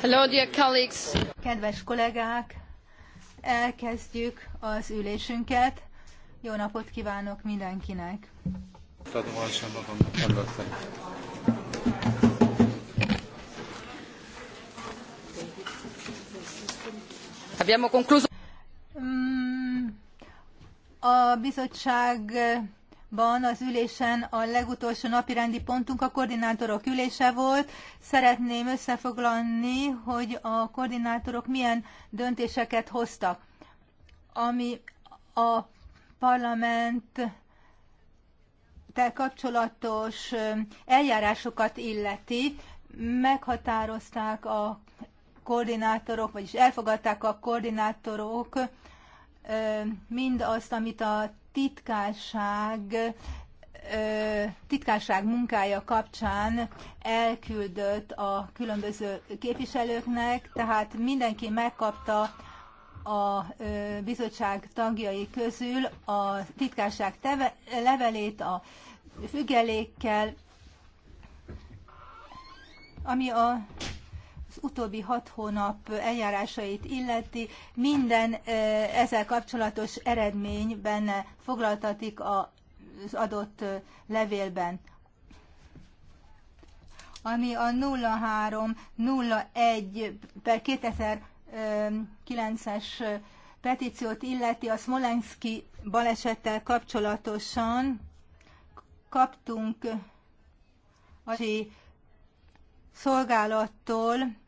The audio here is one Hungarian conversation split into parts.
Hello, dear colleagues. Kedves kollégák, elkezdjük az ülésünket. Jó napot kívánok mindenkinek. Abbiamo concluso. Mm, a bizottság Ban az ülésen a legutolsó napirendi pontunk a koordinátorok ülése volt. Szeretném összefoglalni, hogy a koordinátorok milyen döntéseket hoztak, ami a parlament kapcsolatos eljárásokat illeti. Meghatározták a koordinátorok, vagyis elfogadták a koordinátorok mindazt, amit a titkárság titkárság munkája kapcsán elküldött a különböző képviselőknek, tehát mindenki megkapta a bizottság tagjai közül a titkárság teve, levelét a függelékkel, ami a az utóbbi hat hónap eljárásait illeti, minden ezzel kapcsolatos eredmény benne foglaltatik az adott levélben. Ami a 0301 per 2009-es petíciót illeti, a Smolenski balesettel kapcsolatosan kaptunk a szolgálattól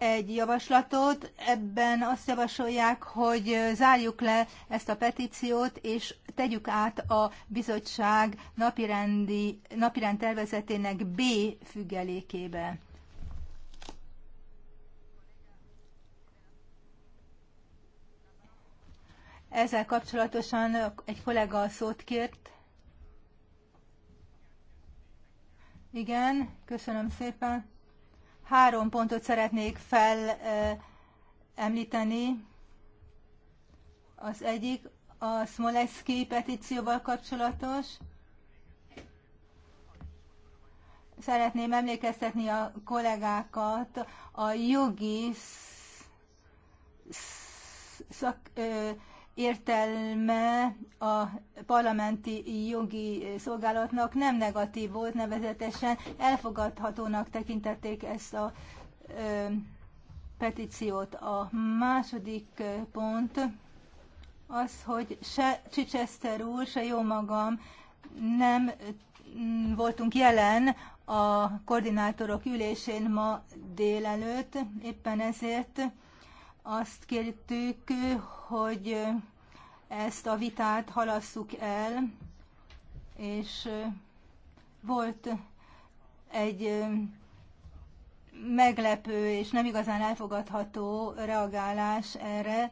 egy javaslatot, ebben azt javasolják, hogy zárjuk le ezt a petíciót, és tegyük át a bizottság napirendi, napirend tervezetének B függelékébe. Ezzel kapcsolatosan egy kollega a szót kért. Igen, köszönöm szépen. Három pontot szeretnék felemlíteni. Az egyik a Smolenski petícióval kapcsolatos. Szeretném emlékeztetni a kollégákat a jogi szak, ö, értelme a parlamenti jogi szolgálatnak nem negatív volt, nevezetesen elfogadhatónak tekintették ezt a ö, petíciót. A második pont az, hogy se Csicseszter úr, se jó magam nem voltunk jelen a koordinátorok ülésén ma délelőtt, éppen ezért azt kértük, hogy ezt a vitát halasszuk el, és volt egy meglepő és nem igazán elfogadható reagálás erre.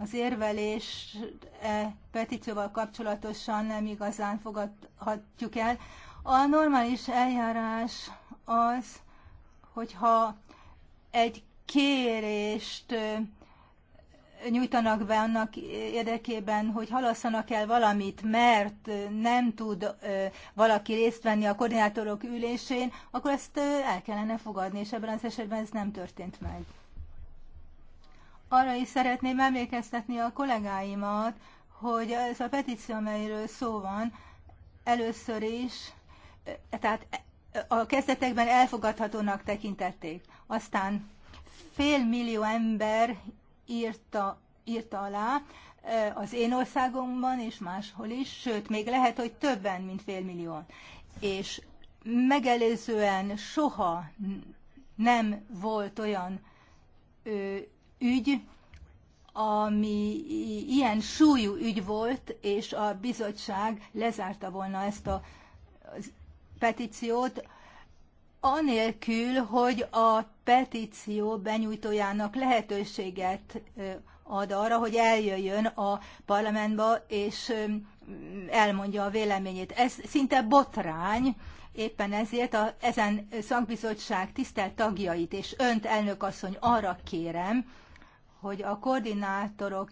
Az érvelés e petícióval kapcsolatosan nem igazán fogadhatjuk el. A normális eljárás az, hogyha egy kérést nyújtanak be annak érdekében, hogy halasszanak el valamit, mert nem tud valaki részt venni a koordinátorok ülésén, akkor ezt el kellene fogadni, és ebben az esetben ez nem történt meg. Arra is szeretném emlékeztetni a kollégáimat, hogy ez a petíció, amelyről szó van, először is, tehát a kezdetekben elfogadhatónak tekintették. Aztán fél millió ember írta, írta alá az én országomban és máshol is, sőt, még lehet, hogy többen, mint félmillió, És megelőzően soha nem volt olyan ö, ügy, ami ilyen súlyú ügy volt, és a bizottság lezárta volna ezt a petíciót, anélkül, hogy a petíció benyújtójának lehetőséget ad arra, hogy eljöjjön a parlamentba, és elmondja a véleményét. Ez szinte botrány, éppen ezért a, ezen szakbizottság tisztelt tagjait és önt, elnök asszony, arra kérem, hogy a koordinátorok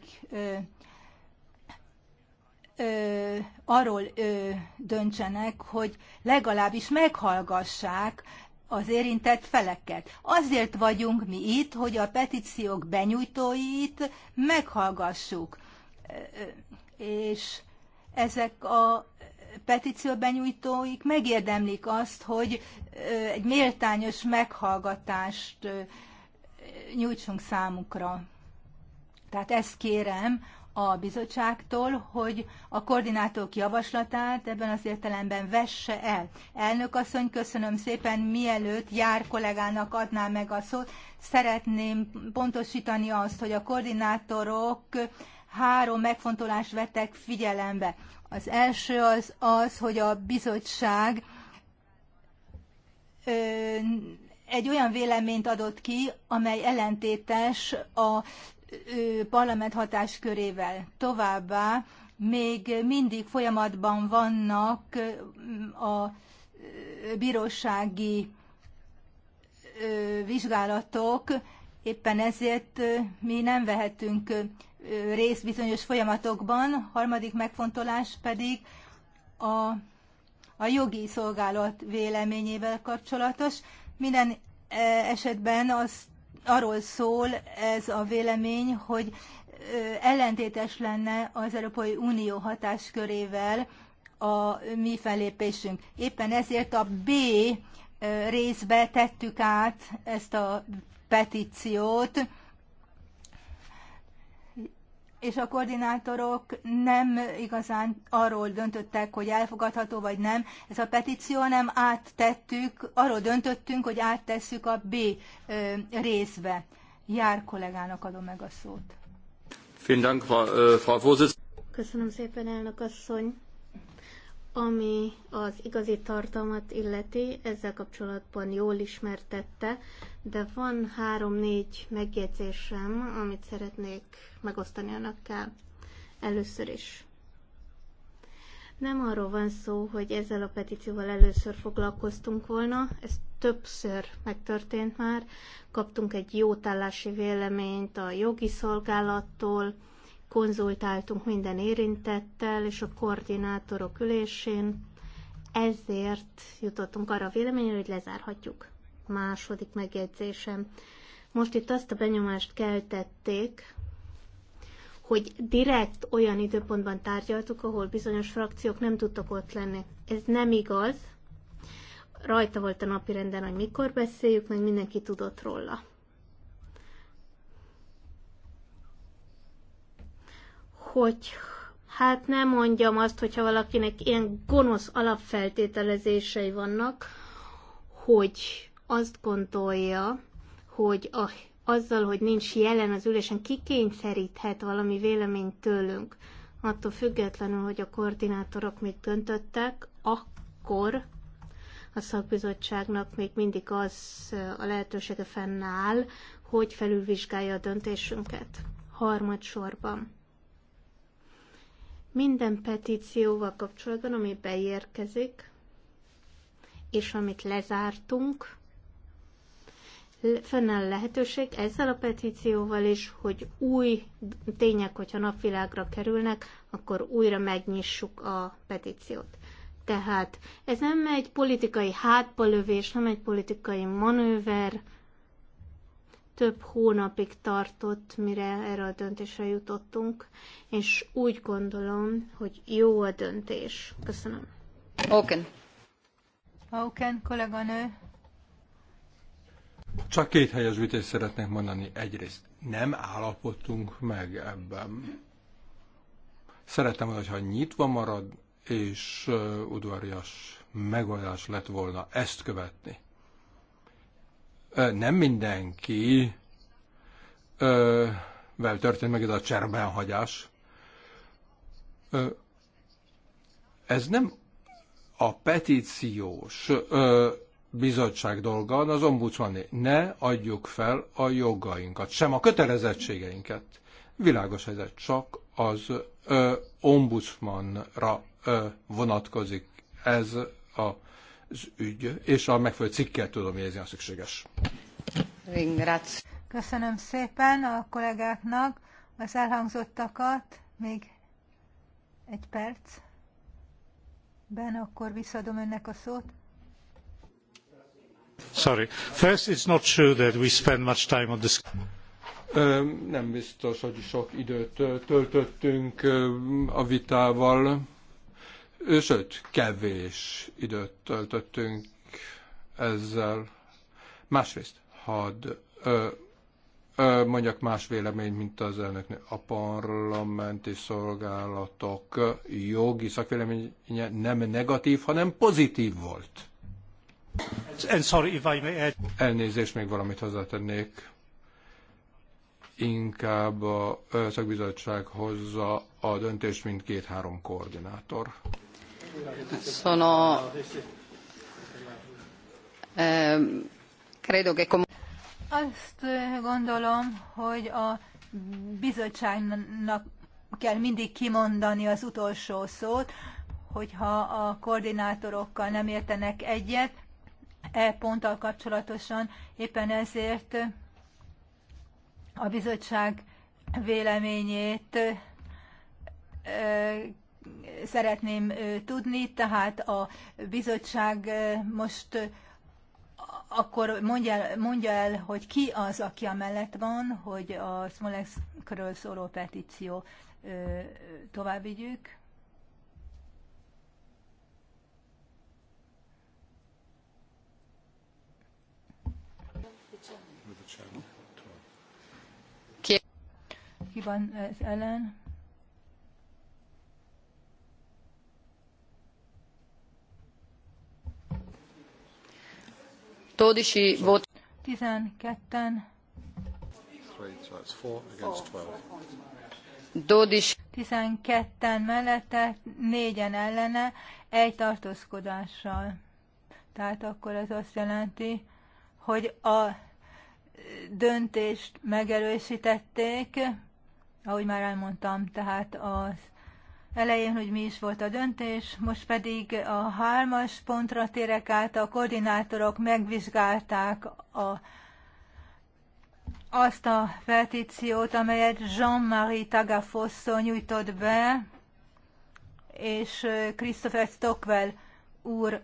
ö, arról ö, döntsenek, hogy legalábbis meghallgassák az érintett feleket. Azért vagyunk mi itt, hogy a petíciók benyújtóit meghallgassuk. És ezek a petíció benyújtóik megérdemlik azt, hogy egy méltányos meghallgatást nyújtsunk számukra. Tehát ezt kérem a bizottságtól, hogy a koordinátok javaslatát ebben az értelemben vesse el. Elnök asszony, köszönöm szépen, mielőtt jár kollégának adná meg a szót, szeretném pontosítani azt, hogy a koordinátorok három megfontolást vettek figyelembe. Az első az az, hogy a bizottság ö, egy olyan véleményt adott ki, amely ellentétes a parlament hatáskörével. Továbbá még mindig folyamatban vannak a bírósági vizsgálatok, éppen ezért mi nem vehetünk részt bizonyos folyamatokban. Harmadik megfontolás pedig a, a jogi szolgálat véleményével kapcsolatos. Minden esetben azt arról szól ez a vélemény, hogy ellentétes lenne az Európai Unió hatáskörével a mi felépésünk. Éppen ezért a B részbe tettük át ezt a petíciót, és a koordinátorok nem igazán arról döntöttek, hogy elfogadható vagy nem. Ez a petíció nem áttettük, arról döntöttünk, hogy áttesszük a B részbe. Jár kollégának adom meg a szót. Äh, Köszönöm szépen, elnök asszony. Ami az igazi tartalmat illeti, ezzel kapcsolatban jól ismertette, de van három-négy megjegyzésem, amit szeretnék megosztani önökkel. Először is. Nem arról van szó, hogy ezzel a petícióval először foglalkoztunk volna, ez többször megtörtént már. Kaptunk egy jótállási véleményt a jogi szolgálattól, konzultáltunk minden érintettel és a koordinátorok ülésén, ezért jutottunk arra a véleményre, hogy lezárhatjuk. Második megjegyzésem. Most itt azt a benyomást keltették, hogy direkt olyan időpontban tárgyaltuk, ahol bizonyos frakciók nem tudtak ott lenni. Ez nem igaz. Rajta volt a napirenden, hogy mikor beszéljük, meg mindenki tudott róla. hogy hát nem mondjam azt, hogyha valakinek ilyen gonosz alapfeltételezései vannak, hogy azt gondolja, hogy a, azzal, hogy nincs jelen az ülésen, kikényszeríthet valami véleményt tőlünk, attól függetlenül, hogy a koordinátorok mit döntöttek, akkor a szakbizottságnak még mindig az a lehetősége fennáll, hogy felülvizsgálja a döntésünket. Harmadsorban minden petícióval kapcsolatban, ami beérkezik, és amit lezártunk, fennáll lehetőség ezzel a petícióval is, hogy új tények, hogyha napvilágra kerülnek, akkor újra megnyissuk a petíciót. Tehát ez nem egy politikai hátbalövés, nem egy politikai manőver, több hónapig tartott, mire erre a döntésre jutottunk, és úgy gondolom, hogy jó a döntés. Köszönöm. Oken. Oken, kolléganő. Csak két helyesvítést szeretnék mondani. Egyrészt nem állapodtunk meg ebben. Szeretem, hogyha nyitva marad, és udvarias megoldás lett volna ezt követni nem mindenki vel történt meg ez a cserbenhagyás. Ez nem a petíciós bizottság dolga, az ombudsman. Ne adjuk fel a jogainkat, sem a kötelezettségeinket. Világos ez csak az ö, ombudsmanra ö, vonatkozik ez a az ügy, és a megfelelő cikkel tudom jegyezni, ha szükséges. Köszönöm szépen a kollégáknak az elhangzottakat. Még egy perc. Ben, akkor visszadom önnek a szót. Sorry. First, it's not true that we spend much time on this. nem biztos, hogy sok időt töltöttünk a vitával sőt, kevés időt töltöttünk ezzel. Másrészt, hadd mondjak más véleményt, mint az elnöknek. A parlamenti szolgálatok jogi szakvéleménye nem negatív, hanem pozitív volt. And sorry if I may add. Elnézést, még valamit hozzátennék inkább a szakbizottság hozza a döntést, mint két-három koordinátor. Sono, ehm, credo che Azt eh, gondolom, hogy a bizottságnak kell mindig kimondani az utolsó szót, hogyha a koordinátorokkal nem értenek egyet e ponttal kapcsolatosan. Éppen ezért a bizottság véleményét eh, szeretném tudni, tehát a bizottság most akkor mondja, el, mondja el, hogy ki az, aki a mellett van, hogy a Smolexről szóló petíció tovább vigyük. Ki van ez ellen? 12 voti. 12-en. 12-en mellette, négyen en ellene, egy tartózkodással. Tehát akkor ez azt jelenti, hogy a döntést megerősítették, ahogy már elmondtam, tehát az elején, hogy mi is volt a döntés, most pedig a hármas pontra térek át, a koordinátorok megvizsgálták a, azt a petíciót, amelyet Jean-Marie Tagafosso nyújtott be, és Christopher Stockwell úr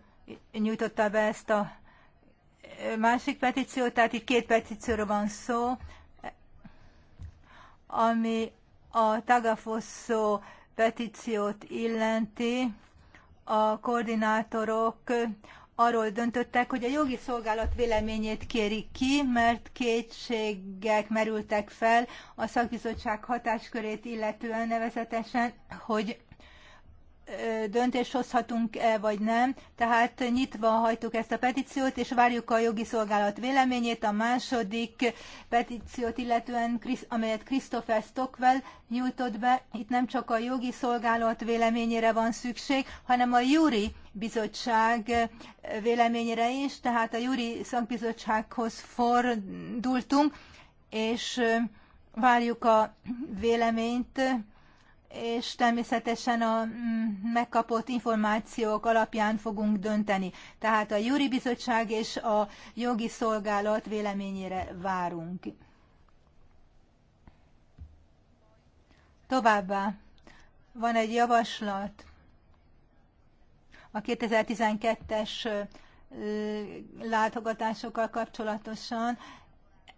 nyújtotta be ezt a másik petíciót, tehát itt két petícióra van szó, ami a Tagafosso petíciót illeti, a koordinátorok arról döntöttek, hogy a jogi szolgálat véleményét kérik ki, mert kétségek merültek fel a szakbizottság hatáskörét illetően nevezetesen, hogy döntést hozhatunk-e, vagy nem. Tehát nyitva hajtuk ezt a petíciót, és várjuk a jogi szolgálat véleményét. A második petíciót illetően, amelyet Christopher Stockwell nyújtott be, itt nem csak a jogi szolgálat véleményére van szükség, hanem a júri bizottság véleményére is, tehát a júri szakbizottsághoz fordultunk, és várjuk a véleményt, és természetesen a mm, megkapott információk alapján fogunk dönteni. Tehát a Júri Bizottság és a jogi szolgálat véleményére várunk. Továbbá van egy javaslat a 2012-es látogatásokkal kapcsolatosan.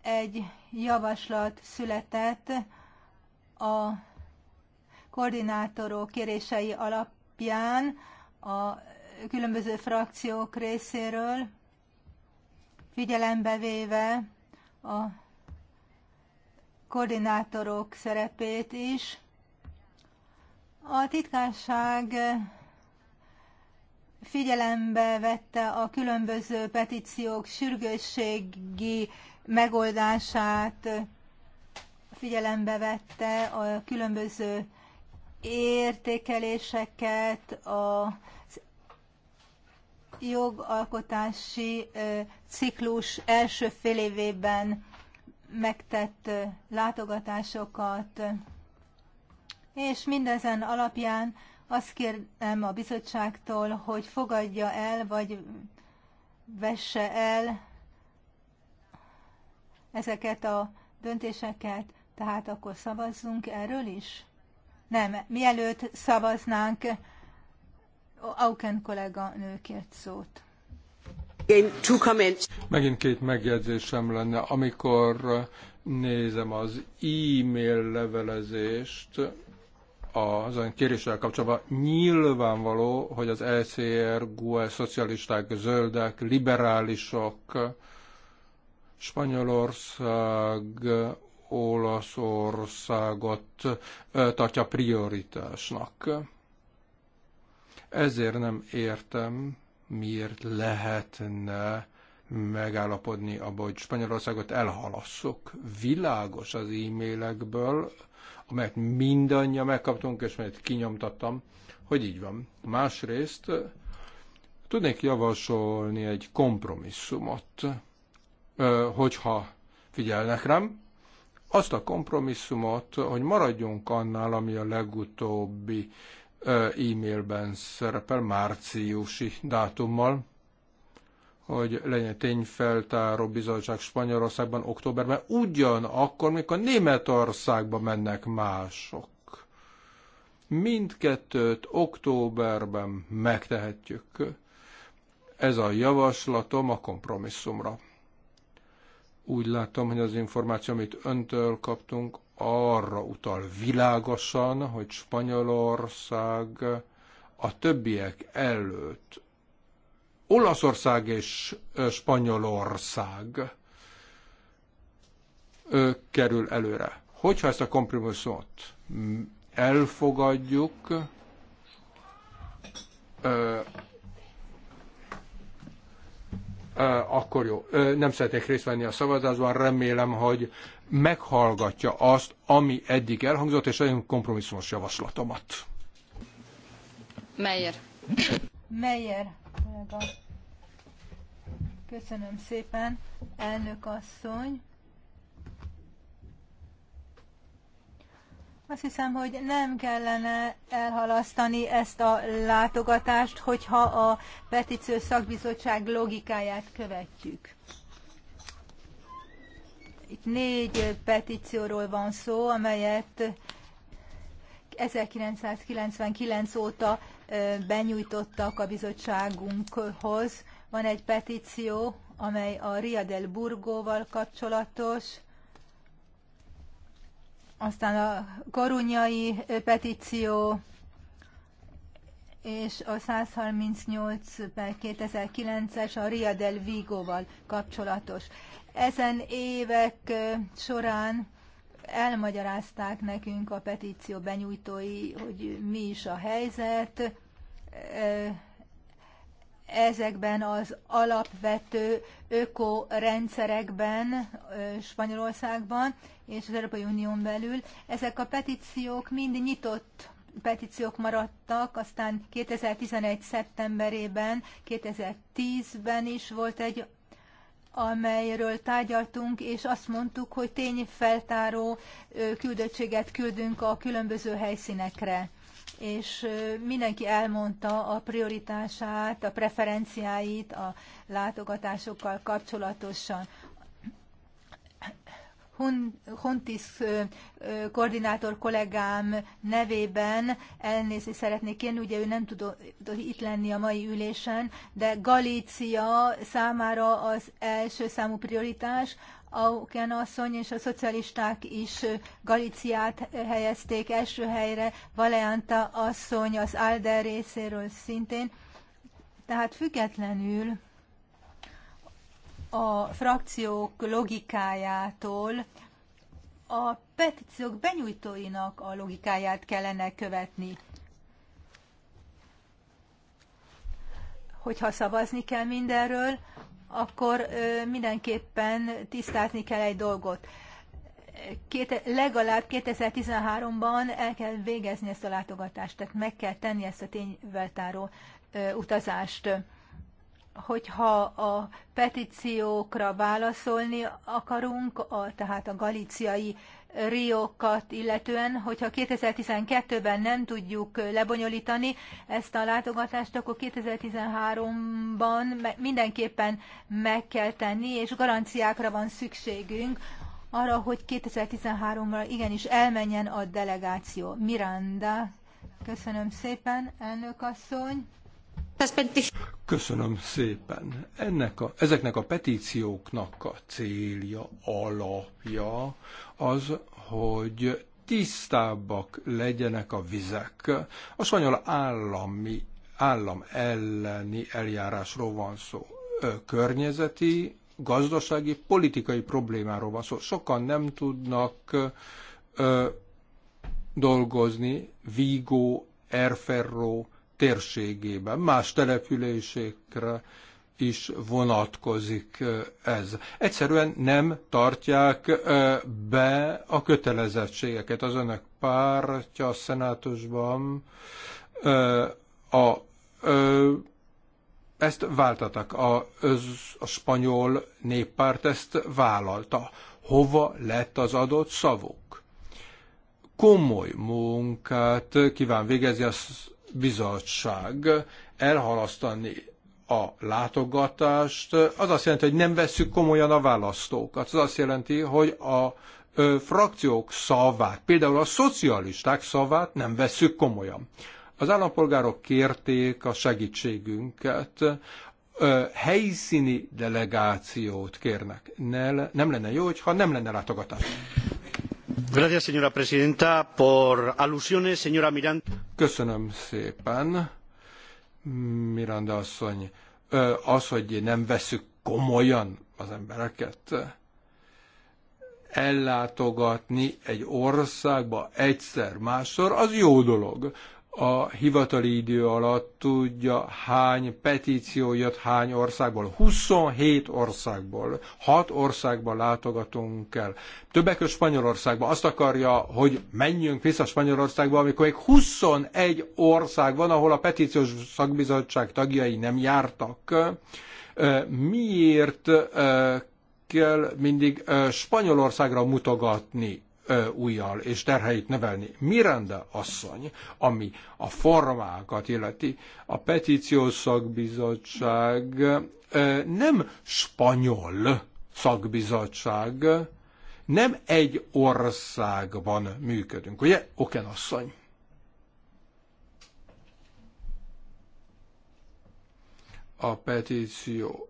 Egy javaslat született a koordinátorok kérései alapján a különböző frakciók részéről figyelembe véve a koordinátorok szerepét is. A titkárság figyelembe vette a különböző petíciók sürgősségi megoldását, figyelembe vette a különböző értékeléseket, a jogalkotási ciklus első fél évében megtett látogatásokat, és mindezen alapján azt kérem a bizottságtól, hogy fogadja el, vagy vesse el ezeket a döntéseket, tehát akkor szavazzunk erről is. Nem, mielőtt szavaznánk, Auken kollega nőkért szót. Megint két megjegyzésem lenne. Amikor nézem az e-mail levelezést, az olyan kéréssel kapcsolatban nyilvánvaló, hogy az ECR, GUE, szocialisták, zöldek, liberálisok, Spanyolország Olaszországot tartja prioritásnak. Ezért nem értem, miért lehetne megállapodni abban, hogy Spanyolországot elhalasszuk. Világos az e-mailekből, amelyet mindannyian megkaptunk, és amelyet kinyomtattam, hogy így van. Másrészt tudnék javasolni egy kompromisszumot, hogyha figyelnek rám, azt a kompromisszumot, hogy maradjunk annál, ami a legutóbbi e-mailben szerepel márciusi dátummal, hogy legyen tényfeltáró bizottság Spanyolországban októberben, ugyanakkor, mikor Németországba mennek mások. Mindkettőt októberben megtehetjük. Ez a javaslatom a kompromisszumra. Úgy látom, hogy az információ, amit öntől kaptunk, arra utal világosan, hogy Spanyolország a többiek előtt Olaszország és Spanyolország ő kerül előre. Hogyha ezt a kompromisszumot elfogadjuk, akkor jó. Nem szeretnék részt venni a szavazásban, remélem, hogy meghallgatja azt, ami eddig elhangzott, és nagyon kompromisszumos javaslatomat. Meyer. Meyer. Köszönöm szépen, elnök asszony. Azt hiszem, hogy nem kellene elhalasztani ezt a látogatást, hogyha a petíció szakbizottság logikáját követjük. Itt négy petícióról van szó, amelyet 1999 óta benyújtottak a bizottságunkhoz. Van egy petíció, amely a Ria del Burgóval kapcsolatos, aztán a korunyai petíció, és a 138 per 2009-es a Ria del Vigo-val kapcsolatos. Ezen évek során elmagyarázták nekünk a petíció benyújtói, hogy mi is a helyzet, ezekben az alapvető ökorendszerekben Spanyolországban és az Európai Unión belül. Ezek a petíciók mind nyitott petíciók maradtak, aztán 2011. szeptemberében, 2010-ben is volt egy, amelyről tárgyaltunk, és azt mondtuk, hogy tényfeltáró küldöttséget küldünk a különböző helyszínekre és mindenki elmondta a prioritását, a preferenciáit a látogatásokkal kapcsolatosan. Hontis koordinátor kollégám nevében elnézést szeretnék kérni, ugye ő nem tudott itt lenni a mai ülésen, de Galícia számára az első számú prioritás Auken asszony és a szocialisták is Galiciát helyezték első helyre, Valeanta asszony az Alder részéről szintén. Tehát függetlenül a frakciók logikájától a petíciók benyújtóinak a logikáját kellene követni. Hogyha szavazni kell mindenről, akkor mindenképpen tisztázni kell egy dolgot. Két, legalább 2013-ban el kell végezni ezt a látogatást, tehát meg kell tenni ezt a tényveltáró utazást. Hogyha a petíciókra válaszolni akarunk, a, tehát a Galiciai riókat illetően, hogyha 2012-ben nem tudjuk lebonyolítani ezt a látogatást, akkor 2013-ban mindenképpen meg kell tenni, és garanciákra van szükségünk arra, hogy 2013-ra igenis elmenjen a delegáció. Miranda, köszönöm szépen, elnök asszony. Köszönöm szépen. Ennek a, ezeknek a petícióknak a célja, alapja az, hogy tisztábbak legyenek a vizek. A spanyol állami, állam elleni eljárásról van szó. Környezeti, gazdasági, politikai problémáról van szó. Sokan nem tudnak ö, dolgozni. Vigo, Erferro, térségében, más településekre is vonatkozik ez. Egyszerűen nem tartják be a kötelezettségeket. Az önök pártja a szenátusban a, ezt váltatak. A, a spanyol néppárt ezt vállalta. Hova lett az adott szavuk? komoly munkát kíván végezni az bizottság elhalasztani a látogatást, az azt jelenti, hogy nem vesszük komolyan a választókat. Az azt jelenti, hogy a ö, frakciók szavát, például a szocialisták szavát nem vesszük komolyan. Az állampolgárok kérték a segítségünket, ö, helyszíni delegációt kérnek. Ne, nem lenne jó, ha nem lenne látogatás señora presidenta. Por alusiones, señora Miranda. Köszönöm szépen, Miranda asszony. Az, hogy nem veszük komolyan az embereket, ellátogatni egy országba egyszer, másszor, az jó dolog a hivatali idő alatt tudja, hány petíció jött hány országból. 27 országból, 6 országban látogatunk el. Többek között Spanyolországba. Azt akarja, hogy menjünk vissza Spanyolországba, amikor még 21 ország van, ahol a petíciós szakbizottság tagjai nem jártak. Miért kell mindig Spanyolországra mutogatni? újjal és terheit nevelni. Miranda asszony, ami a formákat illeti, a petíciós szakbizottság nem spanyol szakbizottság, nem egy országban működünk, ugye, Oken asszony? A petíció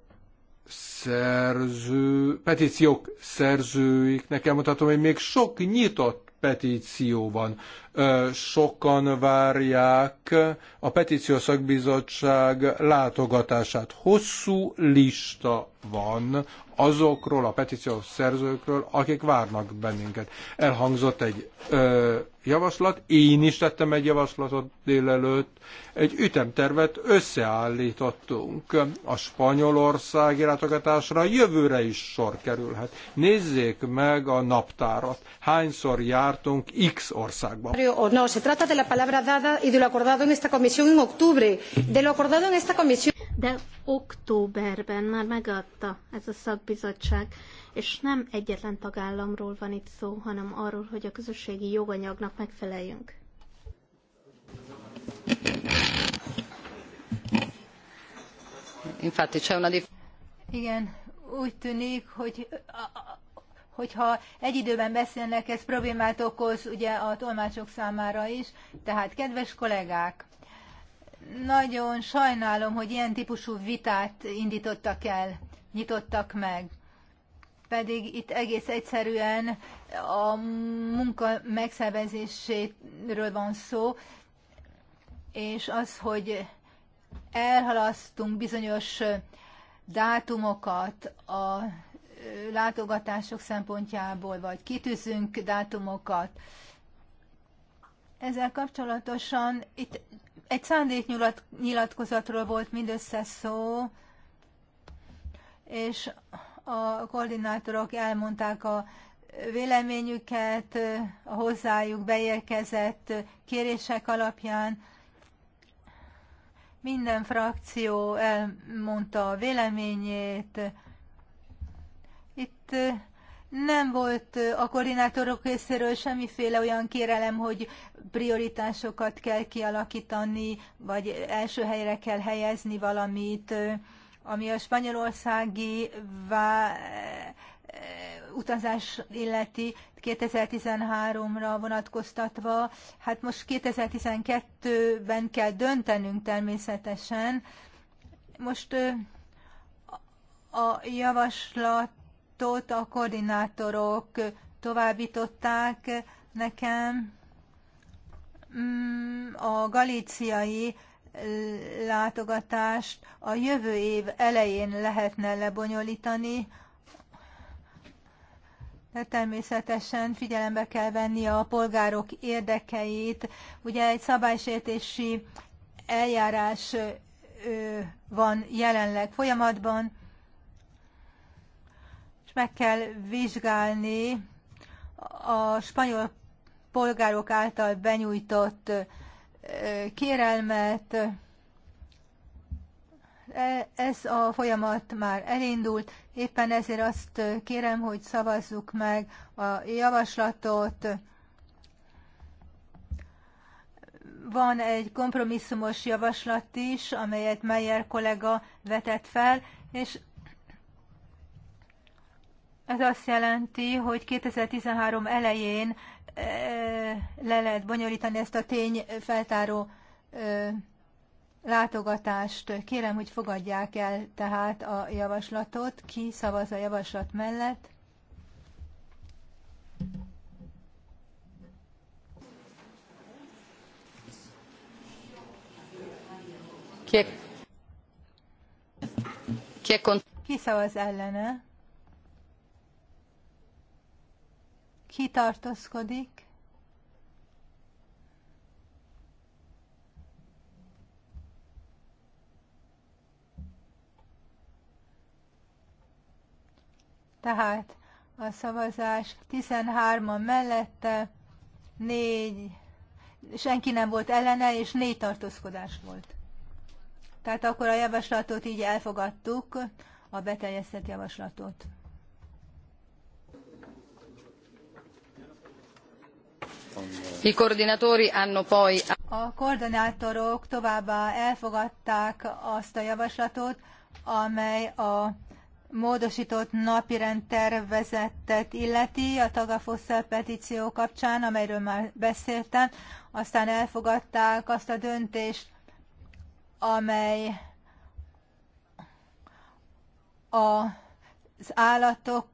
szerző, petíciók szerzőiknek elmondhatom, hogy még sok nyitott petíció van. Sokan várják a petíció szakbizottság látogatását. Hosszú lista van azokról a petíciós szerzőkről, akik várnak bennünket. Elhangzott egy ö, javaslat, én is tettem egy javaslatot délelőtt, egy ütemtervet összeállítottunk a Spanyolország látogatásra, jövőre is sor kerülhet. Nézzék meg a naptárat, hányszor jártunk X országban. no, se trata de la palabra dada y de lo acordado en esta comisión en octubre, de lo acordado en esta comisión de októberben már megadta ez a szakbizottság, és nem egyetlen tagállamról van itt szó, hanem arról, hogy a közösségi joganyagnak megfeleljünk. Igen, úgy tűnik, hogy hogyha egy időben beszélnek, ez problémát okoz ugye a tolmácsok számára is. Tehát, kedves kollégák, nagyon sajnálom, hogy ilyen típusú vitát indítottak el, nyitottak meg. Pedig itt egész egyszerűen a munka megszervezéséről van szó, és az, hogy elhalasztunk bizonyos dátumokat a látogatások szempontjából, vagy kitűzünk dátumokat. Ezzel kapcsolatosan itt egy szándéknyilatkozatról volt mindössze szó, és a koordinátorok elmondták a véleményüket a hozzájuk beérkezett kérések alapján. Minden frakció elmondta a véleményét. Itt nem volt a koordinátorok részéről semmiféle olyan kérelem, hogy prioritásokat kell kialakítani, vagy első helyre kell helyezni valamit, ami a spanyolországi vá- utazás illeti 2013-ra vonatkoztatva. Hát most 2012-ben kell döntenünk természetesen. Most a javaslat adatot a koordinátorok továbbították nekem. Mm, a galíciai látogatást a jövő év elején lehetne lebonyolítani, de természetesen figyelembe kell venni a polgárok érdekeit. Ugye egy szabálysértési eljárás van jelenleg folyamatban, meg kell vizsgálni a spanyol polgárok által benyújtott kérelmet. E, ez a folyamat már elindult, éppen ezért azt kérem, hogy szavazzuk meg a javaslatot. Van egy kompromisszumos javaslat is, amelyet Meyer kollega vetett fel, és ez azt jelenti, hogy 2013 elején le lehet bonyolítani ezt a tényfeltáró látogatást. Kérem, hogy fogadják el tehát a javaslatot. Ki szavaz a javaslat mellett? Ki szavaz ellene? Ki tartózkodik? Tehát a szavazás 13 a mellette, 4, senki nem volt ellene, és 4 tartózkodás volt. Tehát akkor a javaslatot így elfogadtuk, a beteljesztett javaslatot. A koordinátorok továbbá elfogadták azt a javaslatot, amely a módosított napirend tervezetet illeti a tagafosszel petció kapcsán, amelyről már beszéltem. Aztán elfogadták azt a döntést, amely a, az állatok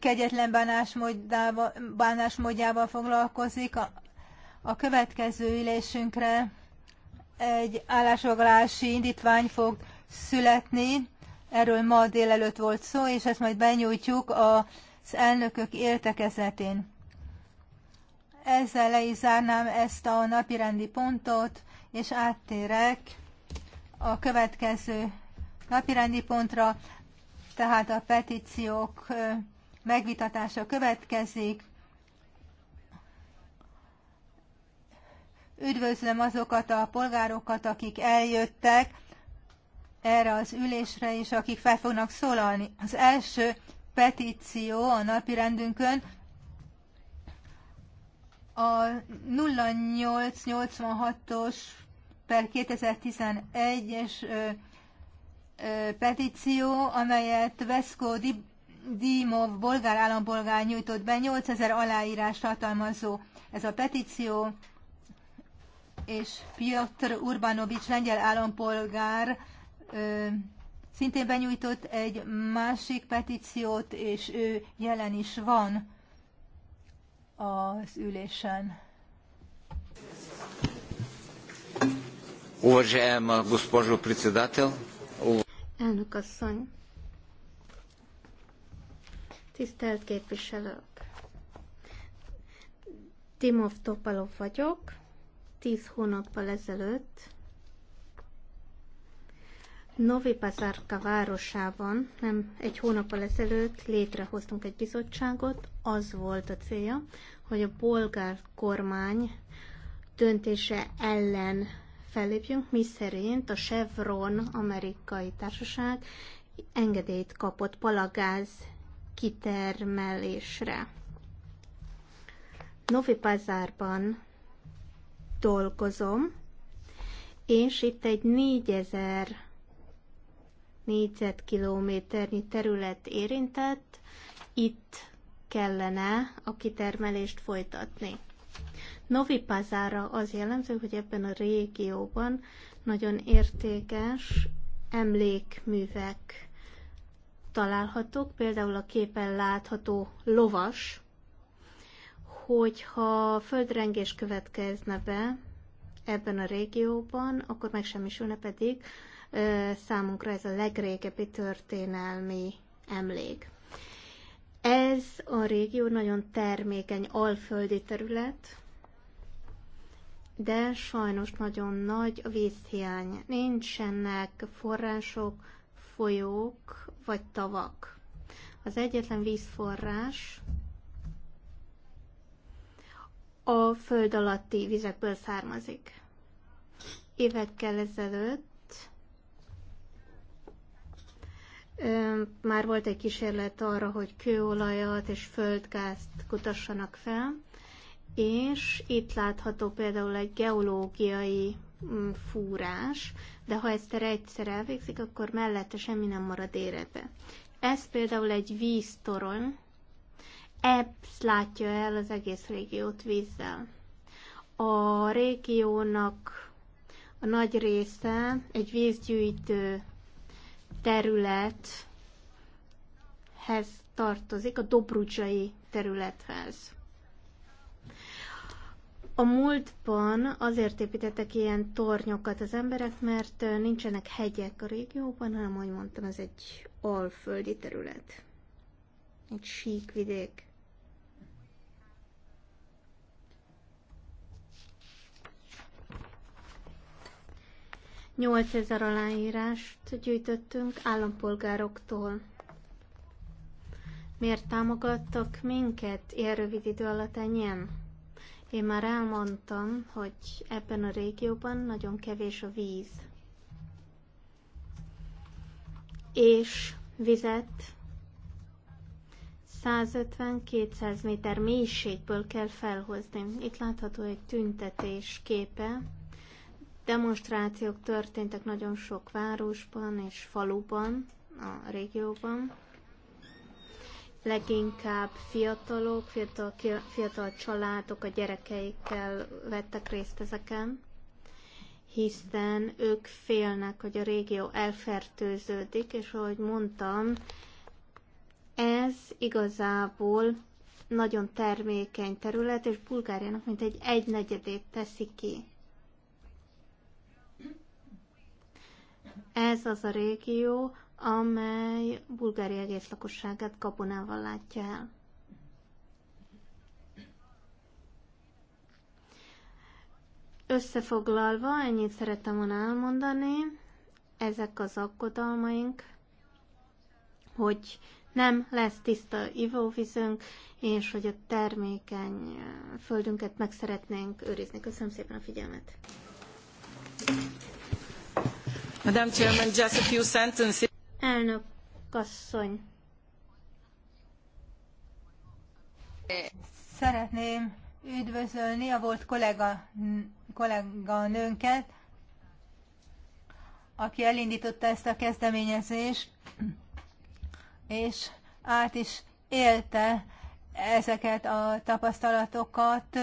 kegyetlen bánásmódjával, foglalkozik. A, a következő ülésünkre egy állásfoglalási indítvány fog születni. Erről ma délelőtt volt szó, és ezt majd benyújtjuk az elnökök értekezetén Ezzel le is zárnám ezt a napirendi pontot, és áttérek a következő napirendi pontra, tehát a petíciók megvitatása következik. Üdvözlöm azokat a polgárokat, akik eljöttek erre az ülésre, és akik fel fognak szólalni. Az első petíció a napirendünkön a 0886-os per 2011-es petíció, amelyet Veszkó Dímov bolgár állampolgár nyújtott be 8000 aláírás tartalmazó ez a petíció, és Piotr Urbanovics lengyel állampolgár ö, szintén benyújtott egy másik petíciót, és ő jelen is van az ülésen. Elnök asszony, Tisztelt képviselők! Timov Topalov vagyok. Tíz hónappal ezelőtt Novi Pazarka városában, nem egy hónappal ezelőtt létrehoztunk egy bizottságot. Az volt a célja, hogy a bolgár kormány döntése ellen fellépjünk, mi szerint a Chevron amerikai társaság engedélyt kapott palagáz kitermelésre. Novi Pazárban dolgozom, és itt egy 4000 négyzetkilométernyi terület érintett, itt kellene a kitermelést folytatni. Novi Pazára az jellemző, hogy ebben a régióban nagyon értékes emlékművek találhatók, például a képen látható lovas, hogyha földrengés következne be ebben a régióban, akkor megsemmisülne pedig számunkra ez a legrégebbi történelmi emlék. Ez a régió nagyon termékeny alföldi terület, de sajnos nagyon nagy a vízhiány. Nincsenek források, folyók vagy tavak. Az egyetlen vízforrás a föld alatti vizekből származik. Évekkel ezelőtt ö, már volt egy kísérlet arra, hogy kőolajat és földgázt kutassanak fel, és itt látható például egy geológiai Mm, fúrás, de ha ezt egyszer elvégzik, akkor mellette semmi nem marad érete. Ez például egy víztorony, EBS látja el az egész régiót vízzel. A régiónak a nagy része egy vízgyűjtő területhez tartozik, a Dobrudzsai területhez. A múltban azért építettek ilyen tornyokat az emberek, mert nincsenek hegyek a régióban, hanem, ahogy mondtam, ez egy alföldi terület. Egy síkvidék. ezer aláírást gyűjtöttünk állampolgároktól. Miért támogattak minket ilyen rövid idő alatt ennyien? Én már elmondtam, hogy ebben a régióban nagyon kevés a víz. És vizet 150-200 méter mélységből kell felhozni. Itt látható egy tüntetés képe. Demonstrációk történtek nagyon sok városban és faluban, a régióban leginkább fiatalok, fiatal, fiatal családok a gyerekeikkel vettek részt ezeken, hiszen ők félnek, hogy a régió elfertőződik, és ahogy mondtam, ez igazából nagyon termékeny terület, és Bulgáriának mint egy egynegyedét teszi ki. Ez az a régió, amely Bulgária egész lakosságát kaponával látja el. Összefoglalva, ennyit szerettem volna elmondani, ezek az aggodalmaink, hogy nem lesz tiszta ivóvízünk, és hogy a termékeny földünket meg szeretnénk őrizni. Köszönöm szépen a figyelmet. Madam Chairman, just a few sentences. Elnök asszony. Szeretném üdvözölni a volt kollega, kolléganőnket, aki elindította ezt a kezdeményezést, és át is élte ezeket a tapasztalatokat.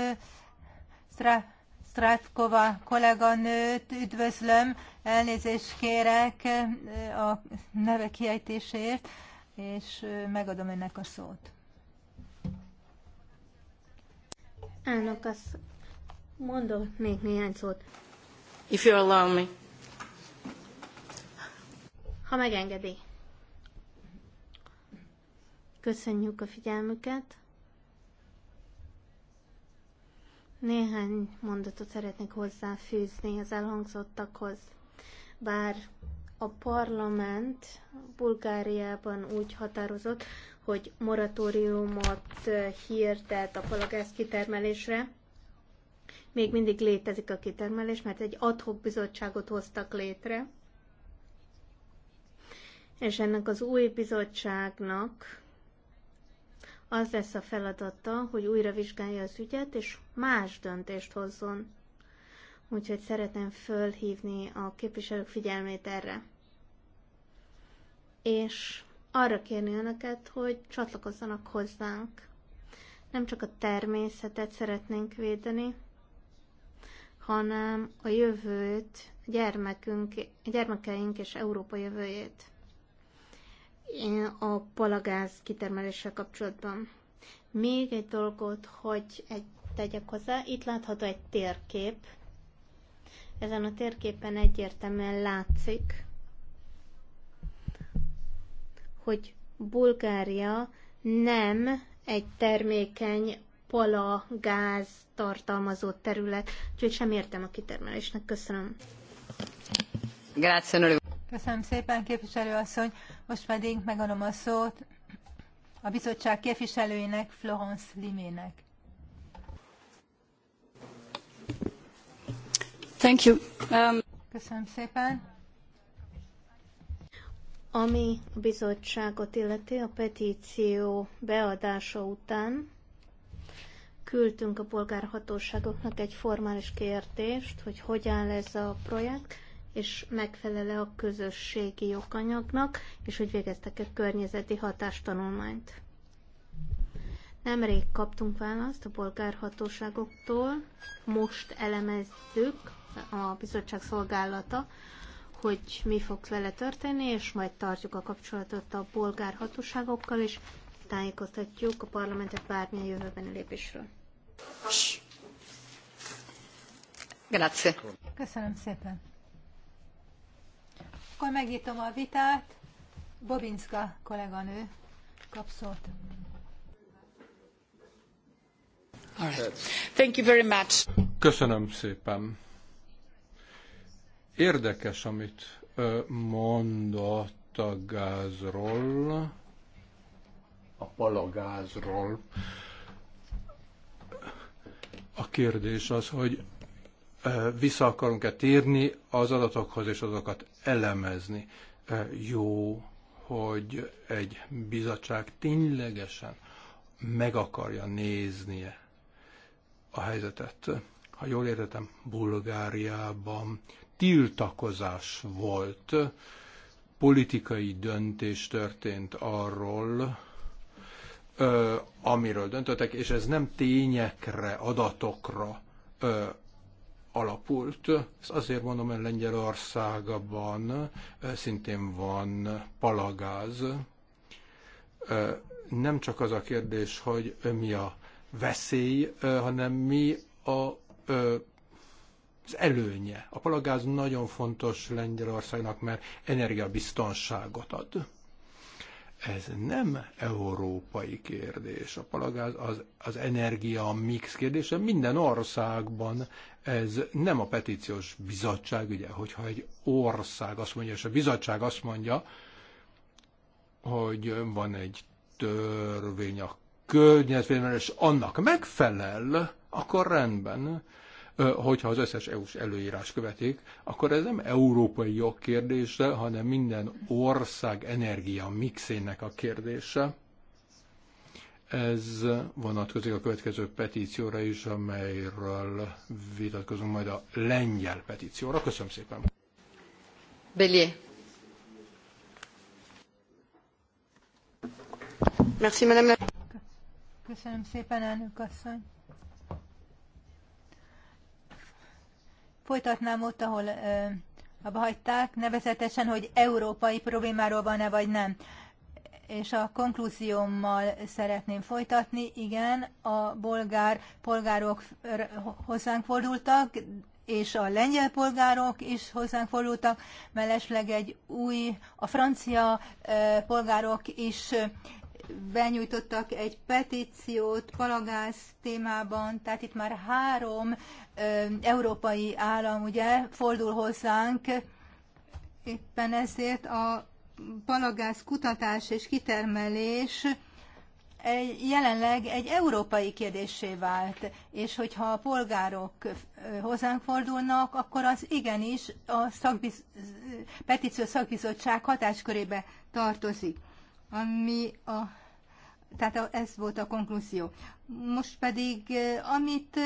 Stra Strátkova kolléganőt üdvözlöm, elnézést kérek a neve kiejtésért, és megadom önnek a szót. Elnök, azt mondok még néhány szót. If you allow me. Ha megengedi. Köszönjük a figyelmüket. Néhány mondatot szeretnék hozzáfűzni az elhangzottakhoz. Bár a parlament Bulgáriában úgy határozott, hogy moratóriumot hirdet a palagáz kitermelésre, még mindig létezik a kitermelés, mert egy adhok bizottságot hoztak létre, és ennek az új bizottságnak az lesz a feladata, hogy újra vizsgálja az ügyet, és más döntést hozzon. Úgyhogy szeretném fölhívni a képviselők figyelmét erre. És arra kérni önöket, hogy csatlakozzanak hozzánk. Nem csak a természetet szeretnénk védeni, hanem a jövőt, gyermekünk, gyermekeink és Európa jövőjét a palagáz kitermeléssel kapcsolatban. Még egy dolgot, hogy egy tegyek hozzá, itt látható egy térkép. Ezen a térképen egyértelműen látszik, hogy Bulgária nem egy termékeny gáz tartalmazó terület, úgyhogy sem értem a kitermelésnek. Köszönöm. Köszönöm szépen, képviselő asszony. Most pedig megadom a szót a bizottság képviselőinek, Florence Limének. Thank you. Um... Köszönöm szépen. Ami a bizottságot illeti, a petíció beadása után küldtünk a polgárhatóságoknak egy formális kérdést, hogy hogyan lesz a projekt, és megfelele a közösségi joganyagnak, és hogy végeztek-e környezeti hatástanulmányt. Nemrég kaptunk választ a polgárhatóságoktól, most elemezzük a bizottság szolgálata, hogy mi fog vele történni, és majd tartjuk a kapcsolatot a polgárhatóságokkal, és tájékoztatjuk a parlamentet bármilyen jövőbeni lépésről. Grazie. Köszönöm szépen. Akkor megnyitom a vitát. Bobinska kolléganő kap szót. Thank you very much. Köszönöm szépen. Érdekes, amit mondott a gázról, a palagázról. A kérdés az, hogy vissza akarunk-e térni az adatokhoz, és azokat elemezni. Jó, hogy egy bizottság ténylegesen meg akarja néznie a helyzetet. Ha jól értettem, Bulgáriában tiltakozás volt, politikai döntés történt arról, amiről döntöttek, és ez nem tényekre, adatokra alapult. Ezt azért mondom, hogy Lengyelországban eh, szintén van palagáz. Eh, nem csak az a kérdés, hogy mi a veszély, eh, hanem mi a, az előnye. A palagáz nagyon fontos Lengyelországnak, mert energiabiztonságot ad. Ez nem európai kérdés. A palagáz az, az energia mix kérdése. Minden országban ez nem a petíciós bizottság, ugye, hogyha egy ország azt mondja, és a bizottság azt mondja, hogy van egy törvény a környezetvédelmel, és annak megfelel, akkor rendben, hogyha az összes EU-s előírás követik, akkor ez nem európai jog kérdése, hanem minden ország energia mixének a kérdése ez vonatkozik a következő petícióra is, amelyről vitatkozunk majd a lengyel petícióra. Köszönöm szépen. Bélier. Merci, madame Köszönöm szépen, elnök asszony. Folytatnám ott, ahol ö, abba hagyták, nevezetesen, hogy európai problémáról van-e vagy nem és a konklúziómmal szeretném folytatni. Igen, a bolgár polgárok hozzánk fordultak, és a lengyel polgárok is hozzánk fordultak, mellesleg egy új, a francia polgárok is benyújtottak egy petíciót palagász témában, tehát itt már három ö, európai állam ugye fordul hozzánk, éppen ezért a palagáz kutatás és kitermelés egy, jelenleg egy európai kérdésé vált, és hogyha a polgárok hozzánk fordulnak, akkor az igenis a szakbiz, petíció szakbizottság hatáskörébe tartozik. Ami a, tehát ez volt a konklúzió. Most pedig, amit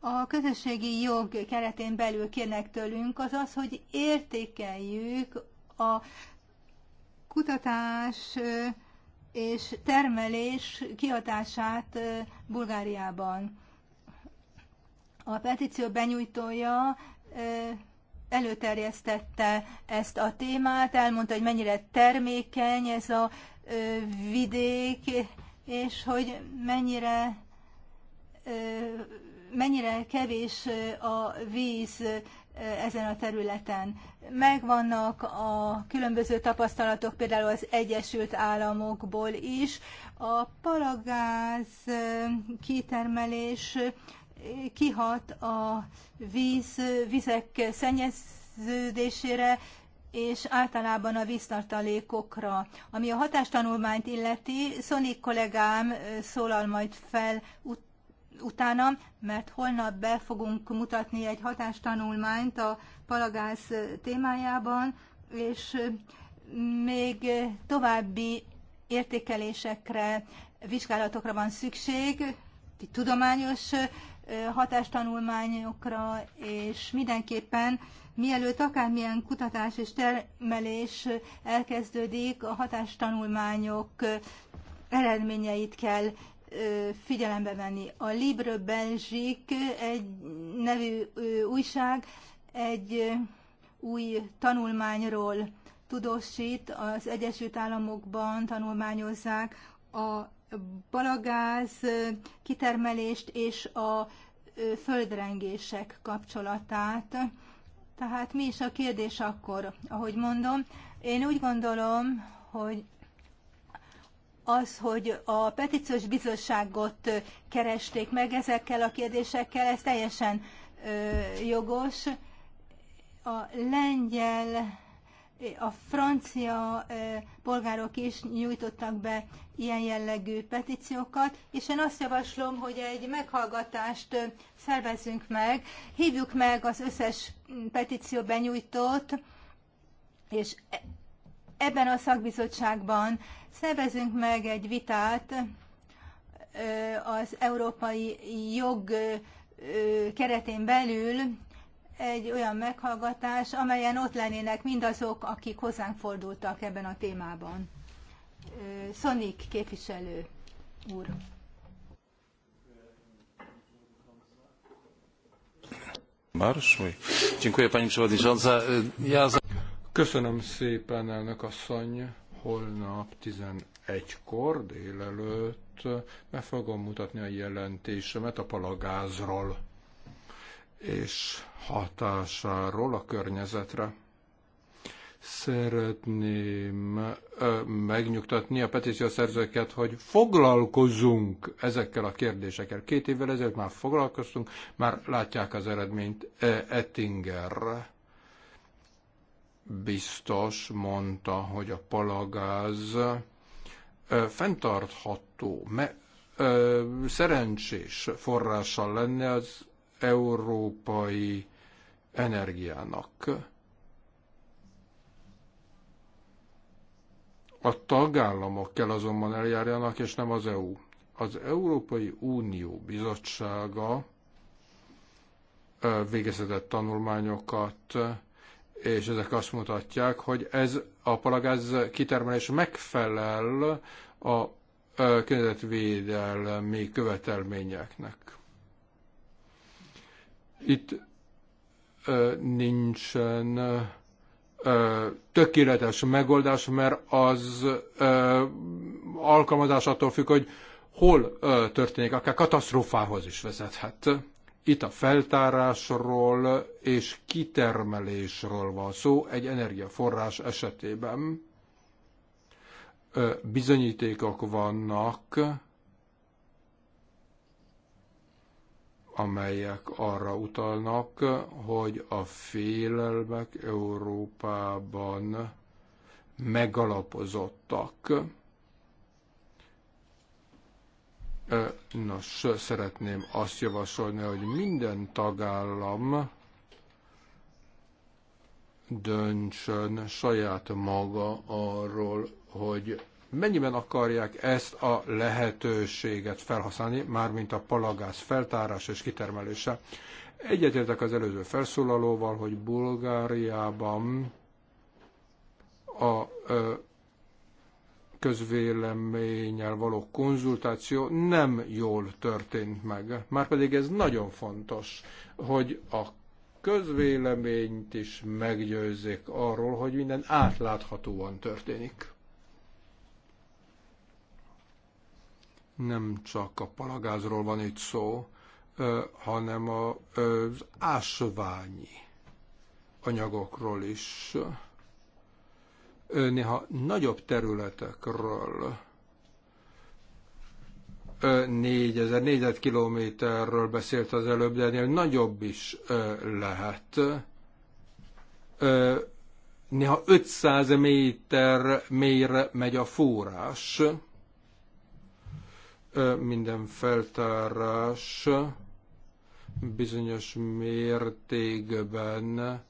a közösségi jog keretén belül kérnek tőlünk, az az, hogy értékeljük a kutatás és termelés kihatását Bulgáriában. A petíció benyújtója előterjesztette ezt a témát, elmondta, hogy mennyire termékeny ez a vidék, és hogy mennyire mennyire kevés a víz ezen a területen. Megvannak a különböző tapasztalatok például az Egyesült Államokból is. A palagáz kitermelés kihat a víz, vizek szennyeződésére, és általában a víztartalékokra. Ami a hatástanulmányt illeti, Szonik kollégám szólal majd fel ut- utána, mert holnap be fogunk mutatni egy hatástanulmányt a palagász témájában, és még további értékelésekre, vizsgálatokra van szükség, tudományos hatástanulmányokra, és mindenképpen mielőtt akármilyen kutatás és termelés elkezdődik, a hatástanulmányok eredményeit kell figyelembe venni. A Libre Belgique egy nevű újság egy új tanulmányról tudósít, az Egyesült Államokban tanulmányozzák a balagáz kitermelést és a földrengések kapcsolatát. Tehát mi is a kérdés akkor, ahogy mondom? Én úgy gondolom, hogy az, hogy a petíciós bizottságot keresték meg ezekkel a kérdésekkel, ez teljesen jogos. A lengyel, a francia polgárok is nyújtottak be ilyen jellegű petíciókat, és én azt javaslom, hogy egy meghallgatást szervezzünk meg, hívjuk meg az összes petíció benyújtót, és ebben a szakbizottságban szervezünk meg egy vitát az európai jog keretén belül egy olyan meghallgatás, amelyen ott lennének mindazok, akik hozzánk fordultak ebben a témában. Szonik képviselő úr. Marsz, dziękuję pani przewodnicząca. Ja Köszönöm szépen, elnök asszony. Holnap 11-kor délelőtt be fogom mutatni a jelentésemet a palagázról és hatásáról a környezetre. Szeretném megnyugtatni a petíció szerzőket, hogy foglalkozunk ezekkel a kérdésekkel. Két évvel ezelőtt már foglalkoztunk, már látják az eredményt. Ettinger biztos mondta, hogy a palagáz fenntartható, me, ö, szerencsés forrása lenne az európai energiának. A tagállamok kell azonban eljárjanak, és nem az EU. Az Európai Unió Bizottsága végezetett tanulmányokat, és ezek azt mutatják, hogy ez a palagáz kitermelés megfelel a környezetvédelmi követelményeknek. Itt ö, nincsen ö, tökéletes megoldás, mert az ö, alkalmazás attól függ, hogy hol ö, történik, akár katasztrófához is vezethet. Itt a feltárásról és kitermelésről van szó egy energiaforrás esetében. Bizonyítékok vannak, amelyek arra utalnak, hogy a félelmek Európában megalapozottak Nos, szeretném azt javasolni, hogy minden tagállam döntsön saját maga arról, hogy mennyiben akarják ezt a lehetőséget felhasználni, mármint a palagász feltárás és kitermelése. Egyetértek az előző felszólalóval, hogy Bulgáriában a ö, közvéleménnyel való konzultáció nem jól történt meg. Márpedig ez nagyon fontos, hogy a közvéleményt is meggyőzzék arról, hogy minden átláthatóan történik. Nem csak a palagázról van itt szó, hanem az ásványi anyagokról is néha nagyobb területekről, 4000 négyzetkilométerről beszélt az előbb, de ennél nagyobb is lehet. Néha 500 méter mélyre megy a forrás. Minden feltárás bizonyos mértékben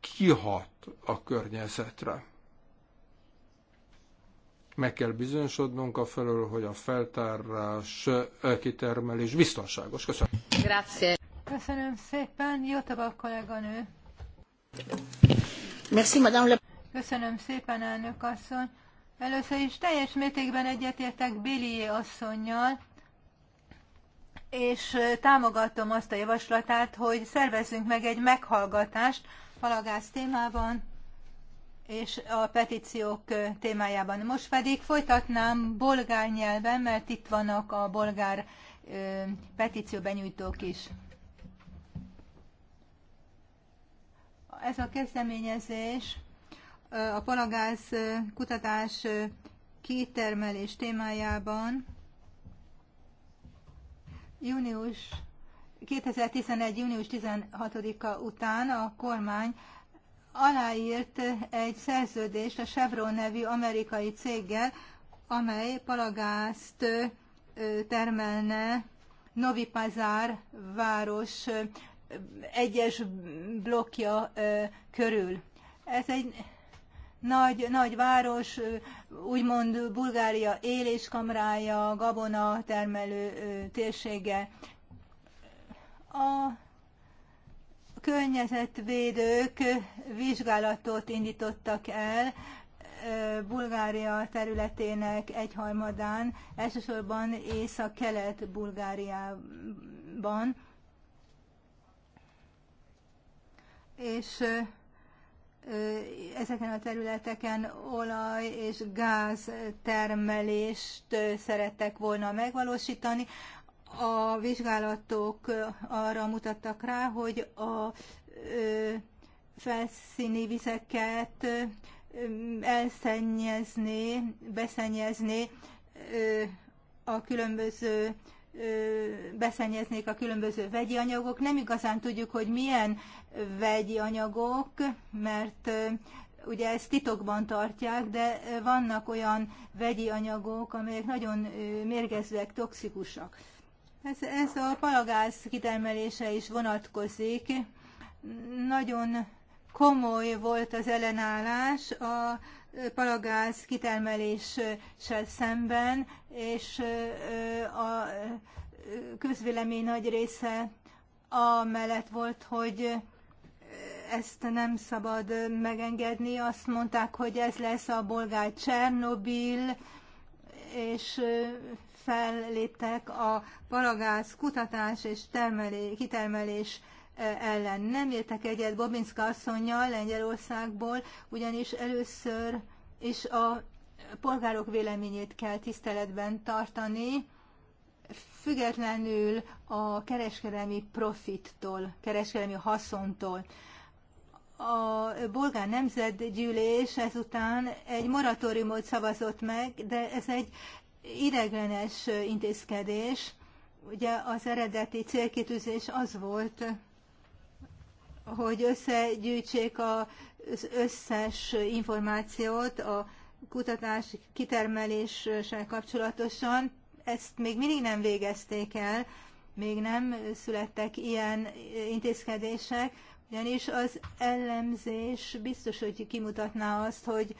kihat a környezetre. Meg kell bizonyosodnunk a felől, hogy a feltárás, kitermelés biztonságos. Köszönöm. Grazie. Köszönöm szépen, a kolléganő. Merci, madame Köszönöm szépen, elnök asszony. Először is teljes mértékben egyetértek Billy asszonynal, és támogatom azt a javaslatát, hogy szervezzünk meg egy meghallgatást palagász témában és a petíciók témájában. Most pedig folytatnám bolgár nyelven, mert itt vannak a bolgár petíció benyújtók is. Ez a kezdeményezés a palagáz kutatás kitermelés témájában június 2011. június 16-a után a kormány aláírt egy szerződést a Chevron nevű amerikai céggel, amely palagázt termelne Novi Pazár város egyes blokja körül. Ez egy nagy, nagy város, úgymond Bulgária éléskamrája, gabona termelő térsége. A környezetvédők vizsgálatot indítottak el Bulgária területének egyharmadán, elsősorban észak-kelet Bulgáriában. És ezeken a területeken olaj és gáz termelést szerettek volna megvalósítani a vizsgálatok arra mutattak rá, hogy a felszíni vizeket elszennyezni, beszennyezni a különböző beszennyeznék a különböző vegyi anyagok. Nem igazán tudjuk, hogy milyen vegyi anyagok, mert ugye ezt titokban tartják, de vannak olyan vegyi anyagok, amelyek nagyon mérgezőek, toxikusak. Ez, ez a palagáz kitermelése is vonatkozik. Nagyon komoly volt az ellenállás a palagáz kitermeléssel szemben, és a közvélemény nagy része amellett volt, hogy ezt nem szabad megengedni. Azt mondták, hogy ez lesz a bolgár Csernobil, és felléptek a palagáz kutatás és termelé, kitermelés e, ellen. Nem értek egyet Bobinska asszonynal Lengyelországból, ugyanis először is a polgárok véleményét kell tiszteletben tartani, függetlenül a kereskedelmi profittól, kereskedelmi haszontól. A bolgár nemzetgyűlés ezután egy moratóriumot szavazott meg, de ez egy ideglenes intézkedés. Ugye az eredeti célkitűzés az volt, hogy összegyűjtsék az összes információt a kutatás kitermeléssel kapcsolatosan. Ezt még mindig nem végezték el, még nem születtek ilyen intézkedések, ugyanis az ellenzés biztos, hogy kimutatná azt, hogy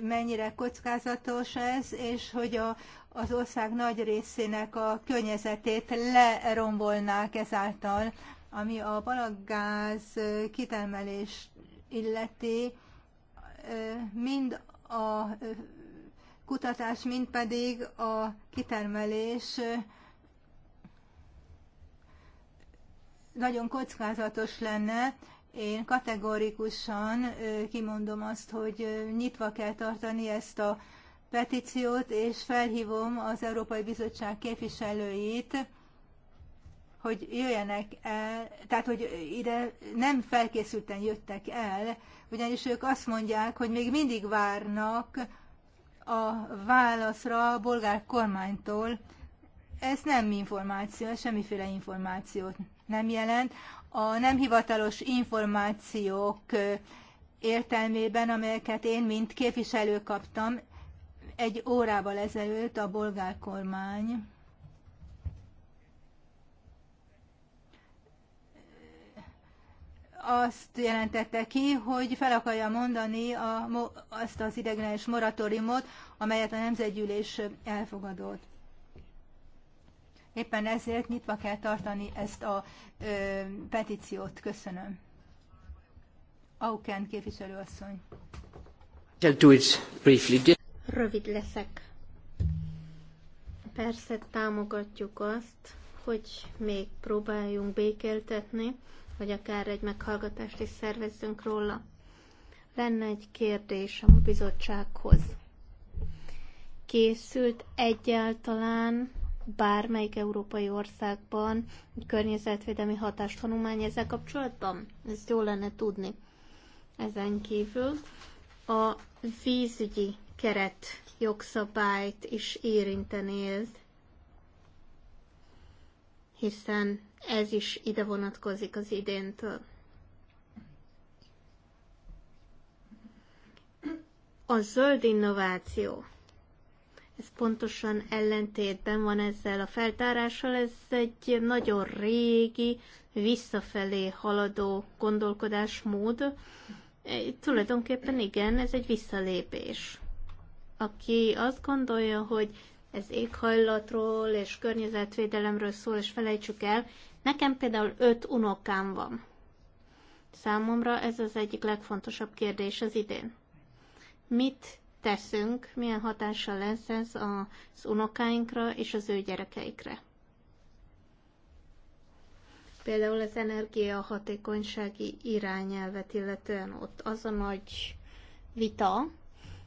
mennyire kockázatos ez, és hogy a, az ország nagy részének a környezetét lerombolnák ezáltal, ami a balaggáz kitermelés illeti, mind a kutatás, mind pedig a kitermelés nagyon kockázatos lenne, én kategórikusan kimondom azt, hogy nyitva kell tartani ezt a petíciót, és felhívom az Európai Bizottság képviselőit, hogy jöjjenek el, tehát hogy ide nem felkészülten jöttek el, ugyanis ők azt mondják, hogy még mindig várnak a válaszra a bolgár kormánytól. Ez nem információ, ez semmiféle információt nem jelent a nem hivatalos információk értelmében, amelyeket én, mint képviselő kaptam egy órával ezelőtt a bolgár kormány. azt jelentette ki, hogy fel akarja mondani a, azt az ideglenes moratóriumot, amelyet a nemzetgyűlés elfogadott. Éppen ezért nyitva kell tartani ezt a ö, petíciót. Köszönöm. Auken képviselőasszony. Rövid leszek. Persze támogatjuk azt, hogy még próbáljunk békéltetni, vagy akár egy meghallgatást is szervezzünk róla. Lenne egy kérdésem a bizottsághoz. Készült egyáltalán bármelyik európai országban környezetvédelmi tanulmány ezzel kapcsolatban? Ezt jól lenne tudni. Ezen kívül a vízügyi keret jogszabályt is érinteni ez, hiszen ez is ide vonatkozik az idéntől. A zöld innováció ez pontosan ellentétben van ezzel a feltárással, ez egy nagyon régi, visszafelé haladó gondolkodásmód. E, tulajdonképpen igen, ez egy visszalépés. Aki azt gondolja, hogy ez éghajlatról és környezetvédelemről szól, és felejtsük el, nekem például öt unokám van. Számomra ez az egyik legfontosabb kérdés az idén. Mit teszünk, milyen hatással lesz ez az unokáinkra és az ő gyerekeikre. Például az energiahatékonysági irányelvet illetően ott az a nagy vita,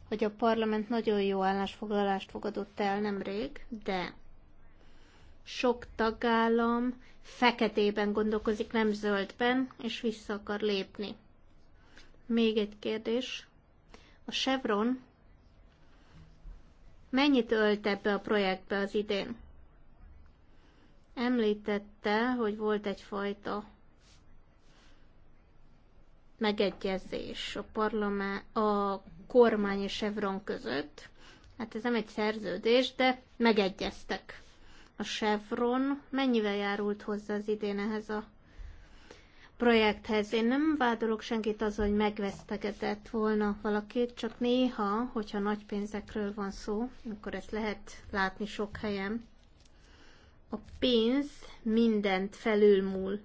hogy a parlament nagyon jó állásfoglalást fogadott el nemrég, de sok tagállam feketében gondolkozik, nem zöldben, és vissza akar lépni. Még egy kérdés. A Chevron Mennyit ölt ebbe a projektbe az idén? Említette, hogy volt egyfajta megegyezés a, parlament, a kormány és Chevron között. Hát ez nem egy szerződés, de megegyeztek. A Chevron mennyivel járult hozzá az idén ehhez a projekthez. Én nem vádolok senkit az, hogy megvesztegetett volna valakit, csak néha, hogyha nagy pénzekről van szó, akkor ezt lehet látni sok helyen, a pénz mindent felülmúl.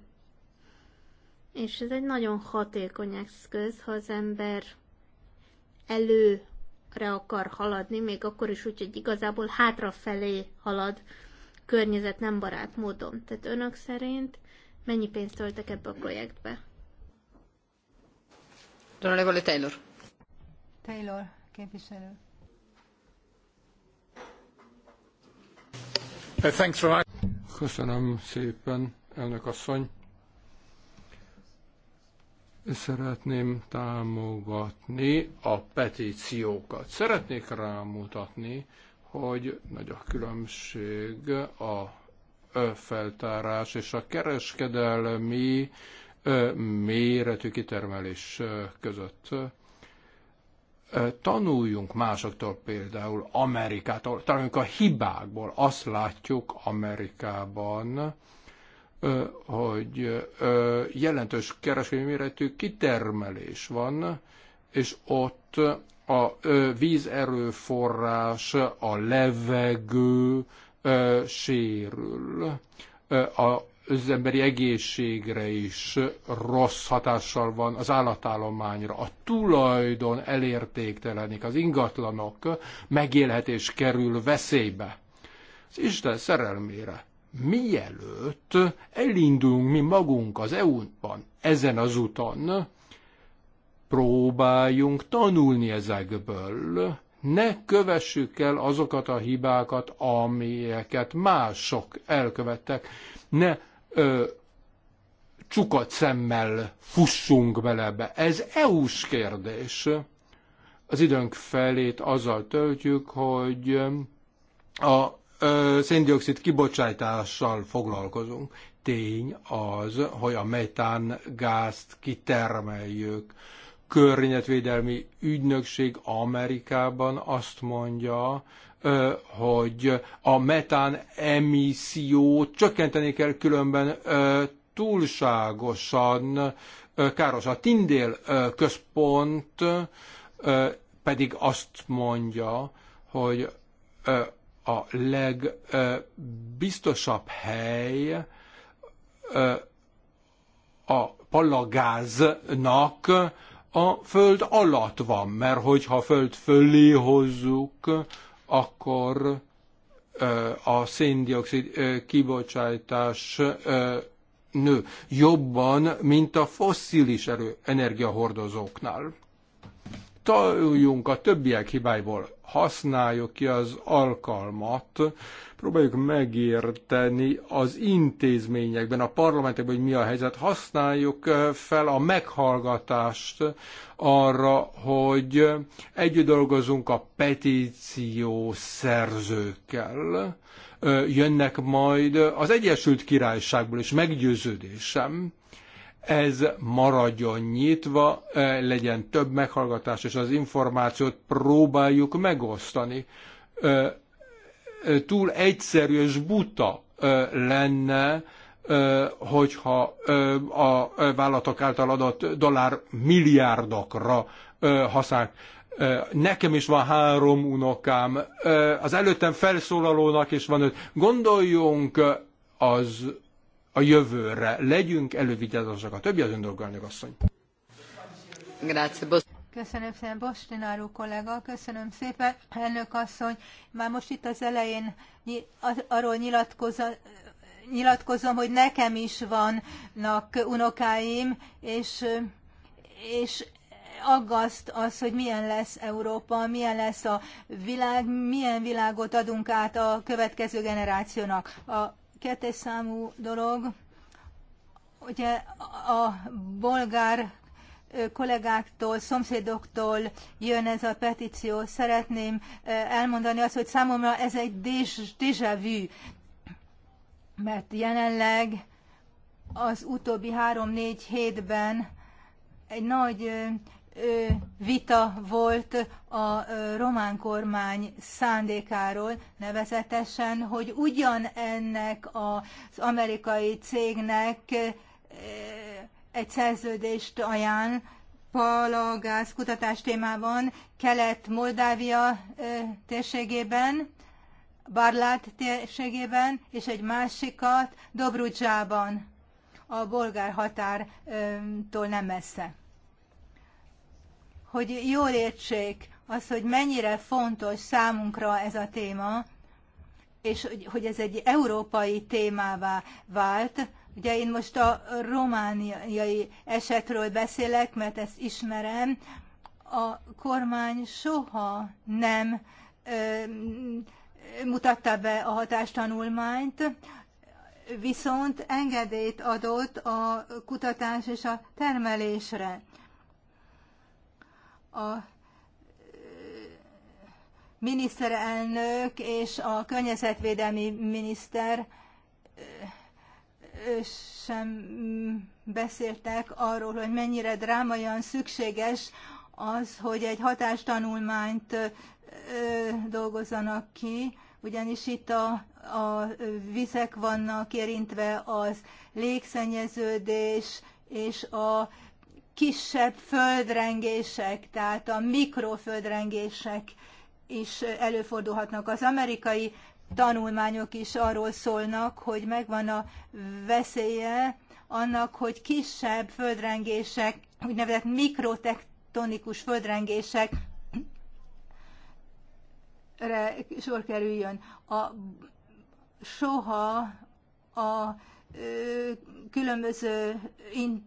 És ez egy nagyon hatékony eszköz, ha az ember előre akar haladni, még akkor is úgy, hogy igazából hátrafelé halad környezet nem barát módon. Tehát önök szerint mennyi pénzt töltek ebbe a projektbe. Honorable Taylor. Taylor, képviselő. Köszönöm szépen, elnök asszony. Szeretném támogatni a petíciókat. Szeretnék rámutatni, hogy nagy a különbség a feltárás és a kereskedelmi méretű kitermelés között. Tanuljunk másoktól például Amerikától, tanuljunk a hibákból, azt látjuk Amerikában, hogy jelentős kereskedelmi méretű kitermelés van, és ott a vízerőforrás, a levegő ö, sérül. Ö, a, az emberi egészségre is rossz hatással van az állatállományra. A tulajdon elértéktelenik, az ingatlanok megélhetés kerül veszélybe. Az Isten szerelmére mielőtt elindulunk mi magunk az EU-ban ezen az úton, próbáljunk tanulni ezekből, ne kövessük el azokat a hibákat, amelyeket mások elkövettek. Ne ö, csukat szemmel fussunk bele be. Ez EU-s kérdés. Az időnk felét azzal töltjük, hogy a széndiokszid kibocsátással foglalkozunk. Tény az, hogy a metán gázt kitermeljük környezetvédelmi ügynökség Amerikában azt mondja, hogy a metán emissziót csökkenteni kell, különben túlságosan káros. A Tindél központ pedig azt mondja, hogy a legbiztosabb hely a palagáznak a föld alatt van, mert hogyha a föld fölé hozzuk, akkor a széndiokszid kibocsátás nő jobban, mint a fosszilis erő energiahordozóknál. Tanuljunk a többiek hibáiból használjuk ki az alkalmat, próbáljuk megérteni az intézményekben, a parlamentekben, hogy mi a helyzet, használjuk fel a meghallgatást arra, hogy együtt dolgozunk a petíció szerzőkkel, jönnek majd az Egyesült Királyságból is meggyőződésem, ez maradjon nyitva, eh, legyen több meghallgatás, és az információt próbáljuk megosztani. Eh, túl egyszerű és buta eh, lenne, hogyha a vállalatok által adott dollár milliárdokra használ Nekem is van három unokám, az előttem felszólalónak is van öt. Gondoljunk az a jövőre. Legyünk elővigyázatosak. A többi az elnök asszony. Köszönöm szépen, Bostináró kollega, köszönöm szépen, elnök asszony. Már most itt az elején arról nyilatkozom, nyilatkozom, hogy nekem is vannak unokáim, és, és aggaszt az, hogy milyen lesz Európa, milyen lesz a világ, milyen világot adunk át a következő generációnak. A kettes számú dolog, ugye a bolgár kollégáktól, szomszédoktól jön ez a petíció. Szeretném elmondani azt, hogy számomra ez egy déjà vu, mert jelenleg az utóbbi három-négy hétben egy nagy vita volt a román kormány szándékáról, nevezetesen, hogy ugyan ennek az amerikai cégnek egy szerződést ajánl palagáz kutatás témában Kelet-Moldávia térségében, Barlát térségében, és egy másikat Dobrudzsában, a bolgár határtól nem messze hogy jól értsék az, hogy mennyire fontos számunkra ez a téma, és hogy ez egy európai témává vált. Ugye én most a romániai esetről beszélek, mert ezt ismerem. A kormány soha nem ö, mutatta be a hatástanulmányt, viszont engedélyt adott a kutatás és a termelésre a miniszterelnök és a környezetvédelmi miniszter sem beszéltek arról, hogy mennyire drámaian szükséges az, hogy egy hatástanulmányt dolgozzanak ki, ugyanis itt a, a vizek vannak érintve az légszennyeződés és a kisebb földrengések, tehát a mikroföldrengések is előfordulhatnak. Az amerikai tanulmányok is arról szólnak, hogy megvan a veszélye annak, hogy kisebb földrengések, úgynevezett mikrotektonikus földrengések sor kerüljön. A, soha a ö, különböző in,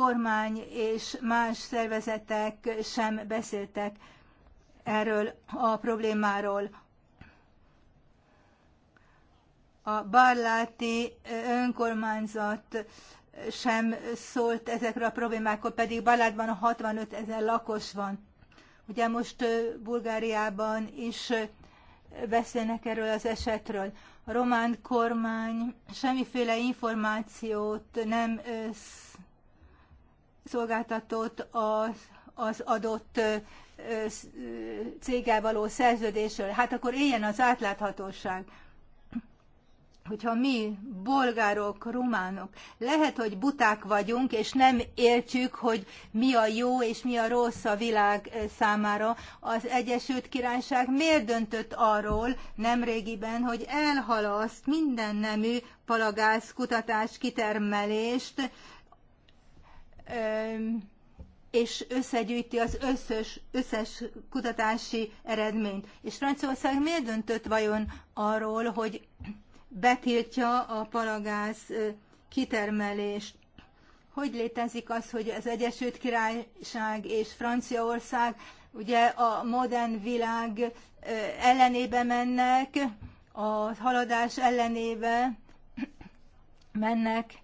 kormány és más szervezetek sem beszéltek erről a problémáról. A barláti önkormányzat sem szólt ezekről a problémákról, pedig Baládban 65 ezer lakos van. Ugye most Bulgáriában is beszélnek erről az esetről. A román kormány semmiféle információt nem szolgáltatott az, az adott céggel való szerződésről. Hát akkor éljen az átláthatóság. Hogyha mi, bolgárok, románok, lehet, hogy buták vagyunk, és nem értjük, hogy mi a jó és mi a rossz a világ számára. Az Egyesült Királyság miért döntött arról nemrégiben, hogy elhalaszt minden nemű palagász kutatás kitermelést, és összegyűjti az összes, összes kutatási eredményt. És Franciaország miért döntött vajon arról, hogy betiltja a palagáz kitermelést? Hogy létezik az, hogy az Egyesült Királyság és Franciaország ugye a modern világ ellenébe mennek, a haladás ellenébe mennek,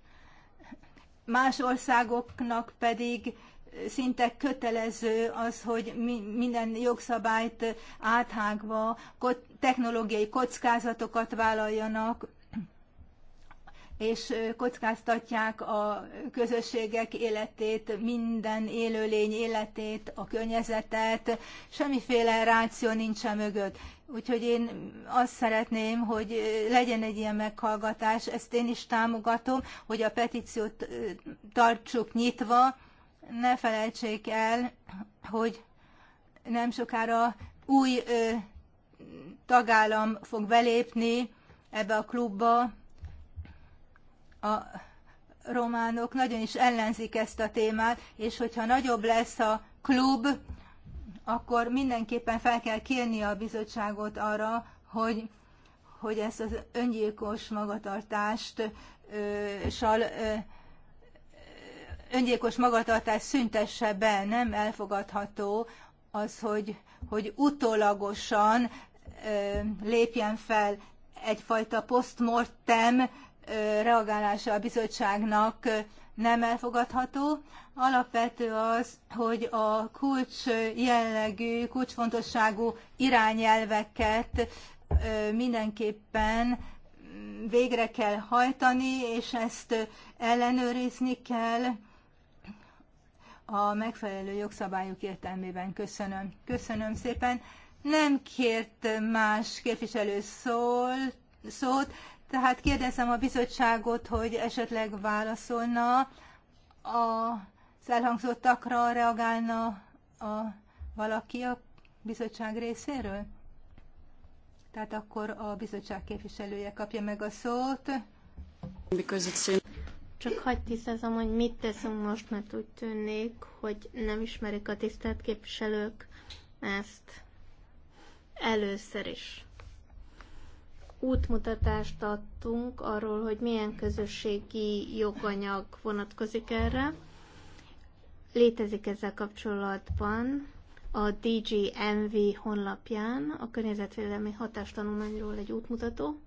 más országoknak pedig szinte kötelező az, hogy minden jogszabályt áthágva technológiai kockázatokat vállaljanak, és kockáztatják a közösségek életét, minden élőlény életét, a környezetet, semmiféle ráció nincsen mögött. Úgyhogy én azt szeretném, hogy legyen egy ilyen meghallgatás, ezt én is támogatom, hogy a petíciót tartsuk nyitva, ne felejtsék el, hogy nem sokára új ö, tagállam fog belépni ebbe a klubba. A románok nagyon is ellenzik ezt a témát, és hogyha nagyobb lesz a klub, akkor mindenképpen fel kell kérni a bizottságot arra, hogy, hogy ezt az öngyilkos magatartást sal, öngyilkos magatartást szüntesse be, nem elfogadható az, hogy, hogy utólagosan ö, lépjen fel egyfajta postmortem reagálása a bizottságnak nem elfogadható. Alapvető az, hogy a kulcs jellegű, kulcsfontosságú irányelveket mindenképpen végre kell hajtani, és ezt ellenőrizni kell a megfelelő jogszabályok értelmében. Köszönöm. Köszönöm szépen. Nem kért más képviselő szól, szót, tehát kérdezem a bizottságot, hogy esetleg válaszolna az elhangzottakra, reagálna a valaki a bizottság részéről? Tehát akkor a bizottság képviselője kapja meg a szót. Csak hagyd tisztázom, hogy mit teszünk most, mert úgy tűnik, hogy nem ismerik a tisztelt képviselők ezt először is útmutatást adtunk arról, hogy milyen közösségi joganyag vonatkozik erre. Létezik ezzel kapcsolatban a DGMV honlapján a környezetvédelmi hatástanulmányról egy útmutató,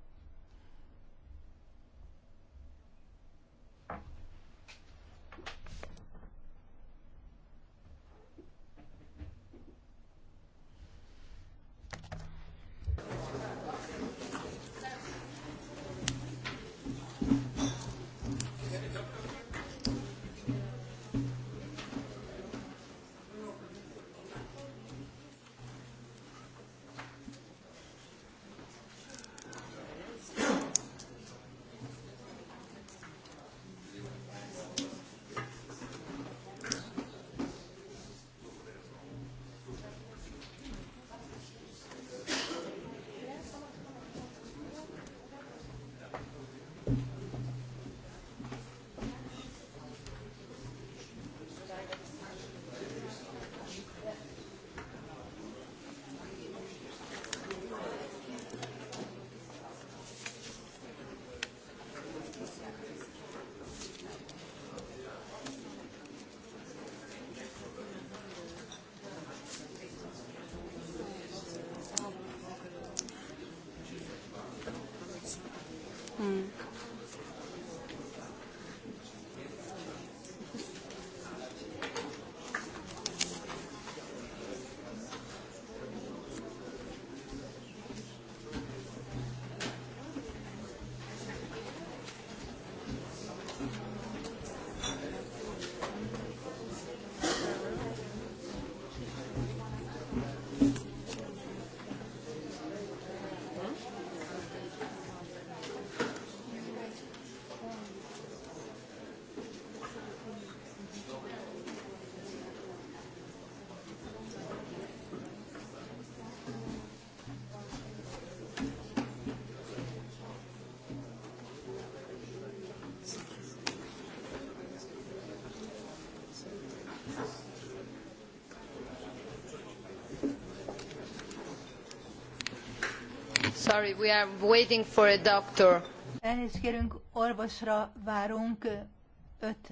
sorry, we are waiting for a doctor. Elnézést kérünk, orvosra várunk.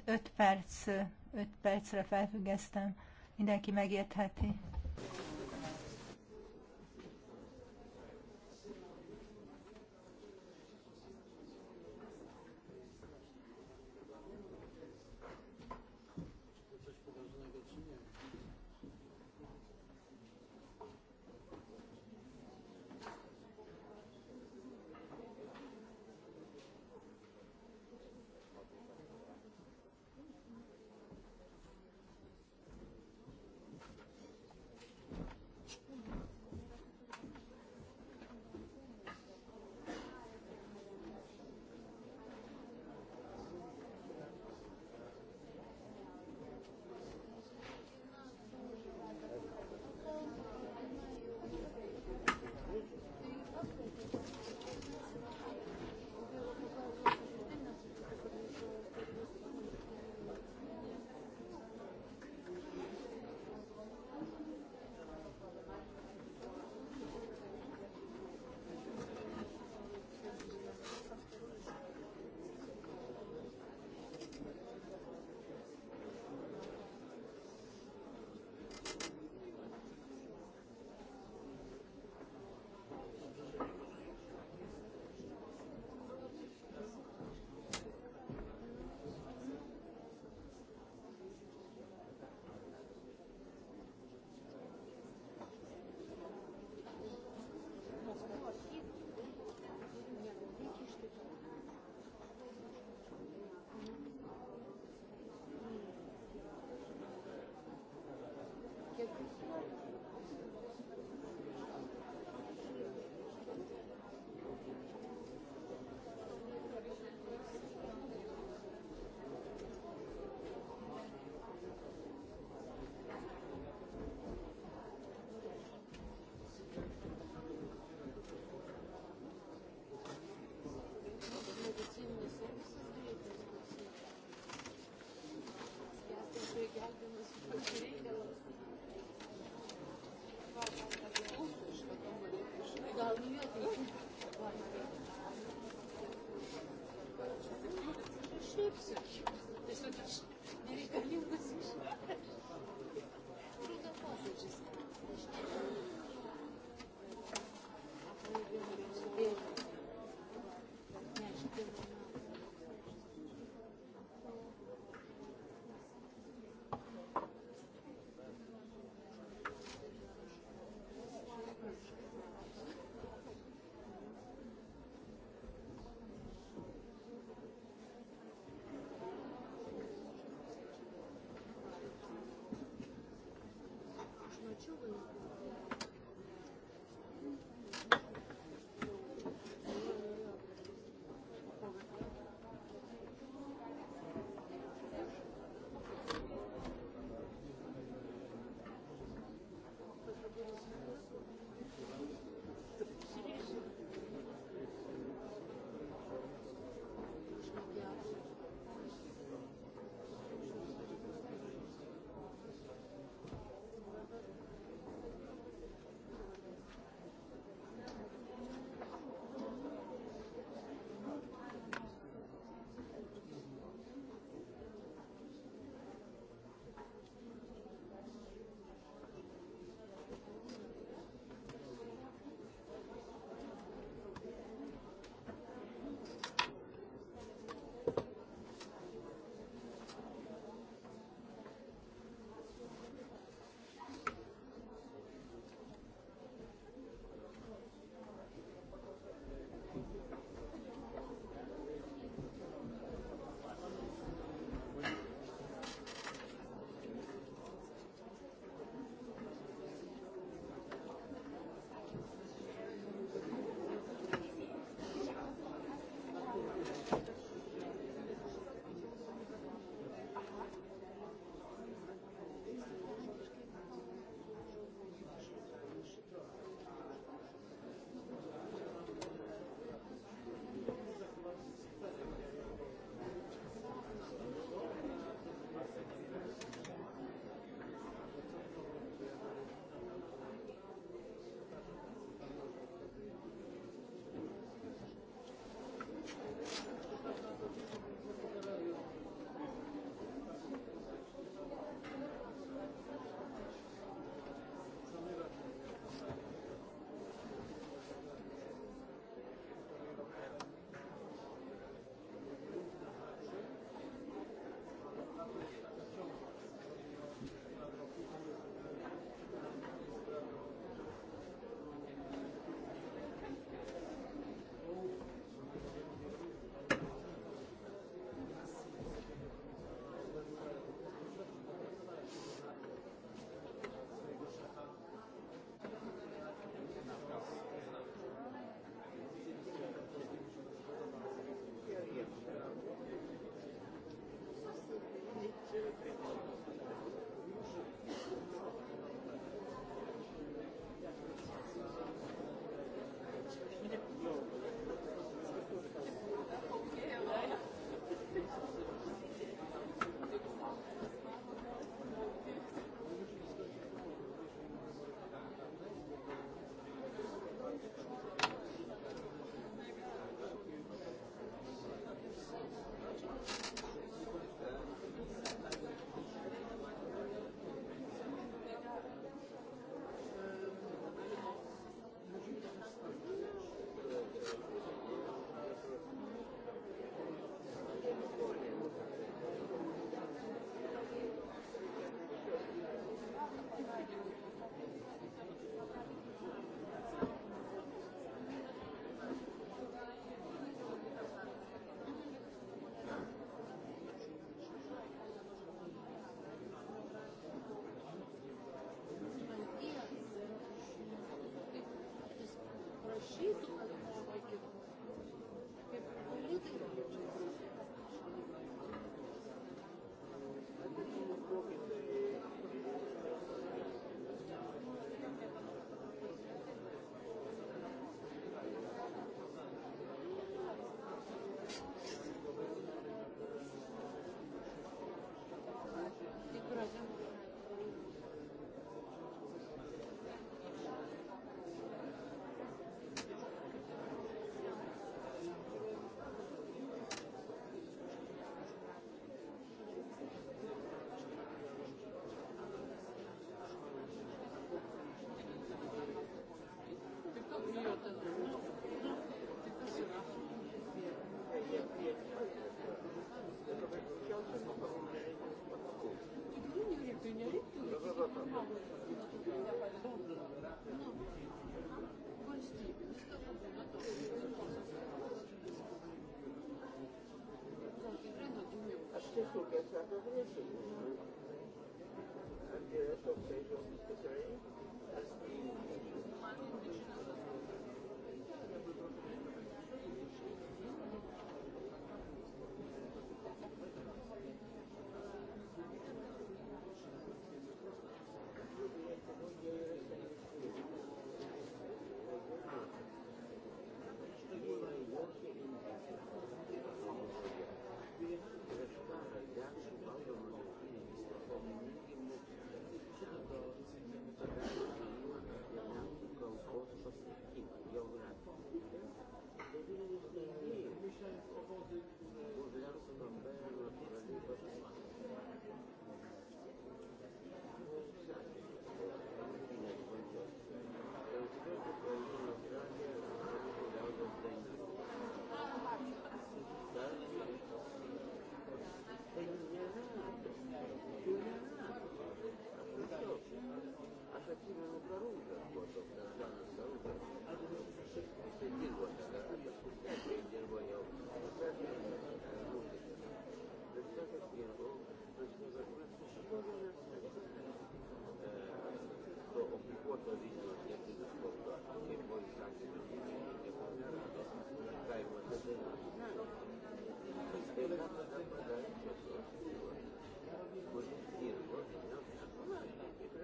5 perc, 5 percre felfüggesztem. Mindenki megértheti. toujours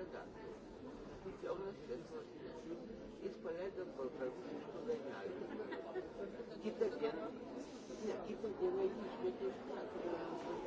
mercante. Funciona senza il collega col previsto degli altri. Chi te viene? Chi te viene? Chi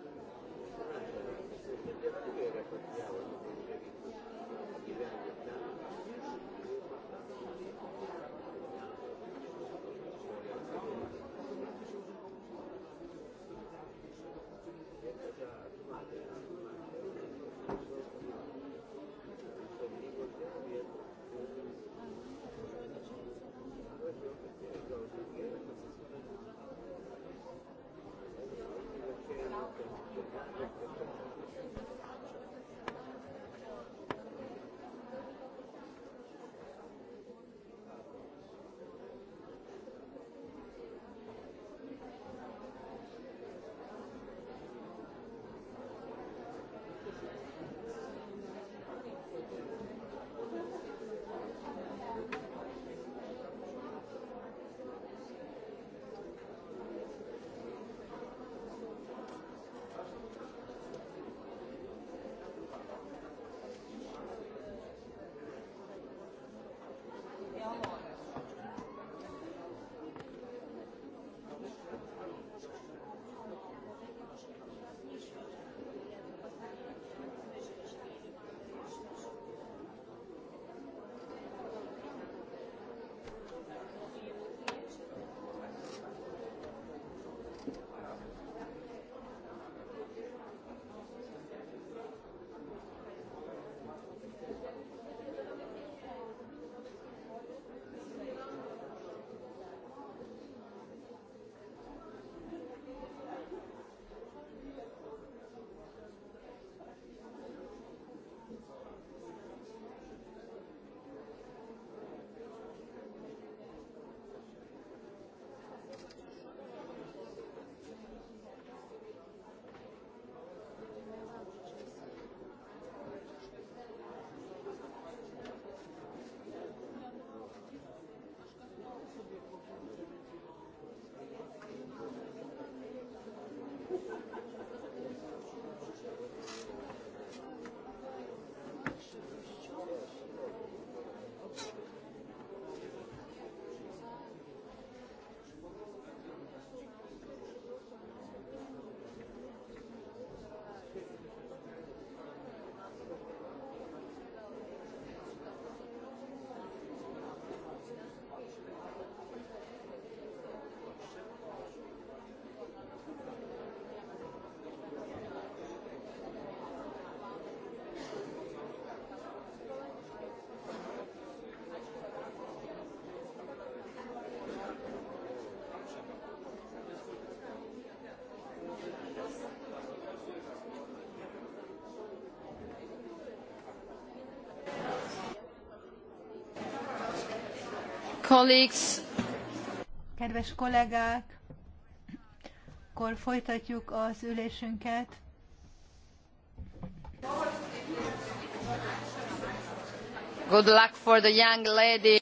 Kedves kollégák, akkor folytatjuk az ülésünket. Good luck for the young lady.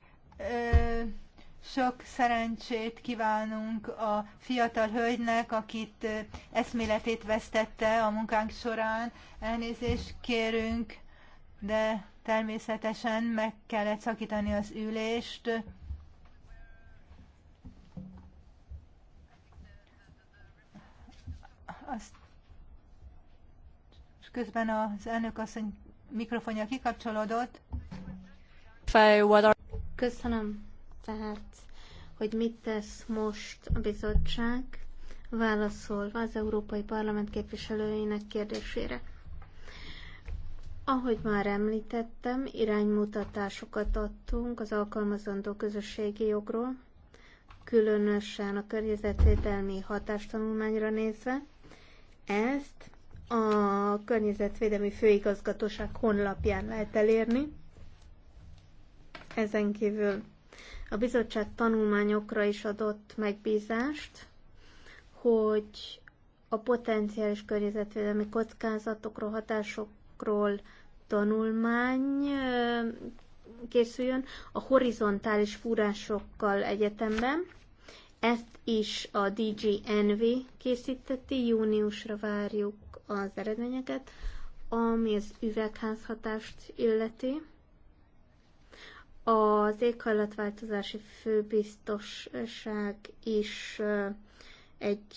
Sok szerencsét kívánunk a fiatal hölgynek, akit eszméletét vesztette a munkánk során. Elnézést kérünk, de természetesen meg kellett szakítani az ülést. Közben az elnök asszony mikrofonja kikapcsolódott. Köszönöm. Tehát, hogy mit tesz most a bizottság válaszolva az Európai Parlament képviselőinek kérdésére. Ahogy már említettem, iránymutatásokat adtunk az alkalmazandó közösségi jogról, különösen a környezetvédelmi hatástanulmányra nézve. Ezt a Környezetvédelmi Főigazgatóság honlapján lehet elérni. Ezen kívül a bizottság tanulmányokra is adott megbízást, hogy a potenciális környezetvédelmi kockázatokról, hatásokról tanulmány készüljön a horizontális fúrásokkal egyetemben. Ezt is a DG Envy készíteti, júniusra várjuk az eredményeket, ami az üvegházhatást illeti. Az éghajlatváltozási főbiztosság is egy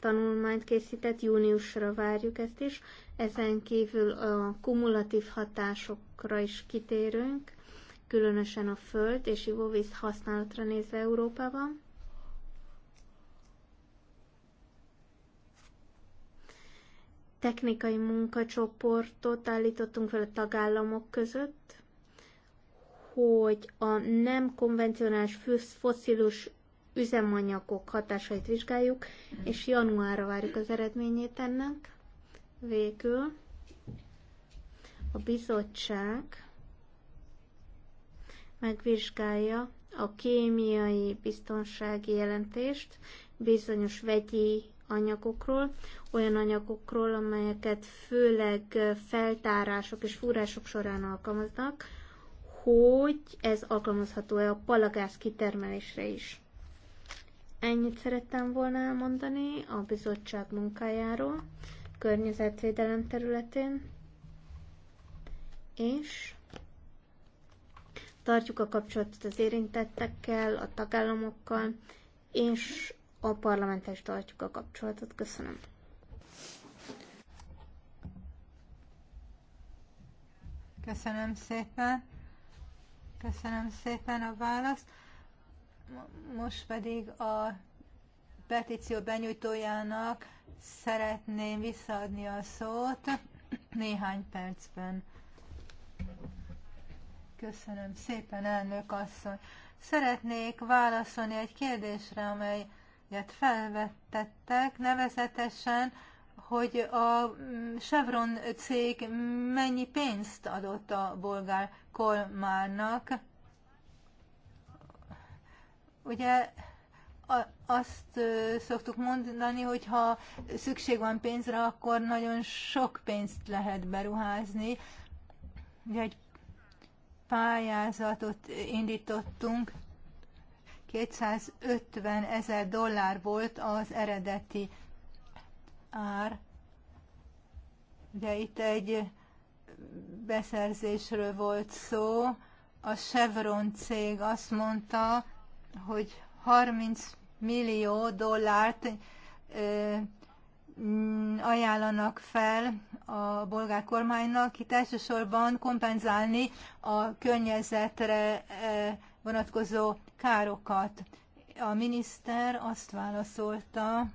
tanulmányt készített, júniusra várjuk ezt is. Ezen kívül a kumulatív hatásokra is kitérünk, különösen a föld és ivóvíz használatra nézve Európában. technikai munkacsoportot állítottunk fel a tagállamok között, hogy a nem konvencionális fosszilus üzemanyagok hatásait vizsgáljuk, és januárra várjuk az eredményét ennek. Végül a bizottság megvizsgálja a kémiai biztonsági jelentést bizonyos vegyi anyagokról, olyan anyagokról, amelyeket főleg feltárások és fúrások során alkalmaznak, hogy ez alkalmazható-e a palagáz kitermelésre is. Ennyit szerettem volna elmondani a bizottság munkájáról, környezetvédelem területén, és tartjuk a kapcsolatot az érintettekkel, a tagállamokkal, és a parlamentes tartjuk a kapcsolatot. Köszönöm. Köszönöm szépen. Köszönöm szépen a választ. Most pedig a petíció benyújtójának szeretném visszaadni a szót néhány percben. Köszönöm szépen, elnök asszony. Szeretnék válaszolni egy kérdésre, amely ügyet felvettettek, nevezetesen, hogy a mm, Chevron cég mennyi pénzt adott a bolgár kolmárnak. Ugye azt szoktuk mondani, hogy ha szükség van pénzre, akkor nagyon sok pénzt lehet beruházni. Ugye egy pályázatot indítottunk 250 ezer dollár volt az eredeti ár. Ugye itt egy beszerzésről volt szó. A Chevron cég azt mondta, hogy 30 millió dollárt ö, ajánlanak fel a bolgár kormánynak, itt elsősorban kompenzálni a környezetre vonatkozó károkat. A miniszter azt válaszolta,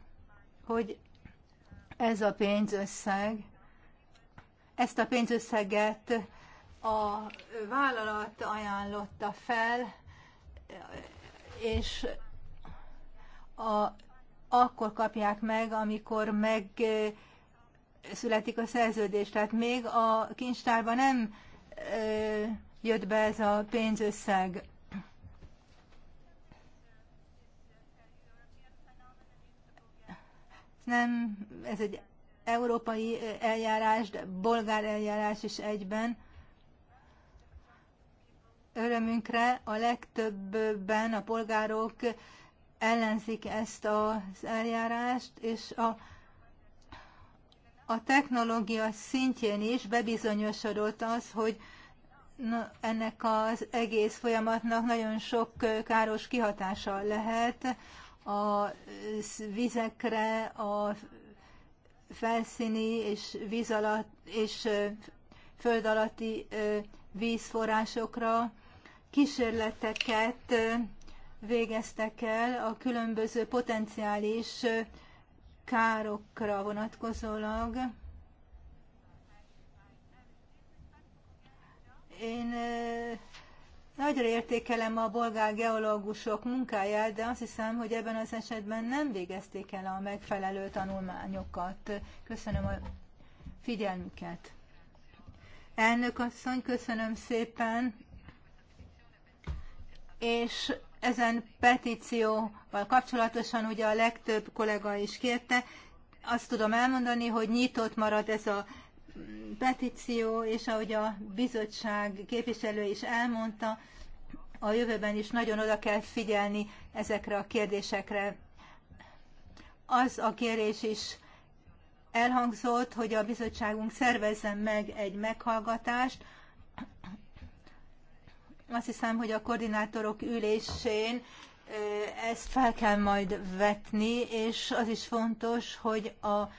hogy ez a pénzösszeg, ezt a pénzösszeget a vállalat ajánlotta fel, és a, akkor kapják meg, amikor meg születik a szerződés. Tehát még a kincstárban nem ö, jött be ez a pénzösszeg. nem, ez egy európai eljárás, de bolgár eljárás is egyben. Örömünkre a legtöbbben a polgárok ellenzik ezt az eljárást, és a, a technológia szintjén is bebizonyosodott az, hogy ennek az egész folyamatnak nagyon sok káros kihatása lehet a vizekre, a felszíni és víz alatt és föld alatti vízforrásokra kísérleteket végeztek el a különböző potenciális károkra vonatkozólag. Én Nagyra értékelem a bolgár geológusok munkáját, de azt hiszem, hogy ebben az esetben nem végezték el a megfelelő tanulmányokat. Köszönöm a figyelmüket. Elnök asszony, köszönöm szépen, és ezen petícióval kapcsolatosan ugye a legtöbb kollega is kérte, azt tudom elmondani, hogy nyitott marad ez a petíció, és ahogy a bizottság képviselő is elmondta, a jövőben is nagyon oda kell figyelni ezekre a kérdésekre. Az a kérés is elhangzott, hogy a bizottságunk szervezzen meg egy meghallgatást. Azt hiszem, hogy a koordinátorok ülésén ezt fel kell majd vetni, és az is fontos, hogy a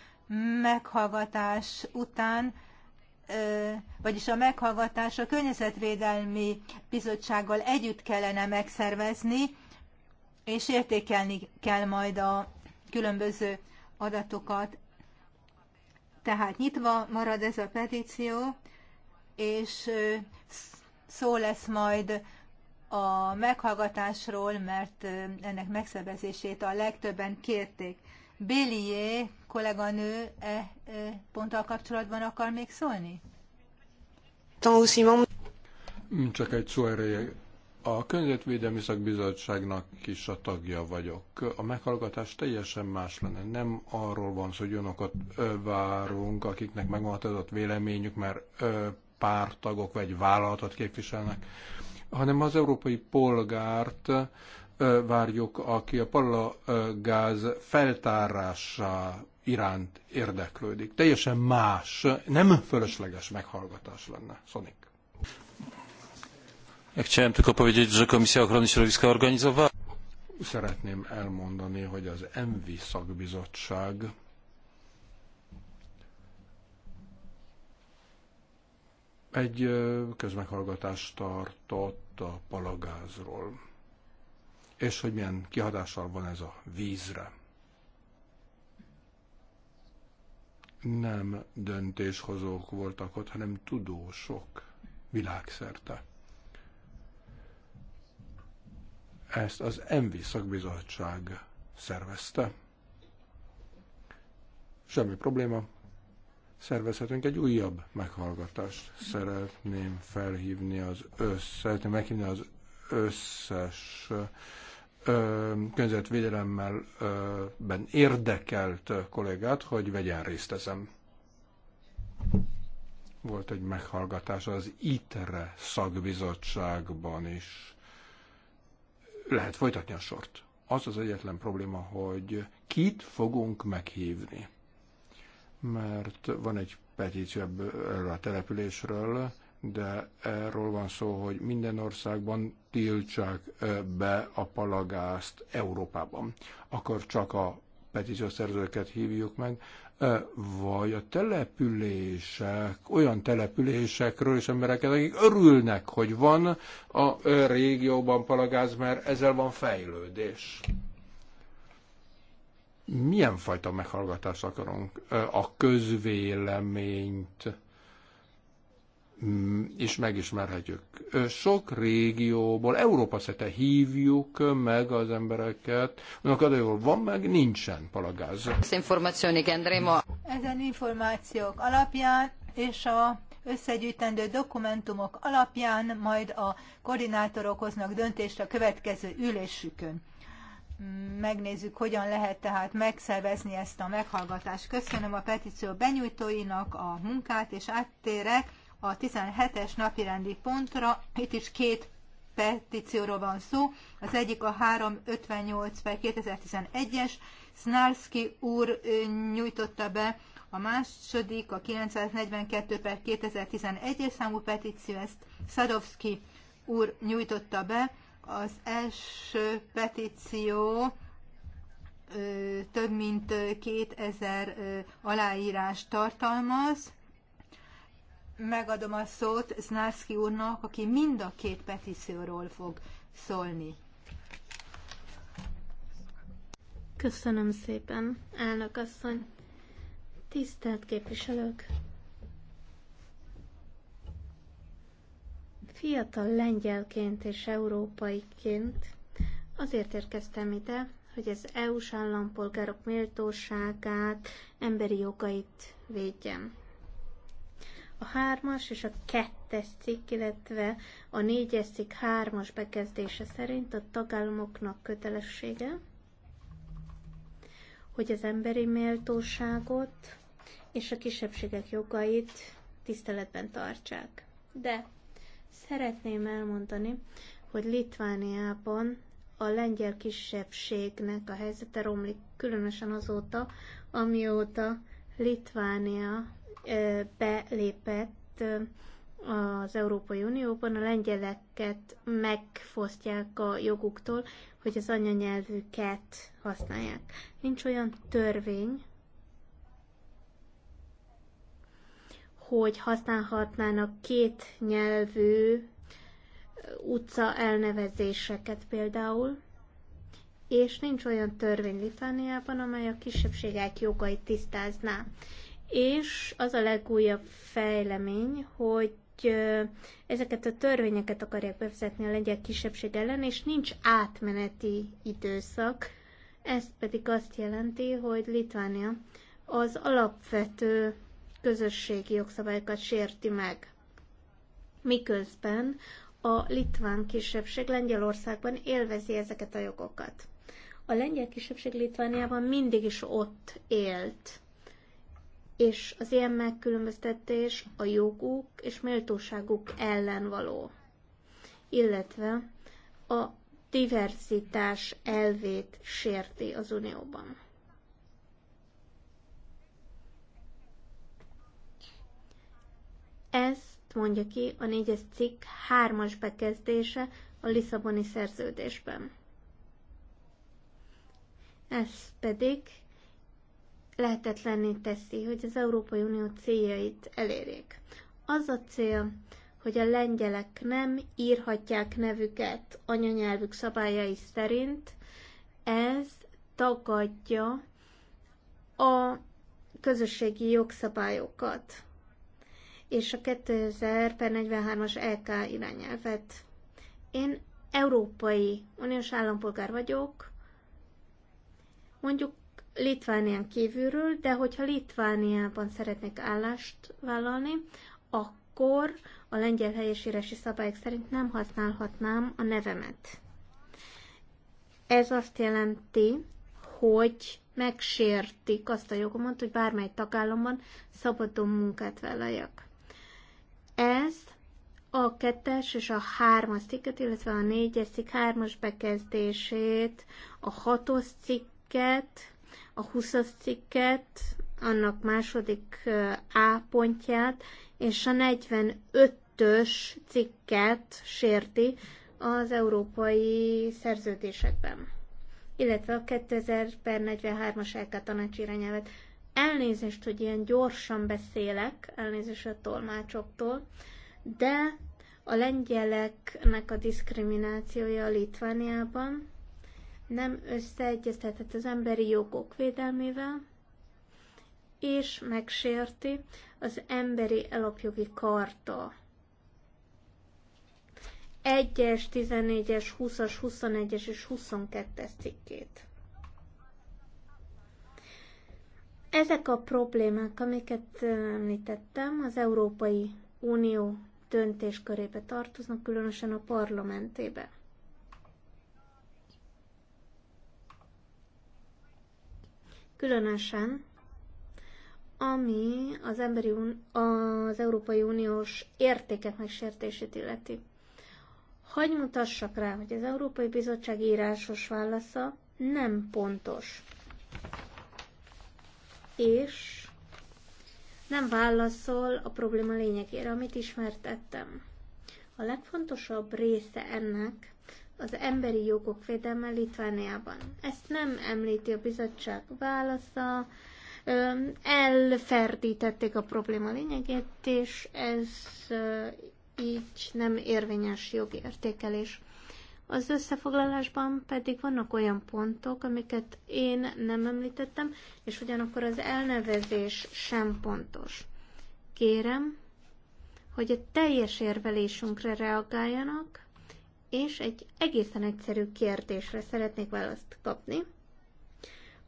meghallgatás után, vagyis a meghallgatás a Környezetvédelmi Bizottsággal együtt kellene megszervezni, és értékelni kell majd a különböző adatokat. Tehát nyitva marad ez a petíció, és szó lesz majd a meghallgatásról, mert ennek megszervezését a legtöbben kérték. Bélié kolléganő e, e ponttal kapcsolatban akar még szólni? Mm, csak egy szó erejéig. A Környezetvédelmi Szakbizottságnak is a tagja vagyok. A meghallgatás teljesen más lenne. Nem arról van szó, hogy önokat várunk, akiknek megmaradt véleményük, mert pártagok vagy vállalatot képviselnek, hanem az európai polgárt, várjuk, aki a palagáz feltárása iránt érdeklődik. Teljesen más, nem fölösleges meghallgatás lenne. Szonik. Ja chciałem tylko powiedzieć, że Komisja Ochrony Środowiska organizowała. Szeretném elmondani, hogy az ENVI szakbizottság egy közmeghallgatást tartott a palagázról és hogy milyen kihadással van ez a vízre. Nem döntéshozók voltak ott, hanem tudósok világszerte. Ezt az MV szakbizottság szervezte. Semmi probléma, szervezhetünk egy újabb meghallgatást. Szeretném felhívni az összes, szeretném meghívni az összes környezetvédelemmel ben érdekelt kollégát, hogy vegyen részt ezen. Volt egy meghallgatás az ITRE szakbizottságban is. Lehet folytatni a sort. Az az egyetlen probléma, hogy kit fogunk meghívni. Mert van egy petíció erről a településről, de erről van szó, hogy minden országban tiltsák be a palagázt Európában. Akkor csak a petíciószerzőket hívjuk meg, vagy a települések, olyan településekről is embereket, akik örülnek, hogy van a régióban palagáz, mert ezzel van fejlődés. Milyen fajta meghallgatást akarunk? A közvéleményt is mm, megismerhetjük. Sok régióból, Európa szerte hívjuk meg az embereket, annak hogy van meg, nincsen palagáz. Ezen információk alapján és a összegyűjtendő dokumentumok alapján majd a koordinátorok hoznak döntést a következő ülésükön. Megnézzük, hogyan lehet tehát megszervezni ezt a meghallgatást. Köszönöm a petíció benyújtóinak a munkát, és áttérek a 17-es napirendi pontra. Itt is két petícióról van szó. Az egyik a 358 per 2011-es. Snarski úr nyújtotta be a második, a 942 per 2011-es számú petíció, ezt Szadovszki úr nyújtotta be. Az első petíció több mint 2000 aláírás tartalmaz megadom a szót Znászki úrnak, aki mind a két petícióról fog szólni. Köszönöm szépen, elnök asszony. Tisztelt képviselők! Fiatal lengyelként és európaiként azért érkeztem ide, hogy az EU-s állampolgárok méltóságát, emberi jogait védjem. A hármas és a kettes cikk, illetve a négyes cikk hármas bekezdése szerint a tagállamoknak kötelessége, hogy az emberi méltóságot és a kisebbségek jogait tiszteletben tartsák. De szeretném elmondani, hogy Litvániában a lengyel kisebbségnek a helyzete romlik, különösen azóta, amióta Litvánia belépett az Európai Unióban, a lengyeleket megfosztják a joguktól, hogy az anyanyelvüket használják. Nincs olyan törvény, hogy használhatnának két nyelvű utca elnevezéseket például, és nincs olyan törvény Litvániában, amely a kisebbségek jogait tisztázná. És az a legújabb fejlemény, hogy ezeket a törvényeket akarják bevezetni a lengyel kisebbség ellen, és nincs átmeneti időszak. Ez pedig azt jelenti, hogy Litvánia az alapvető közösségi jogszabályokat sérti meg. Miközben a litván kisebbség Lengyelországban élvezi ezeket a jogokat. A lengyel kisebbség Litvániában mindig is ott élt és az ilyen megkülönböztetés a joguk és méltóságuk ellen való, illetve a diversitás elvét sérti az Unióban. Ezt mondja ki a négyes cikk hármas bekezdése a Lisszaboni szerződésben. Ez pedig lehetetlenné teszi, hogy az Európai Unió céljait elérjék. Az a cél, hogy a lengyelek nem írhatják nevüket anyanyelvük szabályai szerint, ez tagadja a közösségi jogszabályokat és a 2043 as LK irányelvet. Én európai uniós állampolgár vagyok, mondjuk Litvánián kívülről, de hogyha Litvániában szeretnék állást vállalni, akkor a lengyel helyesírási szabályok szerint nem használhatnám a nevemet. Ez azt jelenti, hogy megsértik azt a jogomat, hogy bármely tagállamban szabadon munkát vállaljak. Ez a kettes és a hármas cikket, illetve a négyes cikk hármas bekezdését, a hatos cikket, a 20 cikket, annak második A pontját, és a 45-ös cikket sérti az európai szerződésekben, illetve a 2000 per 43-as LK tanács irányelvet. Elnézést, hogy ilyen gyorsan beszélek, elnézést a tolmácsoktól, de a lengyeleknek a diszkriminációja a Litvániában nem összeegyeztethet az emberi jogok védelmével, és megsérti az emberi alapjogi karta. 1-es, 14-es, 20-as, 21-es és 22-es cikkét. Ezek a problémák, amiket említettem, az Európai Unió döntéskörébe tartoznak, különösen a parlamentébe. különösen ami az, emberi az Európai Uniós értékek megsértését illeti. Hagy mutassak rá, hogy az Európai Bizottság írásos válasza nem pontos. És nem válaszol a probléma lényegére, amit ismertettem. A legfontosabb része ennek az emberi jogok védelme Litvániában. Ezt nem említi a bizottság válasza, elferdítették a probléma lényegét, és ez így nem érvényes jogi értékelés. Az összefoglalásban pedig vannak olyan pontok, amiket én nem említettem, és ugyanakkor az elnevezés sem pontos. Kérem, hogy a teljes érvelésünkre reagáljanak, és egy egészen egyszerű kérdésre szeretnék választ kapni.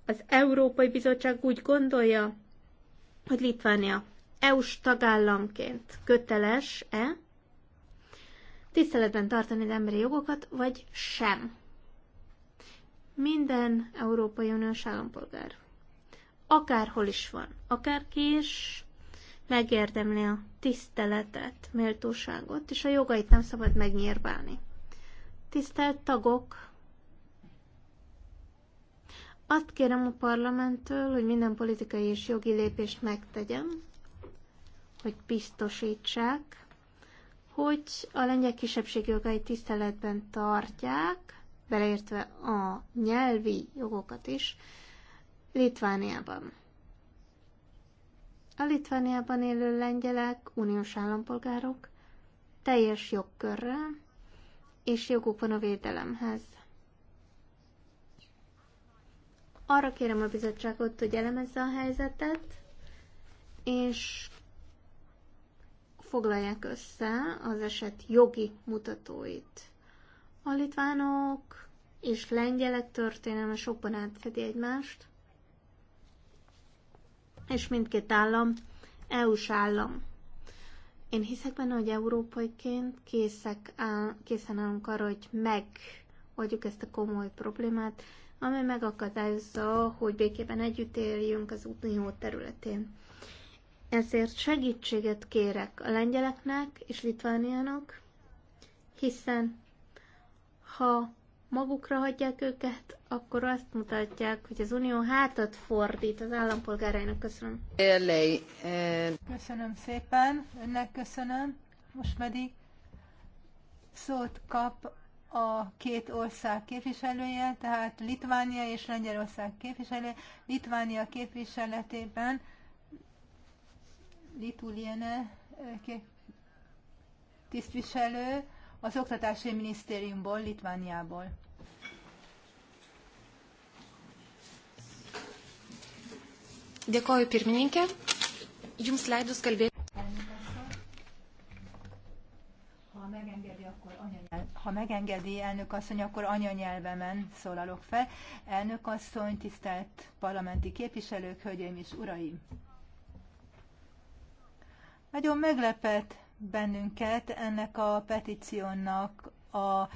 Az Európai Bizottság úgy gondolja, hogy Litvánia EU-s tagállamként köteles-e tiszteletben tartani az emberi jogokat, vagy sem. Minden Európai Uniós állampolgár, akárhol is van, akárki is, megérdemli a tiszteletet, méltóságot, és a jogait nem szabad megnyírválni. Tisztelt tagok! Azt kérem a parlamenttől, hogy minden politikai és jogi lépést megtegyen, hogy biztosítsák, hogy a lengyel kisebbség jogai tiszteletben tartják, beleértve a nyelvi jogokat is, Litvániában. A Litvániában élő lengyelek, uniós állampolgárok teljes jogkörrel és joguk van a védelemhez. Arra kérem a bizottságot, hogy elemezze a helyzetet, és foglalják össze az eset jogi mutatóit. A litvánok és lengyelek történelme sokban átfedi egymást, és mindkét állam EU-s állam. Én hiszek benne, hogy európaiként készek áll, készen állunk arra, hogy megoldjuk ezt a komoly problémát, ami megakadályozza, hogy békében együtt éljünk az unió területén. Ezért segítséget kérek a lengyeleknek és litvániának, hiszen ha magukra hagyják őket, akkor azt mutatják, hogy az Unió hátat fordít az állampolgárainak. Köszönöm. Eh, köszönöm szépen, önnek köszönöm. Most pedig szót kap a két ország képviselője, tehát Litvánia és Lengyelország képviselője. Litvánia képviseletében Lituliene eh, kép tisztviselő az Oktatási Minisztériumból, Litvániából. Dėkoju pirmininkė. Jums leidus kalbėti. Ha megengedi, akkor ha megengedi, elnök asszony, akkor anyanyelvemen szólalok fel. Elnök asszony, tisztelt parlamenti képviselők, hölgyeim és uraim! Nagyon meglepett bennünket ennek a petíciónak a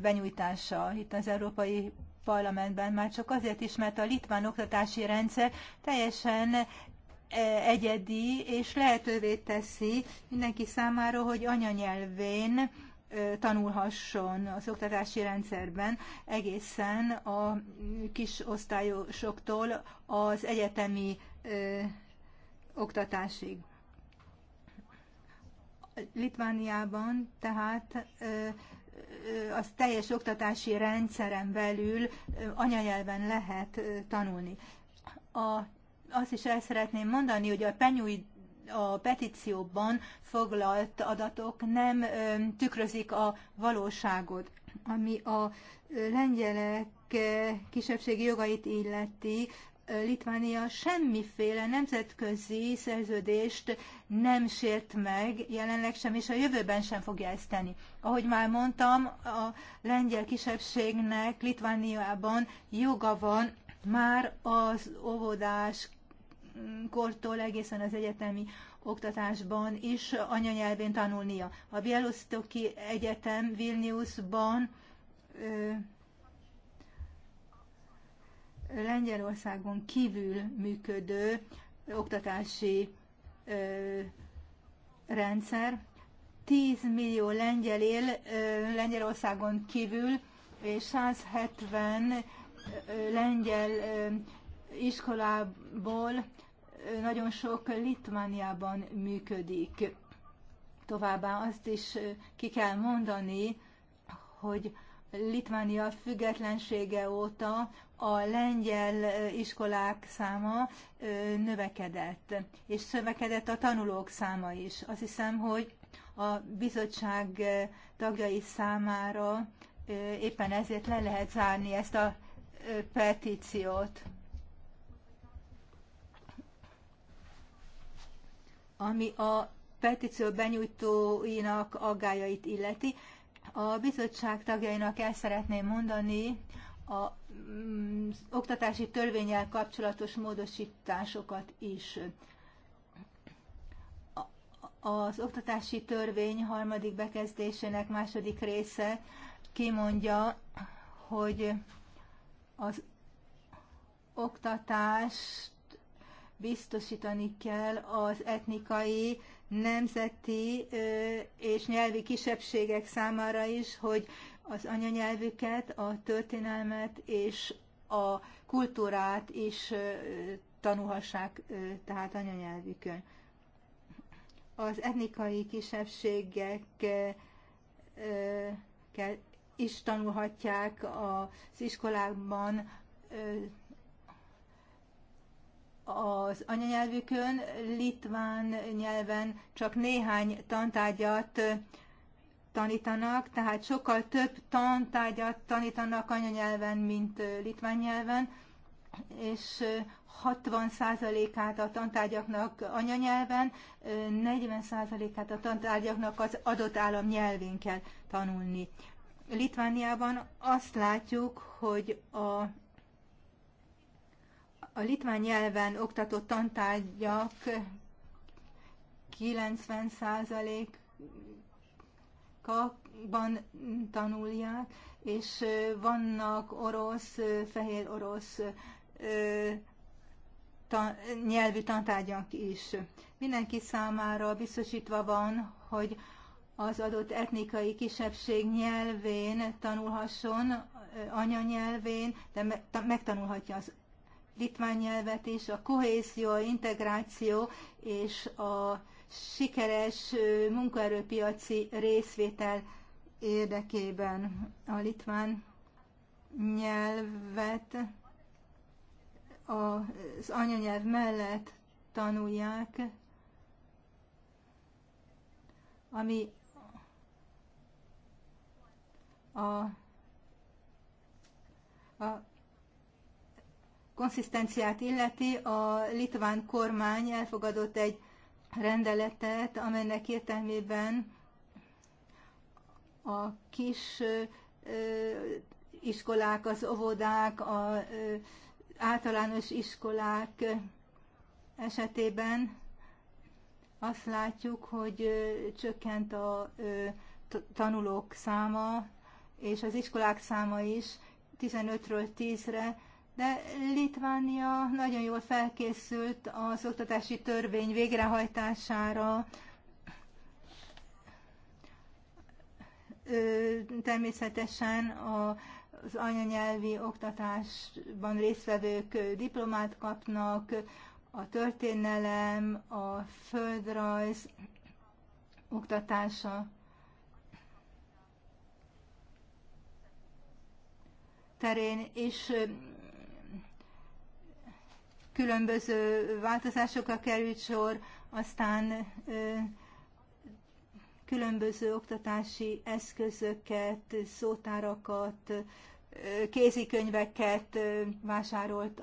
benyújtása itt az Európai Parlamentben, már csak azért is, mert a litván oktatási rendszer teljesen egyedi, és lehetővé teszi mindenki számára, hogy anyanyelvén tanulhasson az oktatási rendszerben egészen a kis osztályosoktól az egyetemi oktatásig. Litvániában tehát az teljes oktatási rendszeren belül anyanyelven lehet tanulni. A, azt is el szeretném mondani, hogy a penyúj a petícióban foglalt adatok nem tükrözik a valóságot, ami a lengyelek kisebbségi jogait illeti, Litvánia semmiféle nemzetközi szerződést nem sért meg, jelenleg sem, és a jövőben sem fogja ezt tenni. Ahogy már mondtam, a lengyel kisebbségnek Litvániában joga van már az óvodás kortól egészen az egyetemi oktatásban is anyanyelvén tanulnia. A Bielosztoki Egyetem Vilniusban Lengyelországon kívül működő oktatási rendszer. 10 millió lengyel él Lengyelországon kívül, és 170 lengyel iskolából nagyon sok Litmániában működik. Továbbá azt is ki kell mondani, hogy Litvánia függetlensége óta a lengyel iskolák száma növekedett, és növekedett a tanulók száma is. Azt hiszem, hogy a bizottság tagjai számára éppen ezért le lehet zárni ezt a petíciót. Ami a petíció benyújtóinak aggájait illeti, a bizottság tagjainak el szeretném mondani a Mm, oktatási törvényel kapcsolatos módosításokat is. Az oktatási törvény harmadik bekezdésének második része kimondja, hogy az oktatást biztosítani kell az etnikai, nemzeti és nyelvi kisebbségek számára is, hogy az anyanyelvüket, a történelmet és a kultúrát is tanulhassák tehát anyanyelvükön. Az etnikai kisebbségek is tanulhatják az iskolákban az anyanyelvükön, litván nyelven csak néhány tantárgyat tanítanak, tehát sokkal több tantárgyat tanítanak anyanyelven, mint litván nyelven, és 60%-át a tantárgyaknak anyanyelven, 40%-át a tantárgyaknak az adott állam nyelvén kell tanulni. Litvániában azt látjuk, hogy a a litván nyelven oktatott tantárgyak 90% iskolákban tanulják, és vannak orosz, fehér orosz nyelvi nyelvű tantárgyak is. Mindenki számára biztosítva van, hogy az adott etnikai kisebbség nyelvén tanulhasson, anyanyelvén, de megtanulhatja az litván nyelvet is, a kohézió, a integráció és a sikeres munkaerőpiaci részvétel érdekében a litván nyelvet az anyanyelv mellett tanulják, ami a, a konszisztenciát illeti, a litván kormány elfogadott egy rendeletet, amelynek értelmében a kis iskolák, az óvodák, az általános iskolák esetében azt látjuk, hogy csökkent a tanulók száma, és az iskolák száma is 15-ről 10-re de Litvánia nagyon jól felkészült az oktatási törvény végrehajtására, természetesen az anyanyelvi oktatásban résztvevők diplomát kapnak, a történelem, a földrajz oktatása. terén és különböző változásokra került sor, aztán különböző oktatási eszközöket, szótárakat, kézikönyveket vásárolt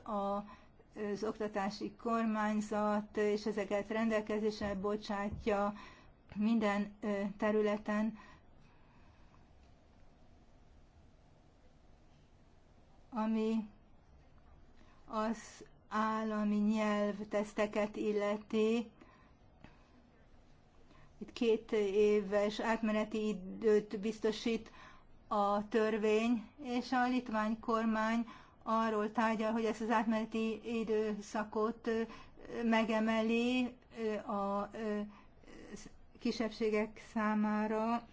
az oktatási kormányzat, és ezeket rendelkezésre bocsátja minden területen. Ami az állami nyelvteszteket illeti, itt két éves átmeneti időt biztosít a törvény, és a litvány kormány arról tárgyal, hogy ezt az átmeneti időszakot megemeli a kisebbségek számára.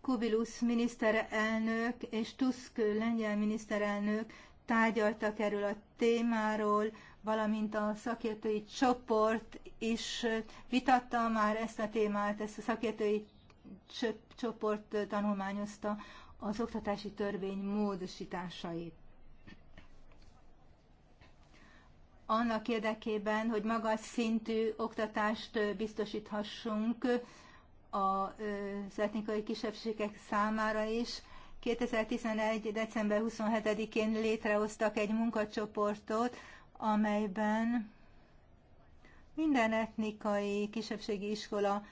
Kubilus miniszterelnök és Tusk lengyel miniszterelnök tárgyaltak erről a témáról, valamint a szakértői csoport is vitatta már ezt a témát, ezt a szakértői csoport tanulmányozta az oktatási törvény módosításait. Annak érdekében, hogy magas szintű oktatást biztosíthassunk az etnikai kisebbségek számára is, 2011. december 27-én létrehoztak egy munkacsoportot, amelyben minden etnikai kisebbségi iskola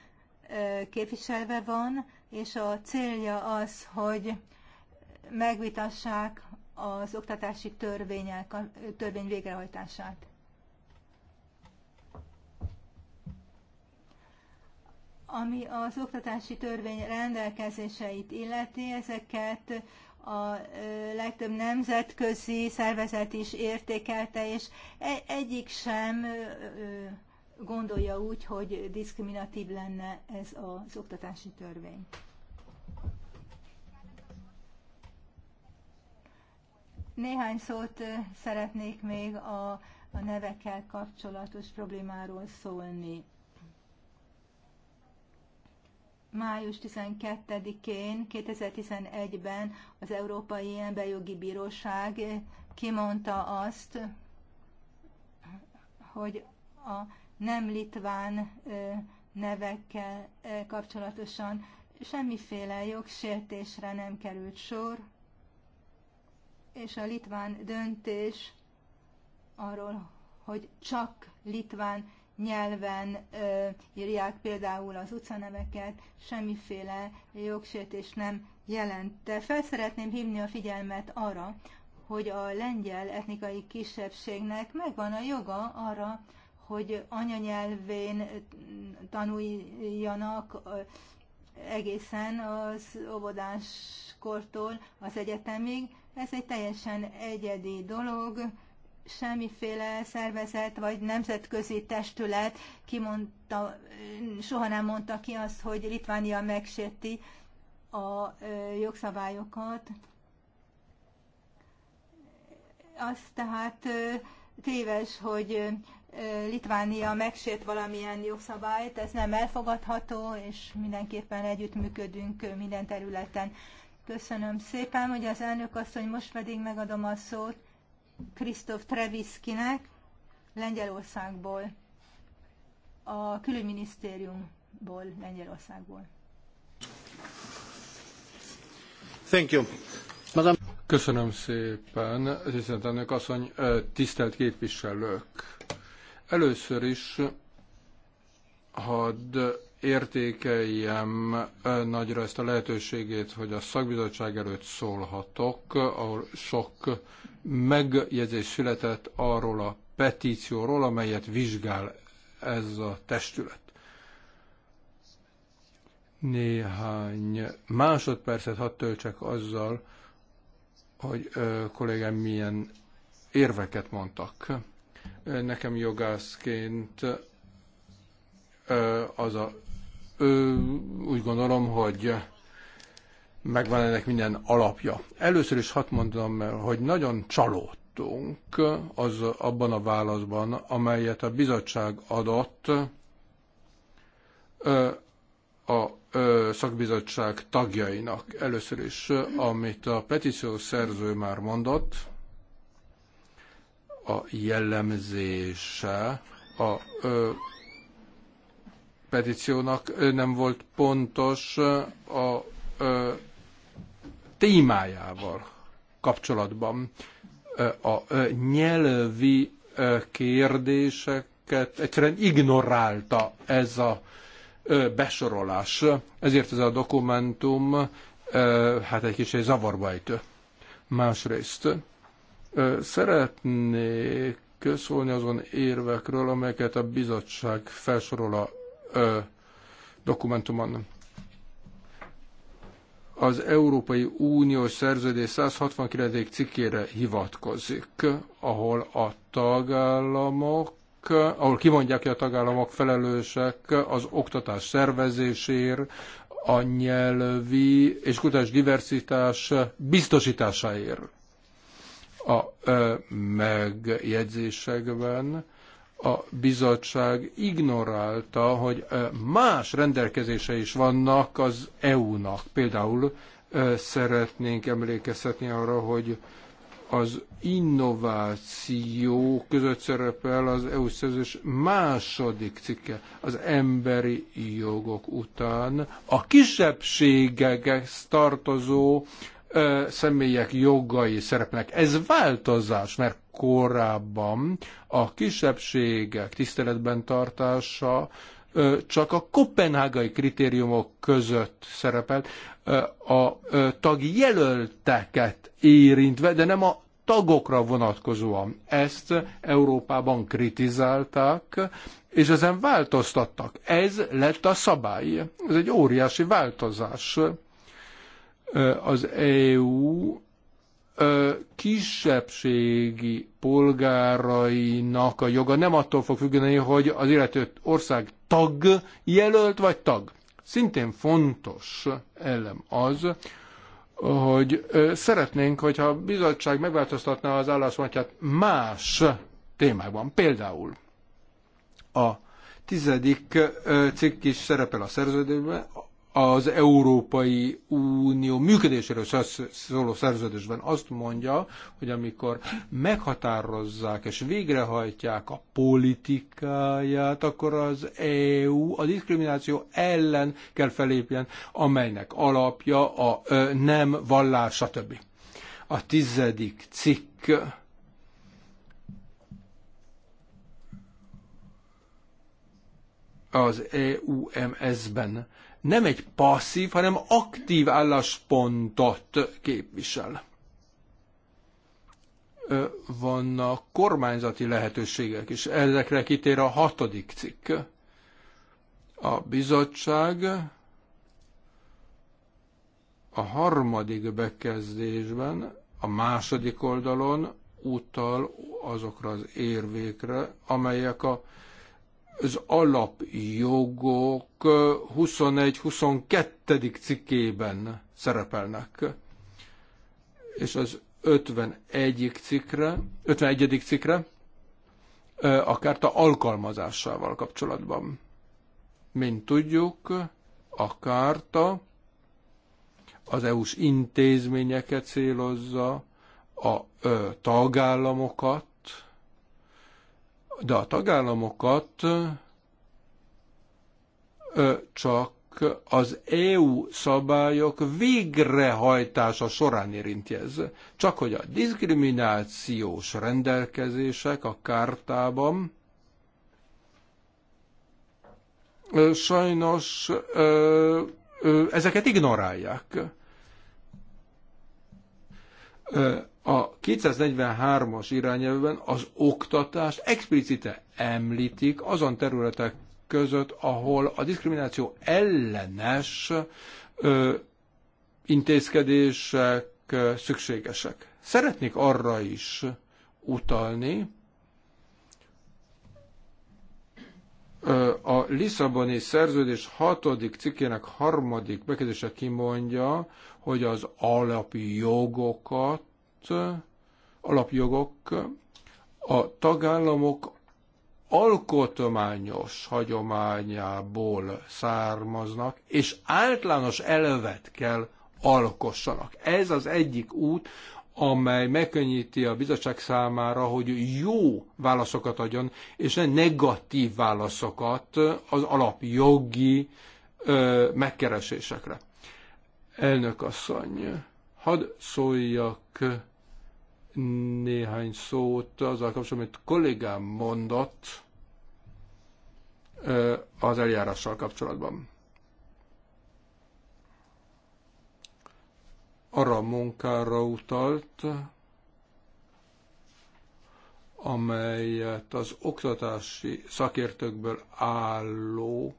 képviselve van, és a célja az, hogy megvitassák az oktatási törvények, törvény végrehajtását. Ami az oktatási törvény rendelkezéseit illeti, ezeket a legtöbb nemzetközi szervezet is értékelte, és e, egyik sem gondolja úgy, hogy diszkriminatív lenne ez az oktatási törvény. Néhány szót szeretnék még a, a nevekkel kapcsolatos problémáról szólni május 12-én 2011-ben az Európai Emberjogi Bíróság kimondta azt, hogy a nem litván nevekkel kapcsolatosan semmiféle jogsértésre nem került sor, és a litván döntés arról, hogy csak litván nyelven írják például az utcaneveket, semmiféle jogsértés nem jelent. De fel szeretném hívni a figyelmet arra, hogy a lengyel etnikai kisebbségnek megvan a joga arra, hogy anyanyelvén tanuljanak egészen az óvodáskortól az egyetemig. Ez egy teljesen egyedi dolog, semmiféle szervezet vagy nemzetközi testület kimondta, soha nem mondta ki azt, hogy Litvánia megsérti a jogszabályokat. Az tehát téves, hogy Litvánia megsért valamilyen jogszabályt, ez nem elfogadható, és mindenképpen együttműködünk minden területen. Köszönöm szépen, hogy az elnök asszony most pedig megadom a szót Krisztof Treviszkinek Lengyelországból, a külügyminisztériumból, Lengyelországból. Thank you. Madam. Köszönöm szépen, tisztelt elnök asszony, tisztelt képviselők. Először is hadd értékeljem nagyra ezt a lehetőségét, hogy a szakbizottság előtt szólhatok, ahol sok megjegyzés született arról a petícióról, amelyet vizsgál ez a testület. Néhány másodpercet hadd töltsek azzal, hogy ö, kollégám milyen érveket mondtak. Nekem jogászként ö, az a, ö, úgy gondolom, hogy megvan ennek minden alapja. Először is hat mondom, hogy nagyon csalódtunk az abban a válaszban, amelyet a bizottság adott a szakbizottság tagjainak. Először is, amit a petíció szerző már mondott, a jellemzése a ö, petíciónak nem volt pontos a ö, témájával kapcsolatban a nyelvi kérdéseket egyszerűen ignorálta ez a besorolás. Ezért ez a dokumentum hát egy kicsit zavarba ejtő. Másrészt szeretnék köszönni azon érvekről, amelyeket a bizottság felsorol a dokumentumon az Európai Uniós Szerződés 169. cikkére hivatkozik, ahol a tagállamok ahol kimondják, hogy a tagállamok felelősek az oktatás szervezésért, a nyelvi és kutatás diversitás biztosításáért. A megjegyzésekben a bizottság ignorálta, hogy más rendelkezése is vannak az EU-nak. Például szeretnénk emlékeztetni arra, hogy az innováció között szerepel az EU szerződés második cikke az emberi jogok után a kisebbségek tartozó ö, személyek jogai szerepnek. Ez változás, mert korábban a kisebbségek tiszteletben tartása ö, csak a kopenhágai kritériumok között szerepelt, ö, a ö, jelölteket érintve, de nem a tagokra vonatkozóan. Ezt Európában kritizálták, és ezen változtattak. Ez lett a szabály. Ez egy óriási változás az EU kisebbségi polgárainak a joga nem attól fog függeni, hogy az illető ország tag, jelölt vagy tag. Szintén fontos elem az, hogy szeretnénk, hogyha a bizottság megváltoztatná az álláspontját más témában. Például a tizedik cikk is szerepel a szerződésben, az Európai Unió működéséről szóló szerződésben azt mondja, hogy amikor meghatározzák és végrehajtják a politikáját, akkor az EU a diszkrimináció ellen kell felépjen, amelynek alapja a nem vallás, stb. A tizedik cikk az EUMS-ben nem egy passzív, hanem aktív álláspontot képvisel. Vannak kormányzati lehetőségek is. Ezekre kitér a hatodik cikk. A bizottság a harmadik bekezdésben, a második oldalon utal azokra az érvékre, amelyek a az alapjogok 21-22. Eh, cikkében szerepelnek, és az 51. cikre, 51. akár a kárta alkalmazásával kapcsolatban. Mint tudjuk, a kárta az EU-s intézményeket célozza, a ö, eh, tagállamokat, de a tagállamokat csak az EU szabályok végrehajtása során érinti ez. Csak hogy a diszkriminációs rendelkezések a kártában sajnos ezeket ignorálják a 243-as irányelvben az oktatást explicite említik azon területek között, ahol a diszkrimináció ellenes ö, intézkedések ö, szükségesek. Szeretnék arra is utalni, a Lisszaboni szerződés hatodik cikkének harmadik bekezdése kimondja, hogy az alapjogokat alapjogok, a tagállamok alkotmányos hagyományából származnak, és általános elvet kell alkossanak. Ez az egyik út, amely megkönnyíti a bizottság számára, hogy jó válaszokat adjon, és ne negatív válaszokat az alapjogi ö, megkeresésekre. Elnök asszony, hadd szóljak néhány szót azzal kapcsolatban, amit kollégám mondott az eljárással kapcsolatban. Arra a munkára utalt, amelyet az oktatási szakértőkből álló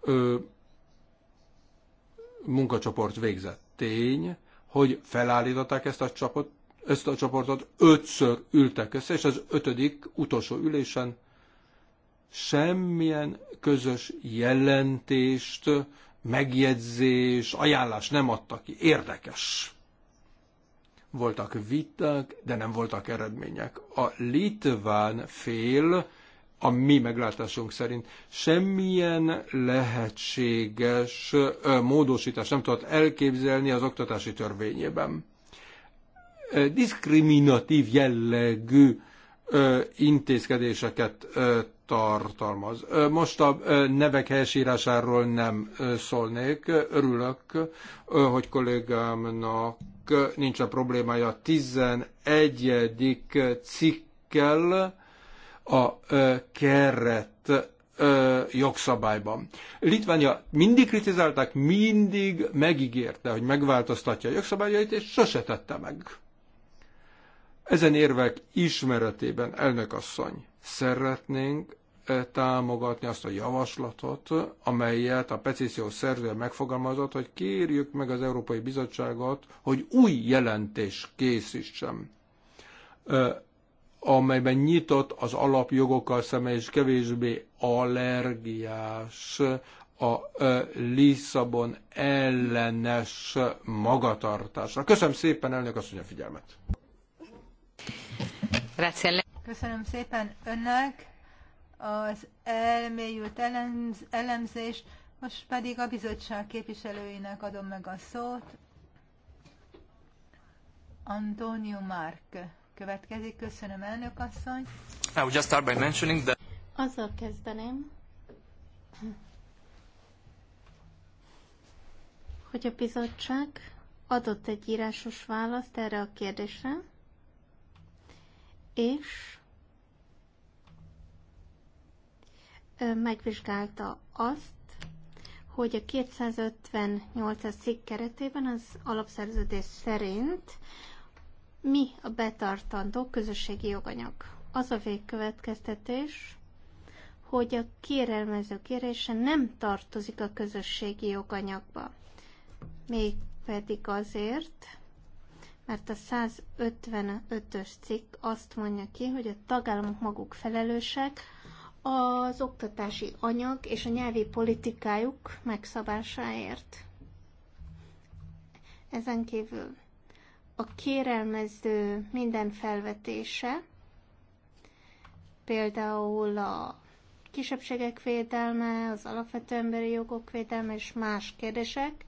ö, munkacsoport végzett. Tény, hogy felállították ezt a csapot, ezt a csoportot ötször ültek össze, és az ötödik utolsó ülésen semmilyen közös jelentést, megjegyzés, ajánlás nem adtak ki. Érdekes. Voltak viták, de nem voltak eredmények. A litván fél a mi meglátásunk szerint semmilyen lehetséges módosítást nem tudott elképzelni az oktatási törvényében diszkriminatív jellegű intézkedéseket tartalmaz. Most a nevek helyesírásáról nem szólnék. Örülök, hogy kollégámnak nincs a problémája. 11. cikkel a keret jogszabályban. Litvánia mindig kritizálták, mindig megígérte, hogy megváltoztatja a jogszabályait, és sose tette meg ezen érvek ismeretében, elnök asszony szeretnénk eh, támogatni azt a javaslatot, amelyet a petíció szerző megfogalmazott, hogy kérjük meg az Európai Bizottságot, hogy új jelentés készítsen, eh, amelyben nyitott az alapjogokkal szemben és kevésbé allergiás a eh, Lisszabon ellenes magatartásra. Köszönöm szépen, elnök asszony, a figyelmet! Köszönöm szépen önnek az elmélyült elemzés. most pedig a bizottság képviselőinek adom meg a szót. Antonio Mark következik. Köszönöm, elnök asszony. I would just start by mentioning that... Azzal kezdeném, hogy a bizottság adott egy írásos választ erre a kérdésre, és megvizsgálta azt, hogy a 258-as cikk keretében az alapszerződés szerint mi a betartandó közösségi joganyag. Az a végkövetkeztetés, hogy a kérelmező kérése nem tartozik a közösségi joganyagba. Mégpedig azért, mert a 155-ös cikk azt mondja ki, hogy a tagállamok maguk felelősek az oktatási anyag és a nyelvi politikájuk megszabásáért. Ezen kívül a kérelmező minden felvetése, például a kisebbségek védelme, az alapvető emberi jogok védelme és más kérdések,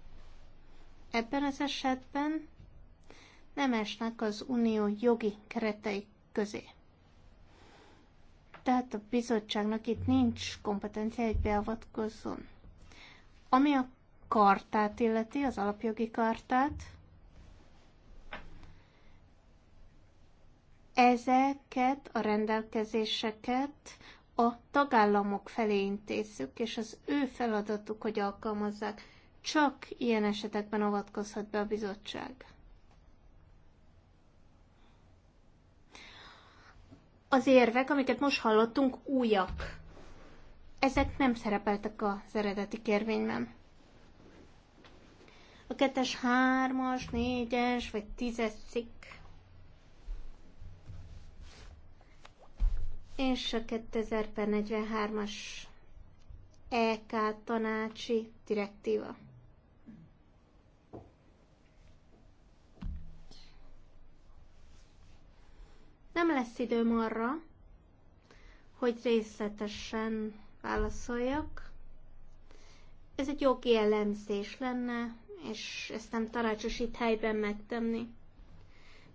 ebben az esetben nem esnek az unió jogi keretei közé. Tehát a bizottságnak itt nincs kompetencia, hogy beavatkozzon. Ami a kartát illeti, az alapjogi kartát, ezeket a rendelkezéseket a tagállamok felé intézzük, és az ő feladatuk, hogy alkalmazzák. Csak ilyen esetekben avatkozhat be a bizottság. az érvek, amiket most hallottunk, újak. Ezek nem szerepeltek az eredeti kérvényben. A kettes, hármas, négyes vagy tízes cikk. És a 2043-as EK tanácsi direktíva. Nem lesz időm arra, hogy részletesen válaszoljak. Ez egy jogi elemzés lenne, és ezt nem tanácsos itt helyben megtenni.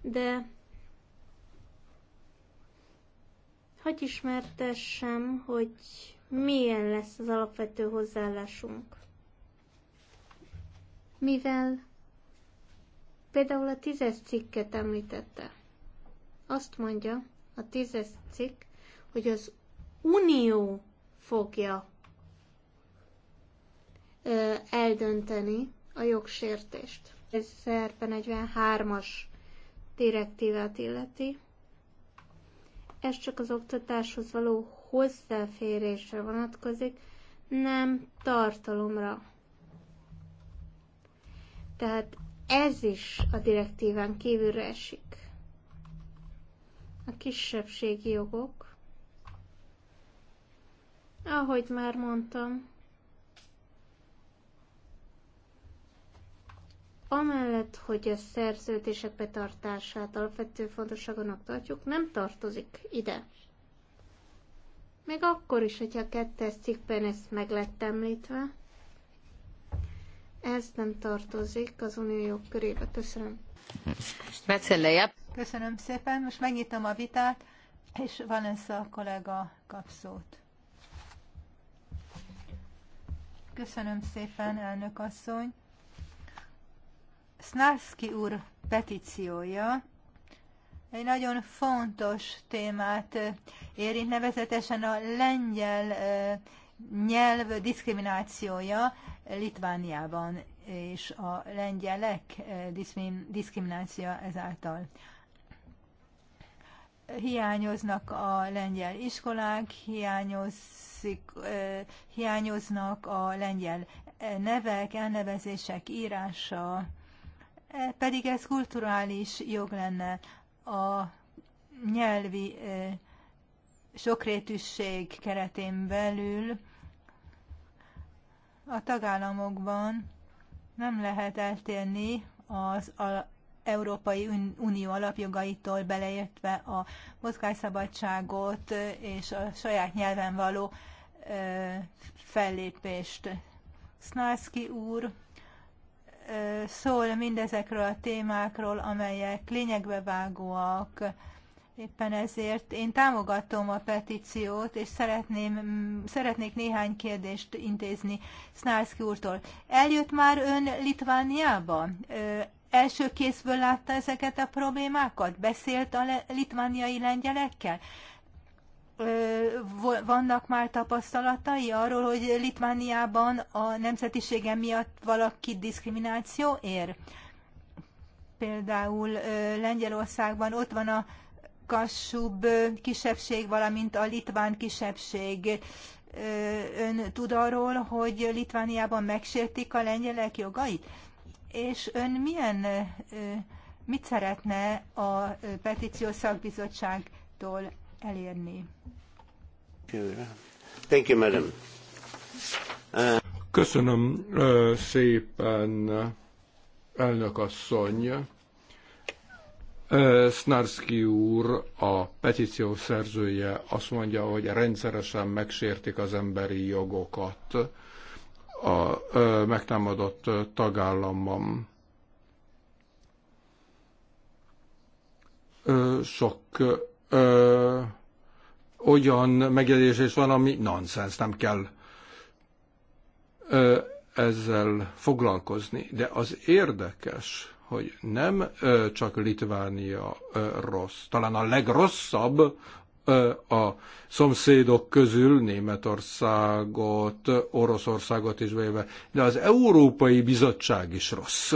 De hogy ismertessem, hogy milyen lesz az alapvető hozzáállásunk. Mivel például a tízes cikket említette, azt mondja a tízes cikk, hogy az Unió fogja ö, eldönteni a jogsértést. Ez szerben 43-as direktívát illeti. Ez csak az oktatáshoz való hozzáférésre vonatkozik, nem tartalomra. Tehát ez is a direktíven kívülre esik a kisebbségi jogok, ahogy már mondtam, amellett, hogy a szerződések betartását alapvető fontosságonak tartjuk, nem tartozik ide. Még akkor is, hogyha a kettes cikkben ez meg lett említve, ez nem tartozik az unió jogkörébe. Köszönöm. Köszönöm. Köszönöm szépen. Most megnyitom a vitát, és Valensza kollega kap szót. Köszönöm szépen, elnök asszony. Snarski úr petíciója egy nagyon fontos témát érint, nevezetesen a lengyel nyelv diszkriminációja Litvániában és a lengyelek diszkriminációja ezáltal hiányoznak a lengyel iskolák, hiányozik, hiányoznak a lengyel nevek, elnevezések írása, e, pedig ez kulturális jog lenne. A nyelvi sokrétűség keretén belül a tagállamokban nem lehet eltérni az Európai Unió alapjogaitól beleértve a mozgásszabadságot és a saját nyelven való fellépést. Snarski úr szól mindezekről a témákról, amelyek lényegbe vágóak. Éppen ezért én támogatom a petíciót, és szeretném, szeretnék néhány kérdést intézni Snarski úrtól. Eljött már ön Litvániába? első készből látta ezeket a problémákat? Beszélt a litvániai lengyelekkel? vannak már tapasztalatai arról, hogy Litvániában a nemzetisége miatt valaki diszkrimináció ér? Például Lengyelországban ott van a kassub kisebbség, valamint a litván kisebbség. Ön tud arról, hogy Litvániában megsértik a lengyelek jogait? És ön milyen, mit szeretne a petíció szakbizottságtól elérni? Thank you, madam. Uh, Köszönöm szépen, elnök asszony. Snarski úr, a petíció szerzője azt mondja, hogy rendszeresen megsértik az emberi jogokat a megtámadott tagállamban. Sok ö, olyan megjegyzés is van, ami nonsens, nem kell ö, ezzel foglalkozni. De az érdekes, hogy nem ö, csak Litvánia ö, rossz, talán a legrosszabb a szomszédok közül, Németországot, Oroszországot is véve, de az Európai Bizottság is rossz.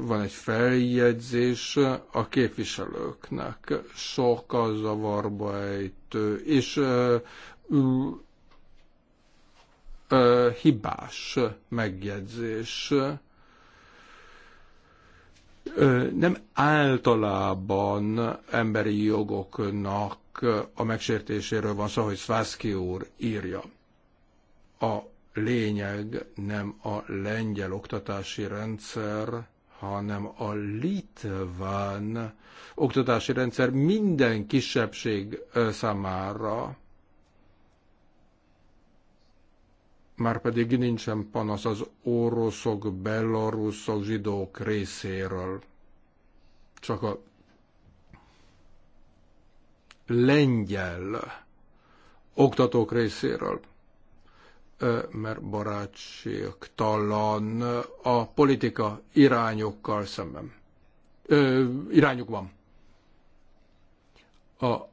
Van egy feljegyzés a képviselőknek, a zavarba ejtő, és hibás megjegyzés nem általában emberi jogoknak a megsértéséről van szó, hogy Szvászki úr írja. A lényeg nem a lengyel oktatási rendszer, hanem a litván oktatási rendszer minden kisebbség számára már pedig nincsen panasz az oroszok, beloruszok, zsidók részéről. Csak a lengyel oktatók részéről, mert barátságtalan a politika irányokkal szemben. Ö, irányuk van. A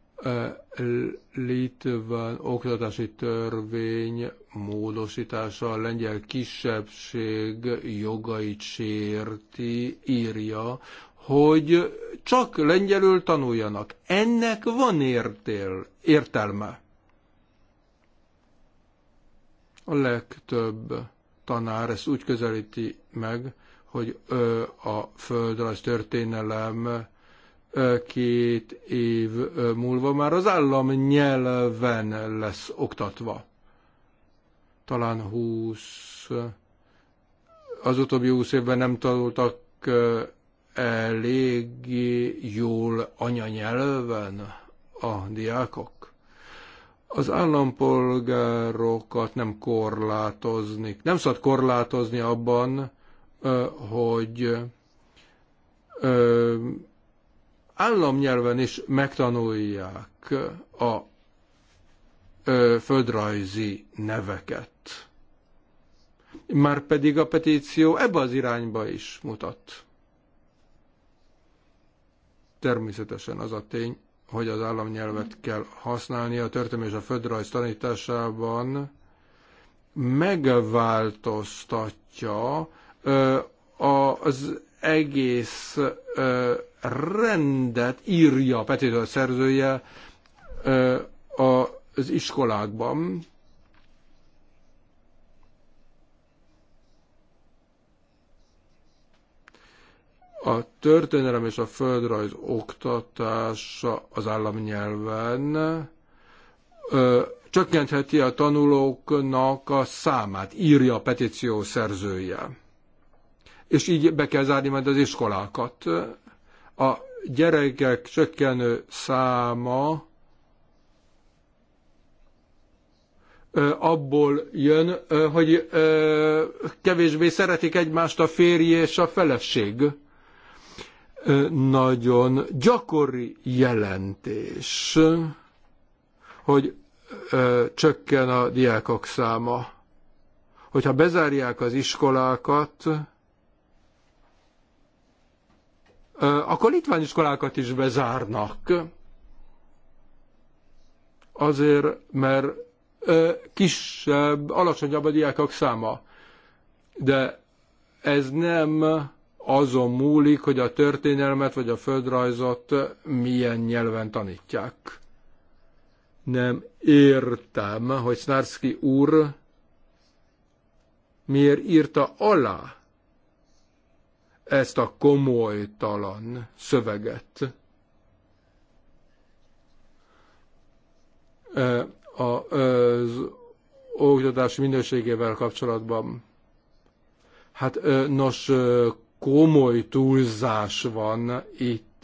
Litván oktatási törvény módosítása a lengyel kisebbség jogait sérti, írja, hogy csak lengyelül tanuljanak. Ennek van értél, értelme. A legtöbb tanár ezt úgy közelíti meg, hogy ő a földrajz történelem két év múlva már az állam nyelven lesz oktatva. Talán 20, az utóbbi 20 évben nem tanultak elég jól anyanyelven a diákok. Az állampolgárokat nem korlátozni, nem szabad korlátozni abban, hogy államnyelven is megtanulják a földrajzi neveket. Már pedig a petíció ebbe az irányba is mutat. Természetesen az a tény, hogy az államnyelvet kell használni a történelmi és a földrajz tanításában, megváltoztatja az egész rendet írja a petíció szerzője az iskolákban, a történelem és a földrajz oktatása az államnyelven ö, csökkentheti a tanulóknak a számát, írja a petíció szerzője. És így be kell zárni majd az iskolákat, a gyerekek csökkenő száma abból jön, hogy kevésbé szeretik egymást a férj és a feleség. Nagyon gyakori jelentés, hogy csökken a diákok száma. Hogyha bezárják az iskolákat, akkor litván is bezárnak. Azért, mert kisebb, alacsonyabb a diákok száma. De ez nem azon múlik, hogy a történelmet vagy a földrajzot milyen nyelven tanítják. Nem értem, hogy Snarski úr miért írta alá ezt a komolytalan szöveget. Az oktatási minőségével kapcsolatban. Hát nos, komoly túlzás van itt,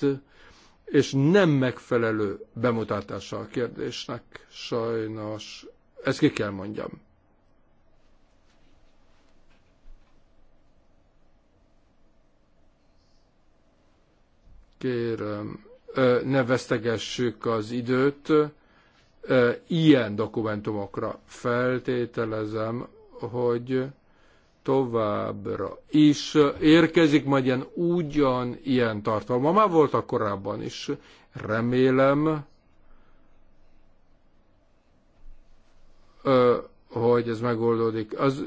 és nem megfelelő bemutatása a kérdésnek, sajnos. Ezt ki kell mondjam. Kérem, ne vesztegessük az időt ilyen dokumentumokra. Feltételezem, hogy továbbra is érkezik majd ilyen ugyan ilyen tartalma. Már voltak korábban is. Remélem, hogy ez megoldódik. Az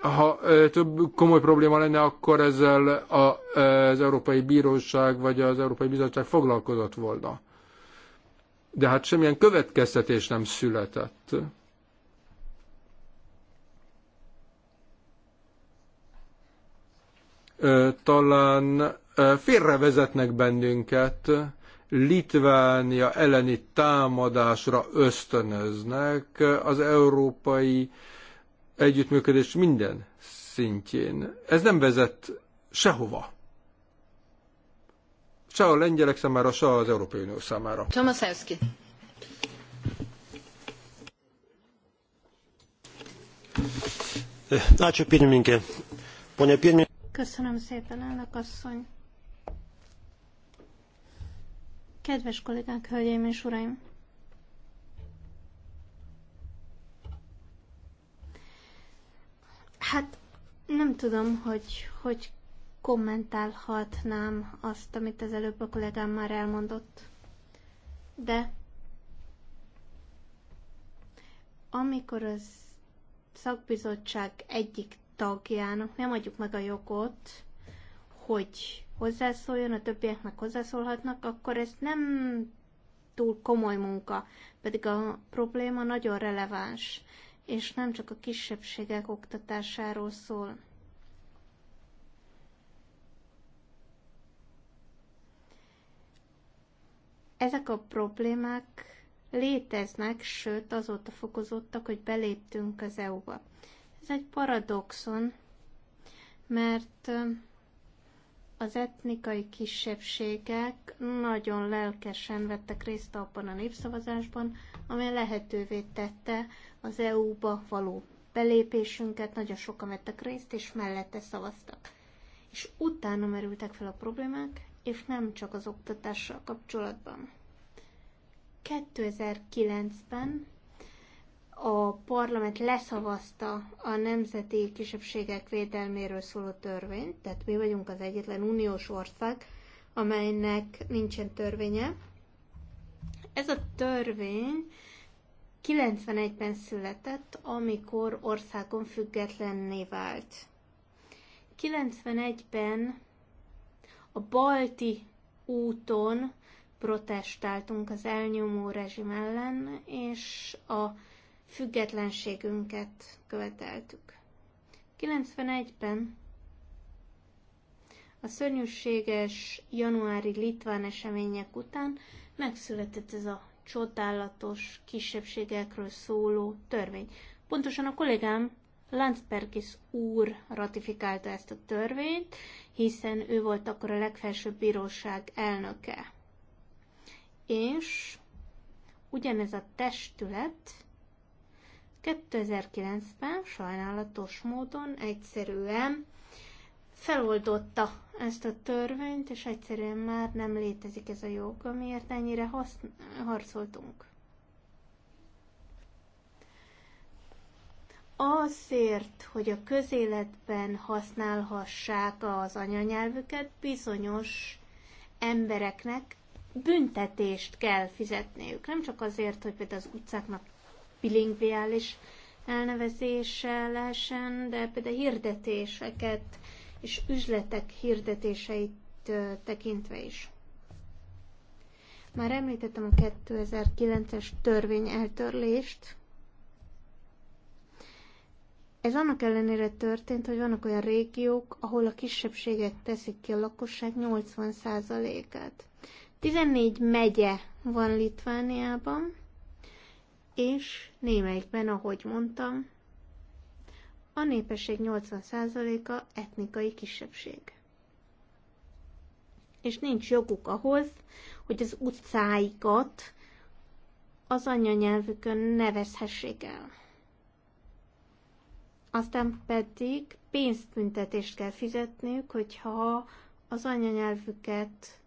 ha több komoly probléma lenne, akkor ezzel a, az Európai Bíróság vagy az Európai Bizottság foglalkozott volna. De hát semmilyen következtetés nem született. Talán félrevezetnek bennünket, Litvánia elleni támadásra ösztönöznek az európai együttműködés minden szintjén. Ez nem vezet sehova. Se a lengyelek számára, se az Európai Unió számára. Tomaszewski. Köszönöm szépen, elnök asszony. Kedves kollégák, hölgyeim és uraim! Hát nem tudom, hogy, hogy kommentálhatnám azt, amit az előbb a kollégám már elmondott. De amikor az szakbizottság egyik tagjának nem adjuk meg a jogot, hogy hozzászóljon, a többiek meg hozzászólhatnak, akkor ez nem túl komoly munka, pedig a probléma nagyon releváns és nem csak a kisebbségek oktatásáról szól. Ezek a problémák léteznek, sőt azóta fokozottak, hogy beléptünk az EU-ba. Ez egy paradoxon, mert az etnikai kisebbségek nagyon lelkesen vettek részt abban a népszavazásban, amely lehetővé tette az EU-ba való belépésünket, nagyon sokan vettek részt, és mellette szavaztak. És utána merültek fel a problémák, és nem csak az oktatással kapcsolatban. 2009-ben a parlament leszavazta a nemzeti kisebbségek védelméről szóló törvényt, tehát mi vagyunk az egyetlen uniós ország, amelynek nincsen törvénye, ez a törvény 91-ben született, amikor országon függetlenné vált. 91-ben a balti úton protestáltunk az elnyomó rezsim ellen, és a függetlenségünket követeltük. 91-ben a szörnyűséges januári litván események után megszületett ez a csodálatos kisebbségekről szóló törvény. Pontosan a kollégám Landsbergis úr ratifikálta ezt a törvényt, hiszen ő volt akkor a legfelsőbb bíróság elnöke. És ugyanez a testület 2009-ben sajnálatos módon egyszerűen feloldotta ezt a törvényt, és egyszerűen már nem létezik ez a jog, amiért ennyire haszn- harcoltunk. Azért, hogy a közéletben használhassák az anyanyelvüket, bizonyos embereknek büntetést kell fizetniük. Nem csak azért, hogy például az utcáknak bilingviális elnevezése lehessen, de például hirdetéseket és üzletek hirdetéseit tekintve is. Már említettem a 2009-es törvény eltörlést. Ez annak ellenére történt, hogy vannak olyan régiók, ahol a kisebbségek teszik ki a lakosság 80%-át. 14 megye van Litvániában, és némelyikben, ahogy mondtam, a népesség 80%-a etnikai kisebbség. És nincs joguk ahhoz, hogy az utcáikat az anyanyelvükön nevezhessék el. Aztán pedig pénzbüntetést kell fizetniük, hogyha az anyanyelvüket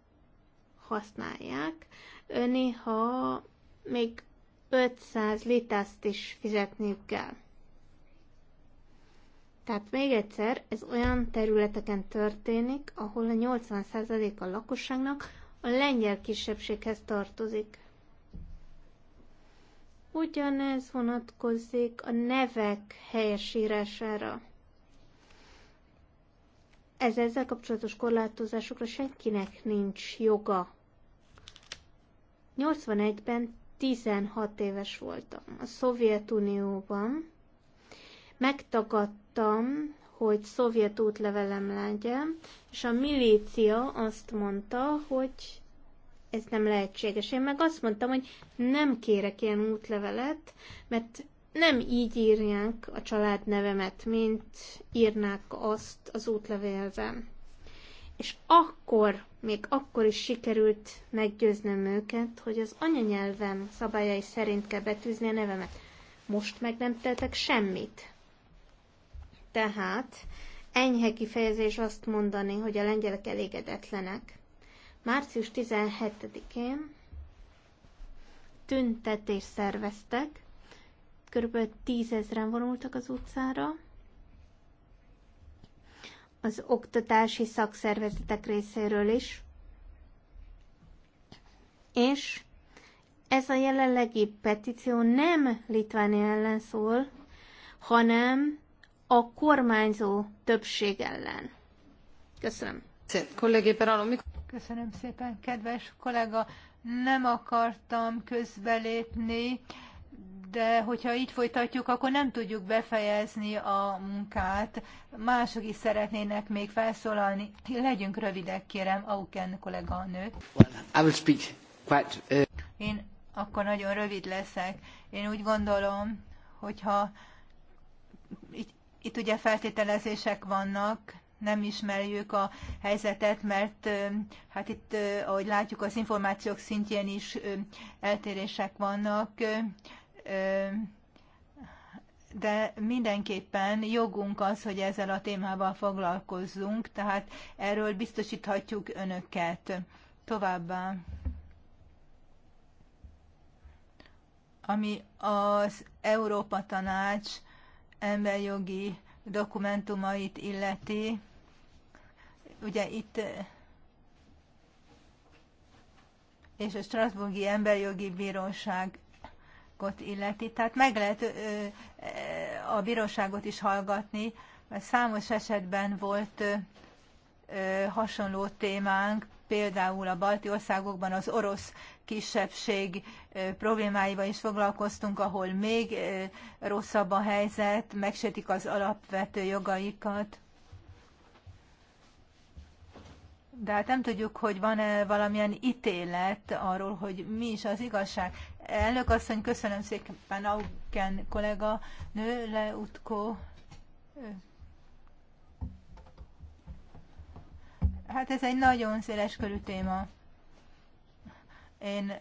használják. Néha még 500 litázt is fizetniük kell. Tehát még egyszer, ez olyan területeken történik, ahol a 80% a lakosságnak a lengyel kisebbséghez tartozik. Ugyanez vonatkozik a nevek helyesírására. Ez ezzel kapcsolatos korlátozásokra senkinek nincs joga. 81-ben 16 éves voltam. A Szovjetunióban Megtagadtam, hogy szovjet útlevelem legyen, és a milícia azt mondta, hogy ez nem lehetséges. Én meg azt mondtam, hogy nem kérek ilyen útlevelet, mert nem így írják a család nevemet, mint írnák azt az útlevélben. És akkor, még akkor is sikerült meggyőznöm őket, hogy az anyanyelvem szabályai szerint kell betűzni a nevemet. Most meg nem tettek semmit. Tehát enyhe kifejezés azt mondani, hogy a lengyelek elégedetlenek. Március 17-én tüntetést szerveztek, körülbelül tízezren vonultak az utcára. Az oktatási szakszervezetek részéről is. És ez a jelenlegi petíció nem Litvánia ellen szól, hanem a kormányzó többség ellen. Köszönöm. Köszönöm szépen, kedves kollega. Nem akartam közbelépni, de hogyha így folytatjuk, akkor nem tudjuk befejezni a munkát. Mások is szeretnének még felszólalni. Legyünk rövidek, kérem, Auken kollega I will speak quite, uh, Én akkor nagyon rövid leszek. Én úgy gondolom, hogyha itt ugye feltételezések vannak, nem ismerjük a helyzetet, mert hát itt, ahogy látjuk, az információk szintjén is eltérések vannak, de mindenképpen jogunk az, hogy ezzel a témával foglalkozzunk, tehát erről biztosíthatjuk önöket. Továbbá. Ami az Európa Tanács emberjogi dokumentumait illeti. Ugye itt és a Strasburgi Emberjogi Bíróságot illeti. Tehát meg lehet a bíróságot is hallgatni, mert számos esetben volt hasonló témánk, például a balti országokban az orosz kisebbség problémáival is foglalkoztunk, ahol még rosszabb a helyzet, megsértik az alapvető jogaikat. De hát nem tudjuk, hogy van-e valamilyen ítélet arról, hogy mi is az igazság. Elnök asszony, köszönöm szépen, Auken kollega, nő, leutkó. Hát ez egy nagyon széles körű téma. Én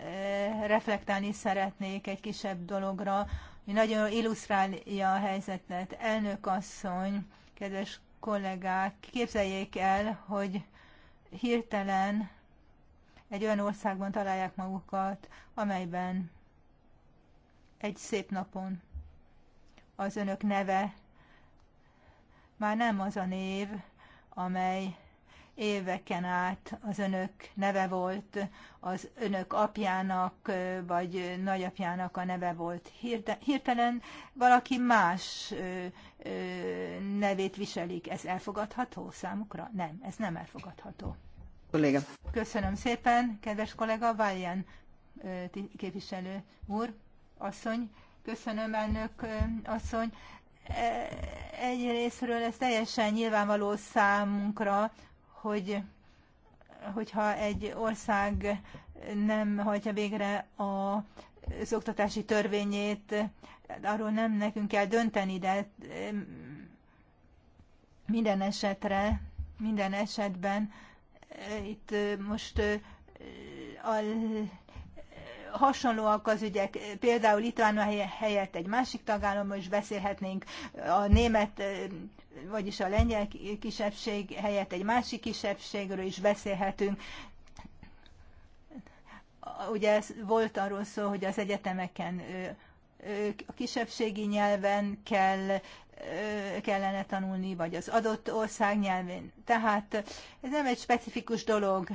reflektálni szeretnék egy kisebb dologra, ami nagyon illusztrálja a helyzetet. Elnök asszony, kedves kollégák, képzeljék el, hogy hirtelen egy olyan országban találják magukat, amelyben egy szép napon az önök neve már nem az a név, amely éveken át az önök neve volt, az önök apjának vagy nagyapjának a neve volt. Hirtelen valaki más nevét viselik. Ez elfogadható számukra? Nem, ez nem elfogadható. Kolléga. Köszönöm szépen, kedves kollega Váljen képviselő úr, asszony. Köszönöm, elnök asszony. részről ez teljesen nyilvánvaló számunkra, hogy hogyha egy ország nem hajtja végre a az oktatási törvényét, arról nem nekünk kell dönteni, de minden esetre, minden esetben eh, itt eh, most eh, a hasonlóak az ügyek, például Litván helyett egy másik tagállamban is beszélhetnénk, a német, vagyis a lengyel kisebbség helyett egy másik kisebbségről is beszélhetünk. Ugye ez volt arról szó, hogy az egyetemeken a kisebbségi nyelven kell kellene tanulni, vagy az adott ország nyelvén. Tehát ez nem egy specifikus dolog.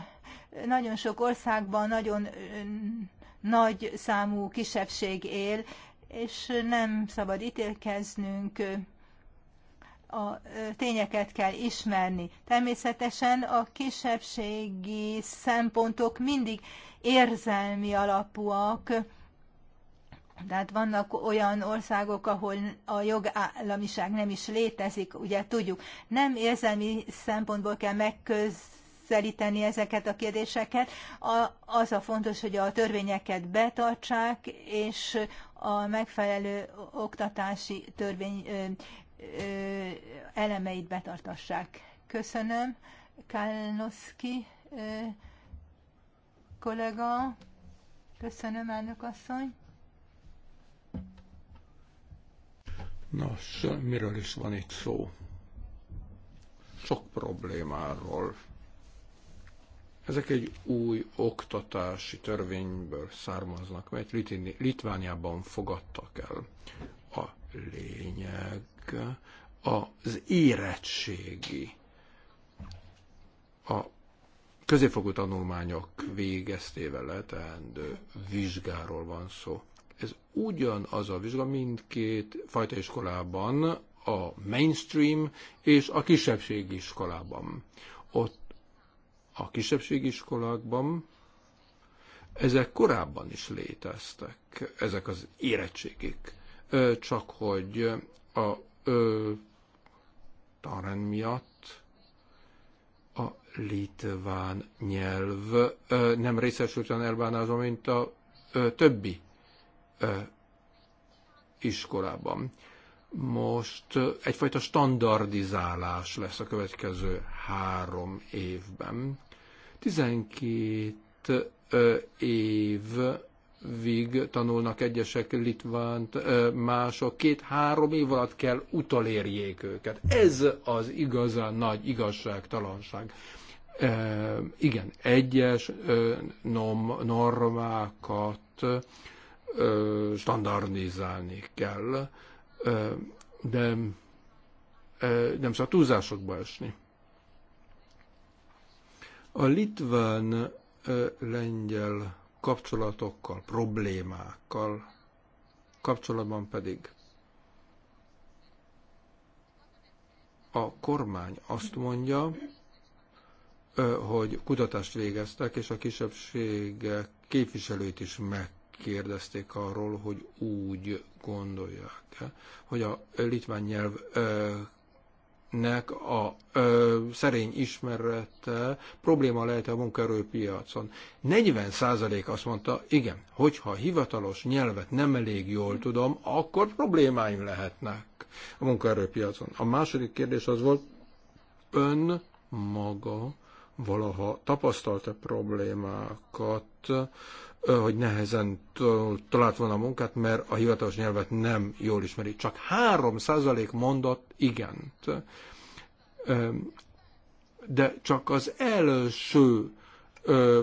Nagyon sok országban nagyon nagy számú kisebbség él, és nem szabad ítélkeznünk, a tényeket kell ismerni. Természetesen a kisebbségi szempontok mindig érzelmi alapúak, tehát vannak olyan országok, ahol a jogállamiság nem is létezik, ugye tudjuk. Nem érzelmi szempontból kell megköz, megközelíteni ezeket a kérdéseket. A, az a fontos, hogy a törvényeket betartsák, és a megfelelő oktatási törvény ö, ö, elemeit betartassák. Köszönöm. Kálnoszki ö, kollega. Köszönöm, elnök asszony. Nos, miről is van itt szó? Sok problémáról, ezek egy új oktatási törvényből származnak, mert Litvániában fogadtak el. A lényeg az érettségi, a középfokú tanulmányok végeztével leteendő vizsgáról van szó. Ez ugyanaz a vizsga mindkét fajta iskolában, a mainstream és a kisebbségi iskolában. Ott a kisebbségiskolákban, ezek korábban is léteztek, ezek az érettségik. Csak hogy a ö, tanrend miatt a litván nyelv ö, nem részesült olyan elbánázva, mint a ö, többi ö, iskolában. Most ö, egyfajta standardizálás lesz a következő három évben 12 év vig tanulnak egyesek litvánt, mások két-három év alatt kell utolérjék őket. Ez az igazán nagy igazságtalanság. E, igen, egyes nom, normákat e, standardizálni kell, e, de e, nem szabad túlzásokba esni. A litván-lengyel kapcsolatokkal, problémákkal kapcsolatban pedig a kormány azt mondja, hogy kutatást végeztek, és a kisebbség képviselőit is megkérdezték arról, hogy úgy gondolják, hogy a litván nyelv nek a ö, szerény ismerete probléma lehet a munkaerőpiacon. 40% azt mondta, igen, hogyha a hivatalos nyelvet nem elég jól tudom, akkor problémáim lehetnek a munkaerőpiacon. A második kérdés az volt, ön maga valaha tapasztalta problémákat, hogy nehezen talált volna a munkát, mert a hivatalos nyelvet nem jól ismeri. Csak 3% mondott igent. De csak az első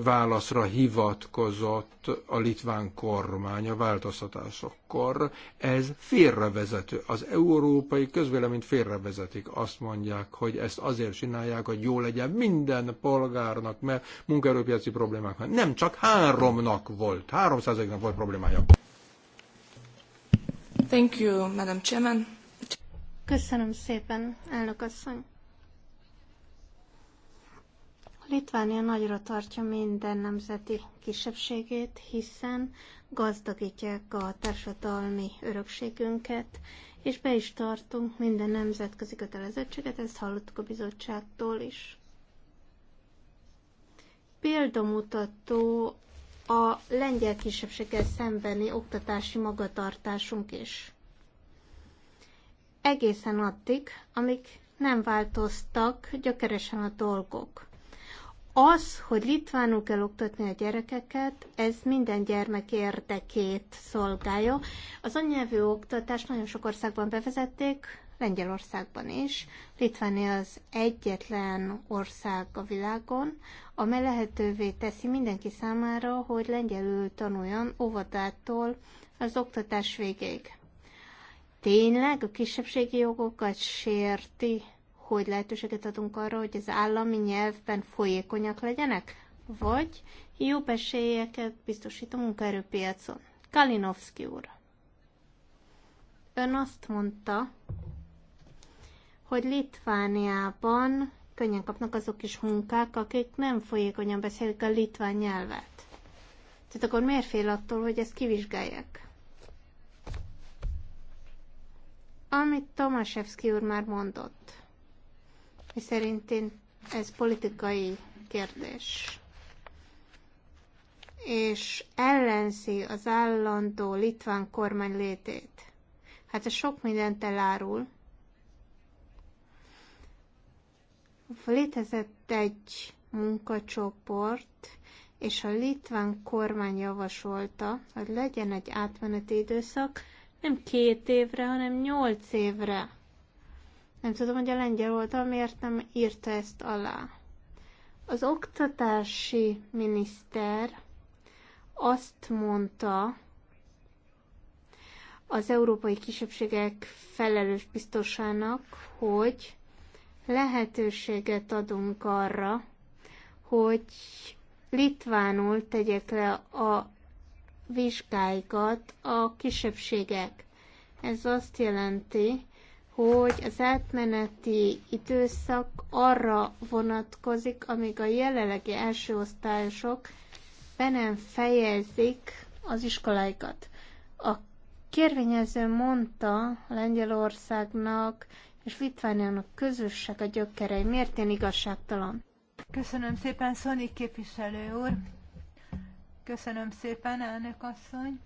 válaszra hivatkozott a litván kormány a változtatásokkor. Ez félrevezető. Az európai közvéleményt félrevezetik. Azt mondják, hogy ezt azért csinálják, hogy jó legyen minden polgárnak, mert munkaerőpiaci problémák van. Nem, csak háromnak volt. Háromszázaléknak volt problémája. Thank you, Madam Chairman. Köszönöm szépen, elnök asszony. Litvánia nagyra tartja minden nemzeti kisebbségét, hiszen gazdagítják a társadalmi örökségünket, és be is tartunk minden nemzetközi kötelezettséget, ezt hallottuk a bizottságtól is. Példamutató a lengyel kisebbséggel szembeni oktatási magatartásunk is. Egészen addig, amíg nem változtak gyökeresen a dolgok. Az, hogy litvánul kell oktatni a gyerekeket, ez minden gyermek érdekét szolgálja. Az anyanyelvű oktatást nagyon sok országban bevezették, Lengyelországban is. Litvánia az egyetlen ország a világon, amely lehetővé teszi mindenki számára, hogy lengyelül tanuljon óvodától az oktatás végéig. Tényleg a kisebbségi jogokat sérti hogy lehetőséget adunk arra, hogy az állami nyelvben folyékonyak legyenek, vagy jobb esélyeket biztosít a munkaerőpiacon. Kalinowski úr. Ön azt mondta, hogy Litvániában könnyen kapnak azok is munkák, akik nem folyékonyan beszélik a litván nyelvet. Tehát akkor miért fél attól, hogy ezt kivizsgálják? Amit Tomaszewski úr már mondott mi szerint én, ez politikai kérdés és ellenzi az állandó litván kormány létét. Hát ez sok mindent elárul. Létezett egy munkacsoport, és a litván kormány javasolta, hogy legyen egy átmeneti időszak, nem két évre, hanem nyolc évre. Nem tudom, hogy a lengyel oldal miért nem írta ezt alá. Az oktatási miniszter azt mondta az európai kisebbségek felelős biztosának, hogy lehetőséget adunk arra, hogy litvánul tegyek le a vizsgáikat a kisebbségek. Ez azt jelenti, hogy az átmeneti időszak arra vonatkozik, amíg a jelenlegi első osztályosok be nem fejezik az iskoláikat. A kérvényező mondta Lengyelországnak és Litvániának közösek a gyökerei. Miért én igazságtalan? Köszönöm szépen, Szoni képviselő úr. Köszönöm szépen, elnök asszony.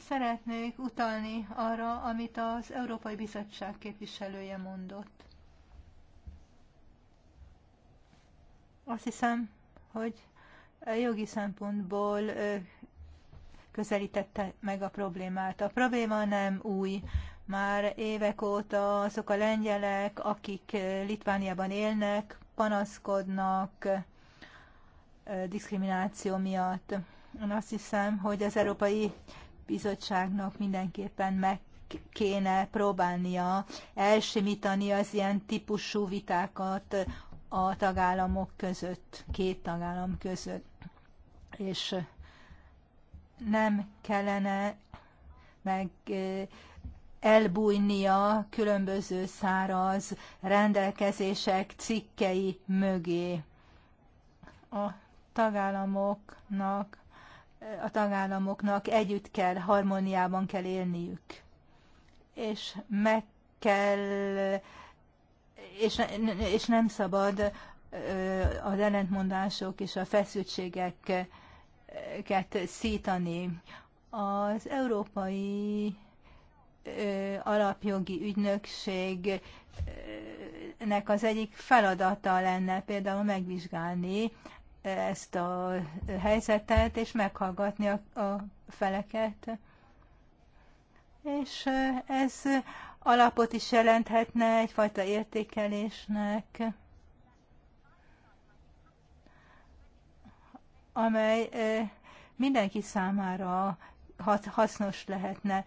szeretnék utalni arra, amit az Európai Bizottság képviselője mondott. Azt hiszem, hogy jogi szempontból közelítette meg a problémát. A probléma nem új. Már évek óta azok a lengyelek, akik Litvániában élnek, panaszkodnak diszkrimináció miatt. Én azt hiszem, hogy az Európai bizottságnak mindenképpen meg kéne próbálnia elsimítani az ilyen típusú vitákat a tagállamok között, két tagállam között. És nem kellene meg elbújnia különböző száraz rendelkezések cikkei mögé. A tagállamoknak a tagállamoknak együtt kell, harmóniában kell élniük. És meg kell, és, és nem szabad az ellentmondások és a feszültségeket szítani. Az európai alapjogi ügynökségnek az egyik feladata lenne például megvizsgálni ezt a helyzetet, és meghallgatni a, a feleket. És ez alapot is jelenthetne egyfajta értékelésnek, amely mindenki számára hasznos lehetne.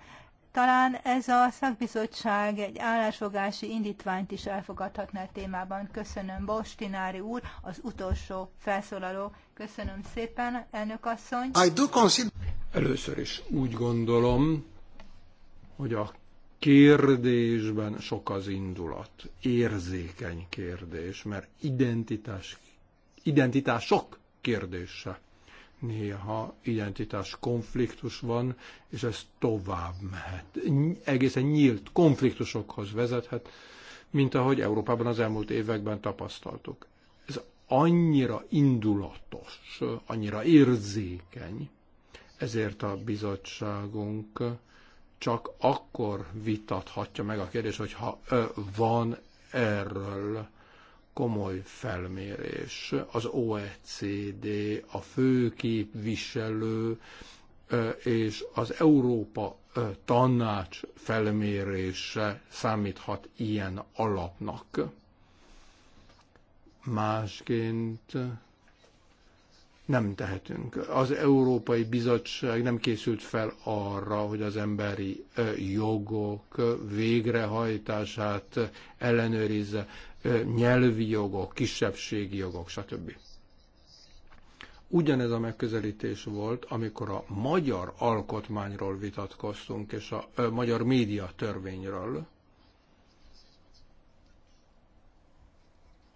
Talán ez a szakbizottság egy állásfogási indítványt is elfogadhatná a témában. Köszönöm Bostinári úr, az utolsó felszólaló. Köszönöm szépen, elnök asszony. I do consider... Először is úgy gondolom, hogy a kérdésben sok az indulat, érzékeny kérdés, mert identitás, identitás sok kérdése néha identitás konfliktus van, és ez tovább mehet. Egészen nyílt konfliktusokhoz vezethet, mint ahogy Európában az elmúlt években tapasztaltuk. Ez annyira indulatos, annyira érzékeny, ezért a bizottságunk csak akkor vitathatja meg a kérdést, hogyha van erről komoly felmérés. Az OECD, a főképviselő és az Európa tanács felmérése számíthat ilyen alapnak. Másként nem tehetünk. Az Európai Bizottság nem készült fel arra, hogy az emberi jogok végrehajtását ellenőrizze nyelvi jogok, kisebbségi jogok, stb. Ugyanez a megközelítés volt, amikor a magyar alkotmányról vitatkoztunk, és a magyar média törvényről.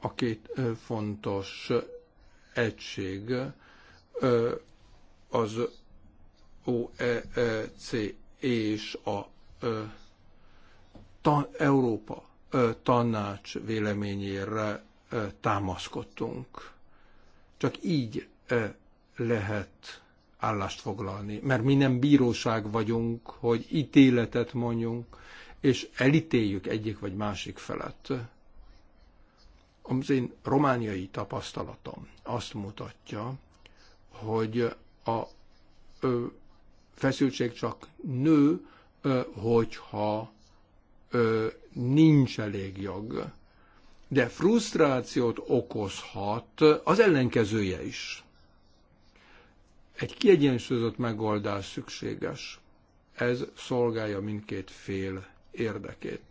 A két fontos egység az OEC e és a Európa tanács véleményére támaszkodtunk. Csak így lehet állást foglalni, mert mi nem bíróság vagyunk, hogy ítéletet mondjunk, és elítéljük egyik vagy másik felett. Az én romániai tapasztalatom azt mutatja, hogy a feszültség csak nő, hogyha nincs elég jog, de frusztrációt okozhat az ellenkezője is. Egy kiegyensúlyozott megoldás szükséges. Ez szolgálja mindkét fél érdekét.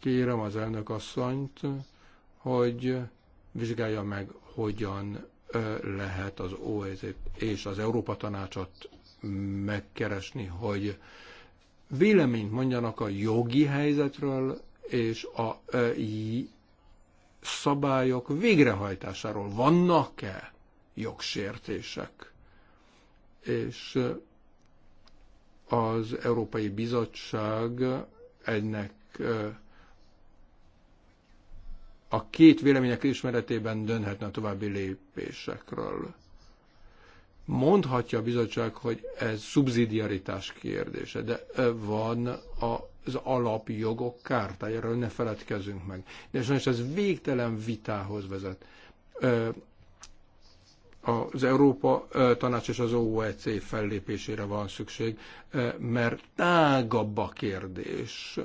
Kérem az elnök asszonyt, hogy vizsgálja meg, hogyan lehet az OEZ és az Európa Tanácsot megkeresni, hogy véleményt mondjanak a jogi helyzetről és a szabályok végrehajtásáról. Vannak-e jogsértések? És az Európai Bizottság ennek a két vélemények ismeretében dönhetne a további lépésekről. Mondhatja a bizottság, hogy ez szubszidiaritás kérdése, de van az alapjogok kártájáról, ne feledkezzünk meg. De sajnos ez végtelen vitához vezet. Az Európa Tanács és az OEC fellépésére van szükség, mert tágabb a kérdés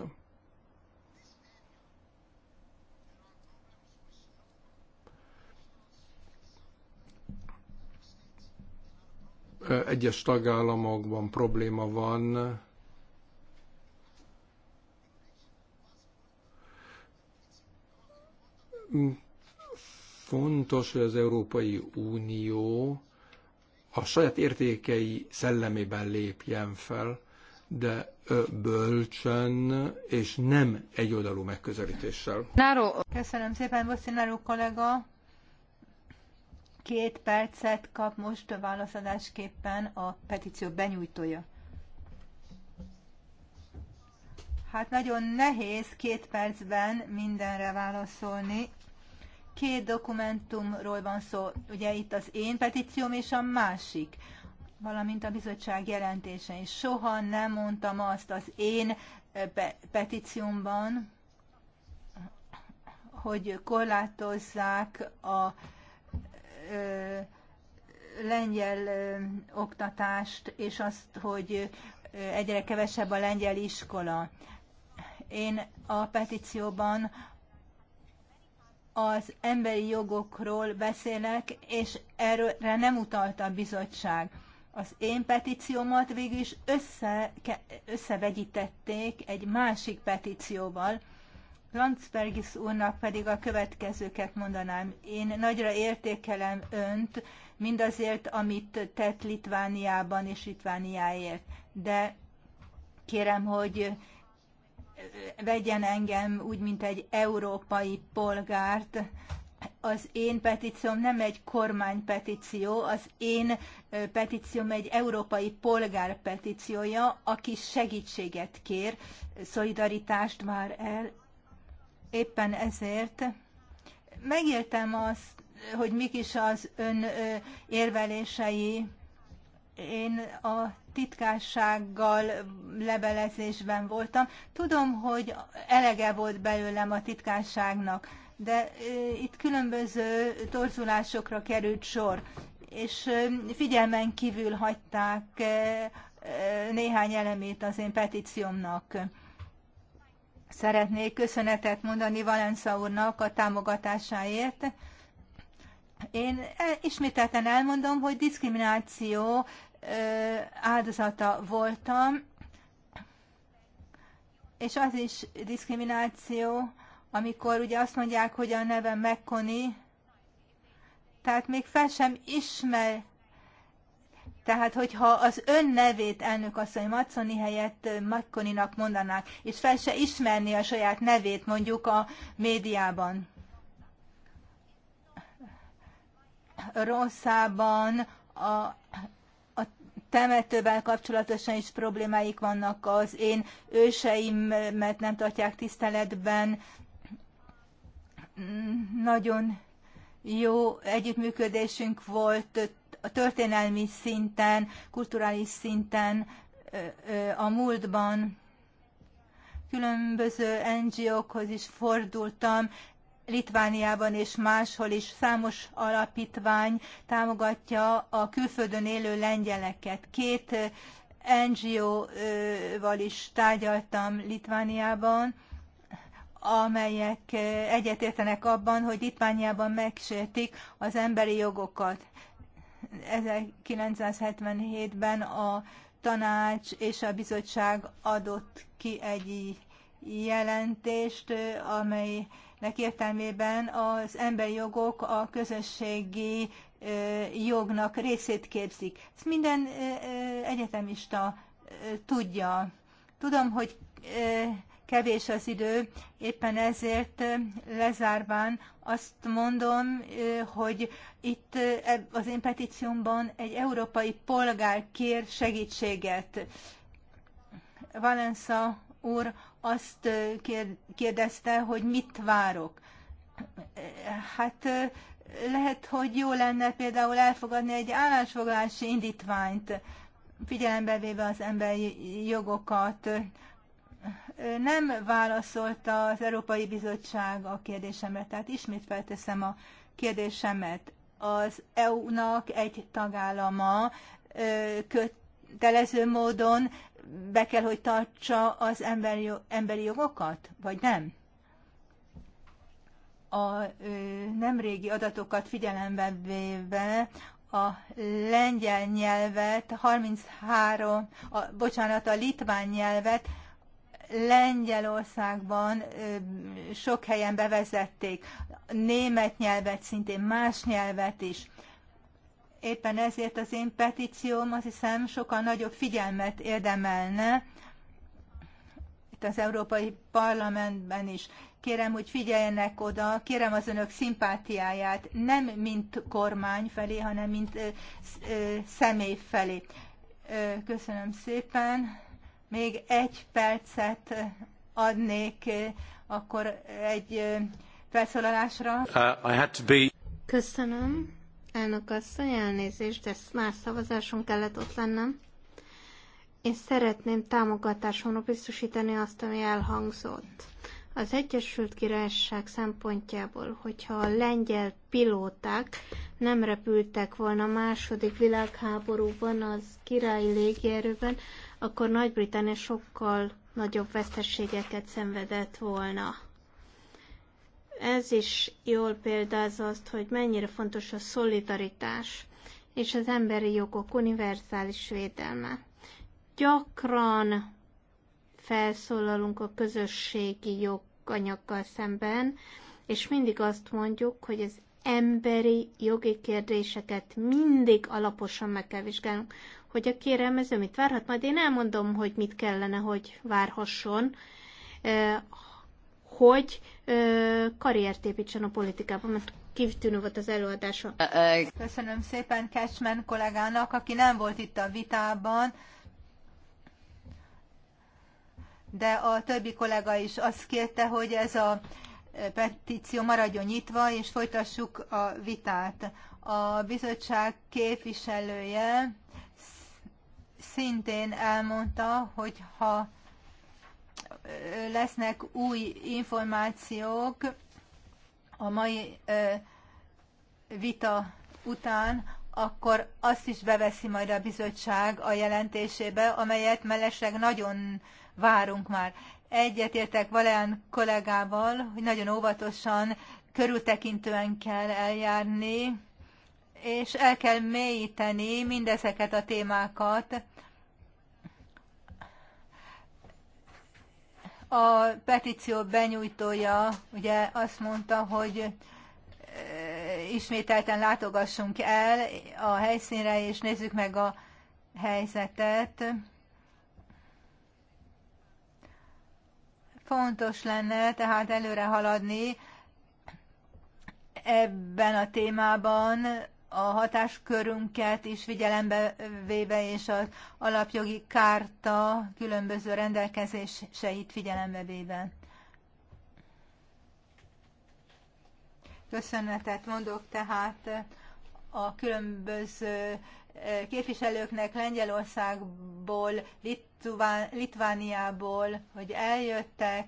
egyes tagállamokban probléma van, fontos, hogy az Európai Unió a saját értékei szellemében lépjen fel, de bölcsen és nem egyoldalú megközelítéssel. Náró. Köszönöm szépen, Bosszináró kollega. Két percet kap most a válaszadásképpen a petíció benyújtója. Hát nagyon nehéz két percben mindenre válaszolni. Két dokumentumról van szó, ugye itt az én petícióm és a másik, valamint a bizottság jelentése. És soha nem mondtam azt az én eh, petíciómban, hogy korlátozzák a lengyel oktatást, és azt, hogy egyre kevesebb a lengyel iskola. Én a petícióban az emberi jogokról beszélek, és erre nem utalta a bizottság. Az én petíciómat végül is össze, összevegyítették egy másik petícióval, Landsbergis úrnak pedig a következőket mondanám. Én nagyra értékelem önt, mindazért, amit tett Litvániában és Litvániáért, de kérem, hogy vegyen engem úgy, mint egy európai polgárt. Az én petícióm nem egy kormánypetíció, az én petícióm egy európai polgár petíciója, aki segítséget kér, szolidaritást vár el Éppen ezért megértem azt, hogy mik is az ön érvelései. Én a titkársággal levelezésben voltam. Tudom, hogy elege volt belőlem a titkárságnak, de itt különböző torzulásokra került sor, és figyelmen kívül hagyták néhány elemét az én petíciómnak. Szeretnék köszönetet mondani Valensza úrnak a támogatásáért. Én e, ismételten elmondom, hogy diszkrimináció áldozata voltam, és az is diszkrimináció, amikor ugye azt mondják, hogy a nevem mekoni. tehát még fel sem ismer, tehát, hogyha az ön nevét, elnök asszony Maconi helyett Makkoninak mondanák, és fel se ismerni a saját nevét mondjuk a médiában. Rosszában a temetővel kapcsolatosan is problémáik vannak, az én őseimet nem tartják tiszteletben. Nagyon jó együttműködésünk volt a történelmi szinten, kulturális szinten, a múltban különböző NGO-khoz is fordultam, Litvániában és máshol is számos alapítvány támogatja a külföldön élő lengyeleket. Két NGO-val is tárgyaltam Litvániában, amelyek egyetértenek abban, hogy Litvániában megsértik az emberi jogokat. 1977-ben a tanács és a bizottság adott ki egy jelentést, amelynek értelmében az emberi jogok a közösségi jognak részét képzik. Ezt minden egyetemista tudja. Tudom, hogy kevés az idő, éppen ezért lezárván azt mondom, hogy itt az én petíciómban egy európai polgár kér segítséget. Valensa úr azt kérdezte, hogy mit várok. Hát lehet, hogy jó lenne például elfogadni egy állásfoglalási indítványt, figyelembe véve az emberi jogokat, nem válaszolta az Európai Bizottság a kérdésemre, tehát ismét felteszem a kérdésemet. Az EU-nak egy tagállama kötelező módon be kell, hogy tartsa az emberi, emberi jogokat, vagy nem? A nemrégi adatokat figyelembe véve a lengyel nyelvet, 33, a, bocsánat, a litván nyelvet Lengyelországban sok helyen bevezették, német nyelvet, szintén más nyelvet is. Éppen ezért az én petícióm azt hiszem sokkal nagyobb figyelmet érdemelne, itt az Európai Parlamentben is. Kérem, hogy figyeljenek oda, kérem az önök szimpátiáját, nem mint kormány felé, hanem mint ö, ö, személy felé. Ö, köszönöm szépen még egy percet adnék eh, akkor egy eh, felszólalásra. Uh, I had to be... Köszönöm. Elnök asszony, elnézést, de más szavazáson kellett ott lennem. Én szeretném támogatásomra biztosítani azt, ami elhangzott. Az Egyesült Királyság szempontjából, hogyha a lengyel pilóták nem repültek volna a második világháborúban az királyi légierőben, akkor Nagy-Britannia sokkal nagyobb veszteségeket szenvedett volna. Ez is jól példáz azt, hogy mennyire fontos a szolidaritás és az emberi jogok univerzális védelme. Gyakran felszólalunk a közösségi joganyaggal szemben, és mindig azt mondjuk, hogy az emberi jogi kérdéseket mindig alaposan meg kell vizsgálnunk hogy a kérelmező mit várhat, majd én elmondom, hogy mit kellene, hogy várhasson, hogy karriert építsen a politikában, mert kitűnő volt az előadása. Köszönöm szépen Kecsmen kollégának, aki nem volt itt a vitában, de a többi kollega is azt kérte, hogy ez a petíció maradjon nyitva, és folytassuk a vitát. A bizottság képviselője szintén elmondta, hogy ha lesznek új információk a mai vita után, akkor azt is beveszi majd a bizottság a jelentésébe, amelyet mellesleg nagyon várunk már. Egyetértek Valéan kollégával, hogy nagyon óvatosan, körültekintően kell eljárni, és el kell mélyíteni mindezeket a témákat. A petíció benyújtója ugye azt mondta, hogy ismételten látogassunk el a helyszínre, és nézzük meg a helyzetet. Fontos lenne tehát előre haladni ebben a témában, a hatáskörünket is figyelembe véve, és az alapjogi kárta különböző rendelkezéseit figyelembe véve. Köszönetet mondok tehát a különböző eh, képviselőknek Lengyelországból, Litván, Litvániából, hogy eljöttek,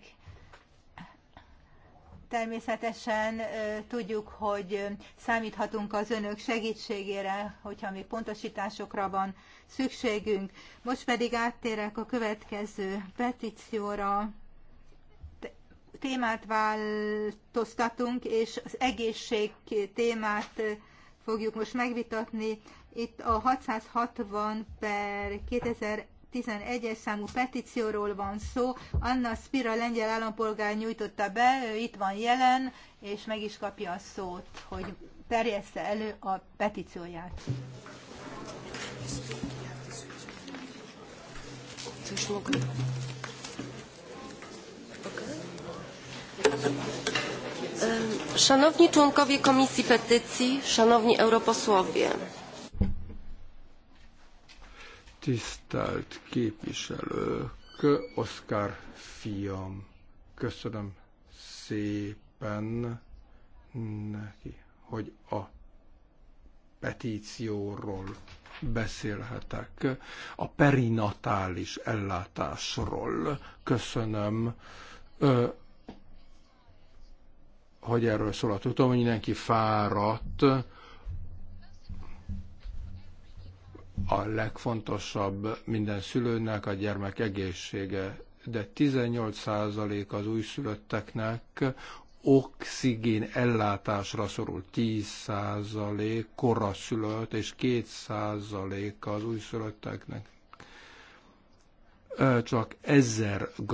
Természetesen tudjuk, hogy számíthatunk az önök segítségére, hogyha mi pontosításokra van szükségünk. Most pedig áttérek a következő petícióra. Témát változtatunk, és az egészség témát fogjuk most megvitatni. Itt a 660 per 2000 11-es számú petícióról van szó. Anna Spira lengyel állampolgár nyújtotta be, ő itt van jelen, és meg is kapja a szót, hogy terjessze elő a petícióját. Szanowni członkowie Komisji Petycji, szanowni europosłowie. Tisztelt képviselők, Oszkár fiam, köszönöm szépen neki, hogy a petícióról beszélhetek, a perinatális ellátásról. Köszönöm, hogy erről szól. Tudom, hogy mindenki fáradt, a legfontosabb minden szülőnek a gyermek egészsége, de 18% az újszülötteknek oxigén ellátásra szorul 10% koraszülött, és 2% az újszülötteknek csak 1000 g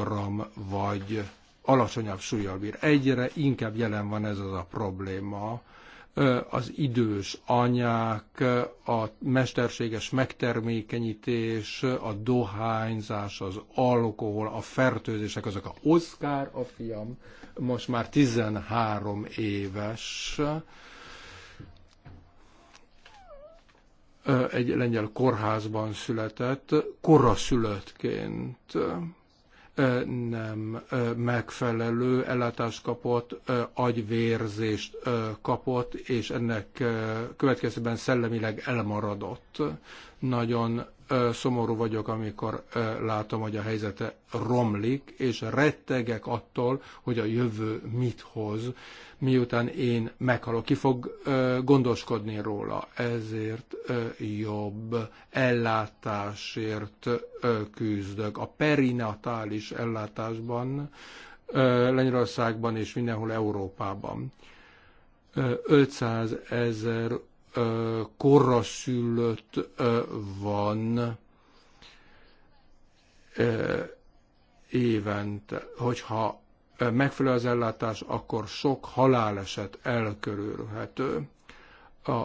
vagy alacsonyabb súlyjal bír. Egyre inkább jelen van ez az a probléma, az idős anyák, a mesterséges megtermékenyítés, a dohányzás, az alkohol, a fertőzések, azok a Oszkár, a fiam, most már 13 éves, egy lengyel kórházban született, koraszülöttként nem megfelelő ellátást kapott, agyvérzést kapott, és ennek következtében szellemileg elmaradott. Nagyon szomorú vagyok, amikor látom, hogy a helyzete romlik, és rettegek attól, hogy a jövő mit hoz, miután én meghalok. Ki fog gondoskodni róla? Ezért jobb ellátásért küzdök. A perinatális ellátásban Lengyelországban és mindenhol Európában. 500 ezer koraszülött van évente. Hogyha megfelelő az ellátás, akkor sok haláleset elkörülhető. A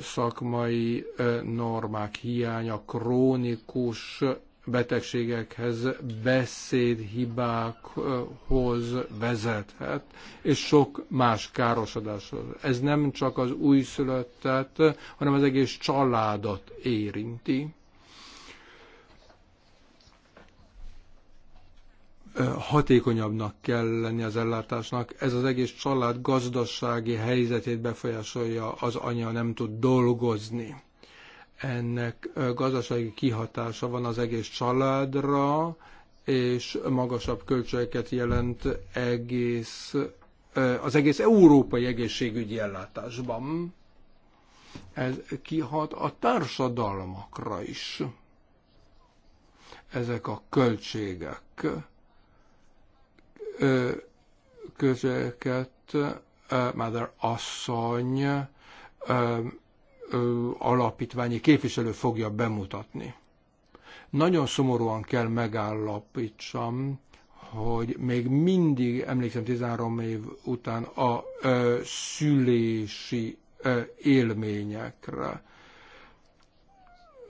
szakmai normák hiánya, krónikus betegségekhez, beszédhibákhoz vezethet, és sok más károsodáshoz. Ez nem csak az újszülöttet, hanem az egész családot érinti. hatékonyabbnak kell lenni az ellátásnak. Ez az egész család gazdasági helyzetét befolyásolja, az anya nem tud dolgozni ennek gazdasági kihatása van az egész családra, és magasabb költségeket jelent egész, az egész európai egészségügyi ellátásban. Ez kihat a társadalmakra is. Ezek a költségek költségeket Mother asszony alapítványi képviselő fogja bemutatni. Nagyon szomorúan kell megállapítsam, hogy még mindig, emlékszem 13 év után a ö, szülési ö, élményekre.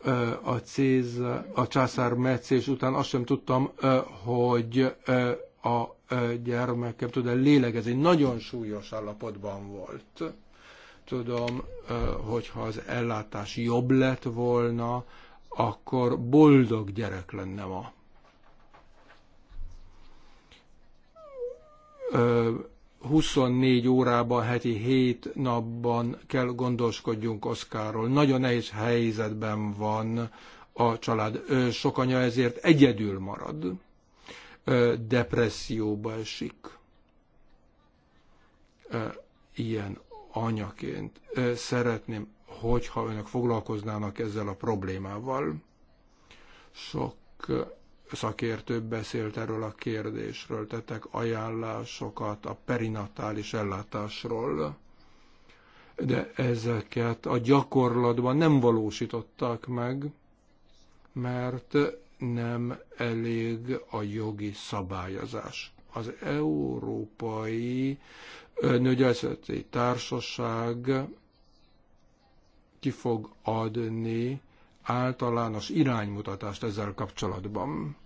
Ö, a Céz, a császár meccés után azt sem tudtam, ö, hogy ö, a gyermekem tud -e lélegezni. Nagyon súlyos állapotban volt tudom, hogyha az ellátás jobb lett volna, akkor boldog gyerek lenne ma. Ö, 24 órában, heti 7 napban kell gondoskodjunk Oszkáról. Nagyon nehéz helyzetben van a család. Ö, sok anya ezért egyedül marad. Ö, depresszióba esik. Ö, ilyen anyaként szeretném, hogyha önök foglalkoznának ezzel a problémával. Sok szakértő beszélt erről a kérdésről, tettek ajánlásokat a perinatális ellátásról, de ezeket a gyakorlatban nem valósították meg, mert nem elég a jogi szabályozás. Az európai nőgyászati társaság ki fog adni általános iránymutatást ezzel kapcsolatban.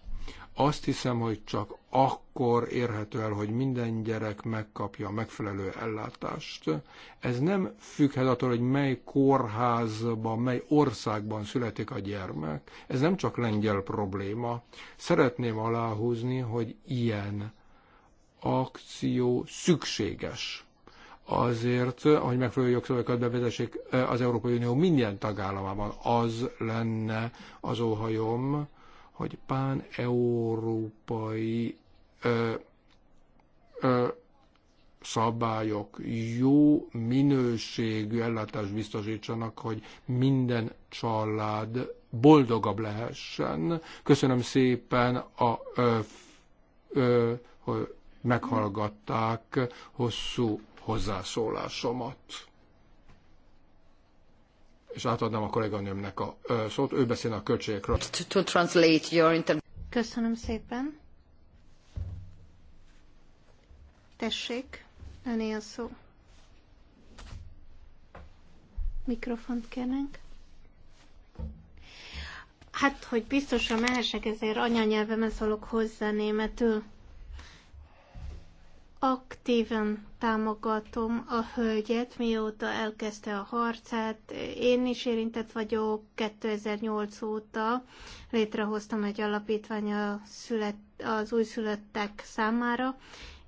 Azt hiszem, hogy csak akkor érhető el, hogy minden gyerek megkapja a megfelelő ellátást. Ez nem függhet attól, hogy mely kórházban, mely országban születik a gyermek. Ez nem csak lengyel probléma. Szeretném aláhúzni, hogy ilyen akció szükséges azért, hogy megfelelő jogszabályokat bevezessék az Európai Unió minden tagállamában. Az lenne az óhajom, hogy pán-európai szabályok jó minőségű ellátást biztosítsanak, hogy minden család boldogabb lehessen. Köszönöm szépen a ö, ö, meghallgatták hosszú hozzászólásomat. És átadnám a kolléganőmnek a szót, ő beszél a költségekről. To, translate your inter- Köszönöm szépen. Tessék, öné a szó. Mikrofont kérnénk. Hát, hogy biztosan mehessek, ezért anyanyelvemen szólok hozzá németül. Aktívan támogatom a hölgyet, mióta elkezdte a harcát. Én is érintett vagyok, 2008 óta létrehoztam egy alapítvány a szület, az újszülöttek számára,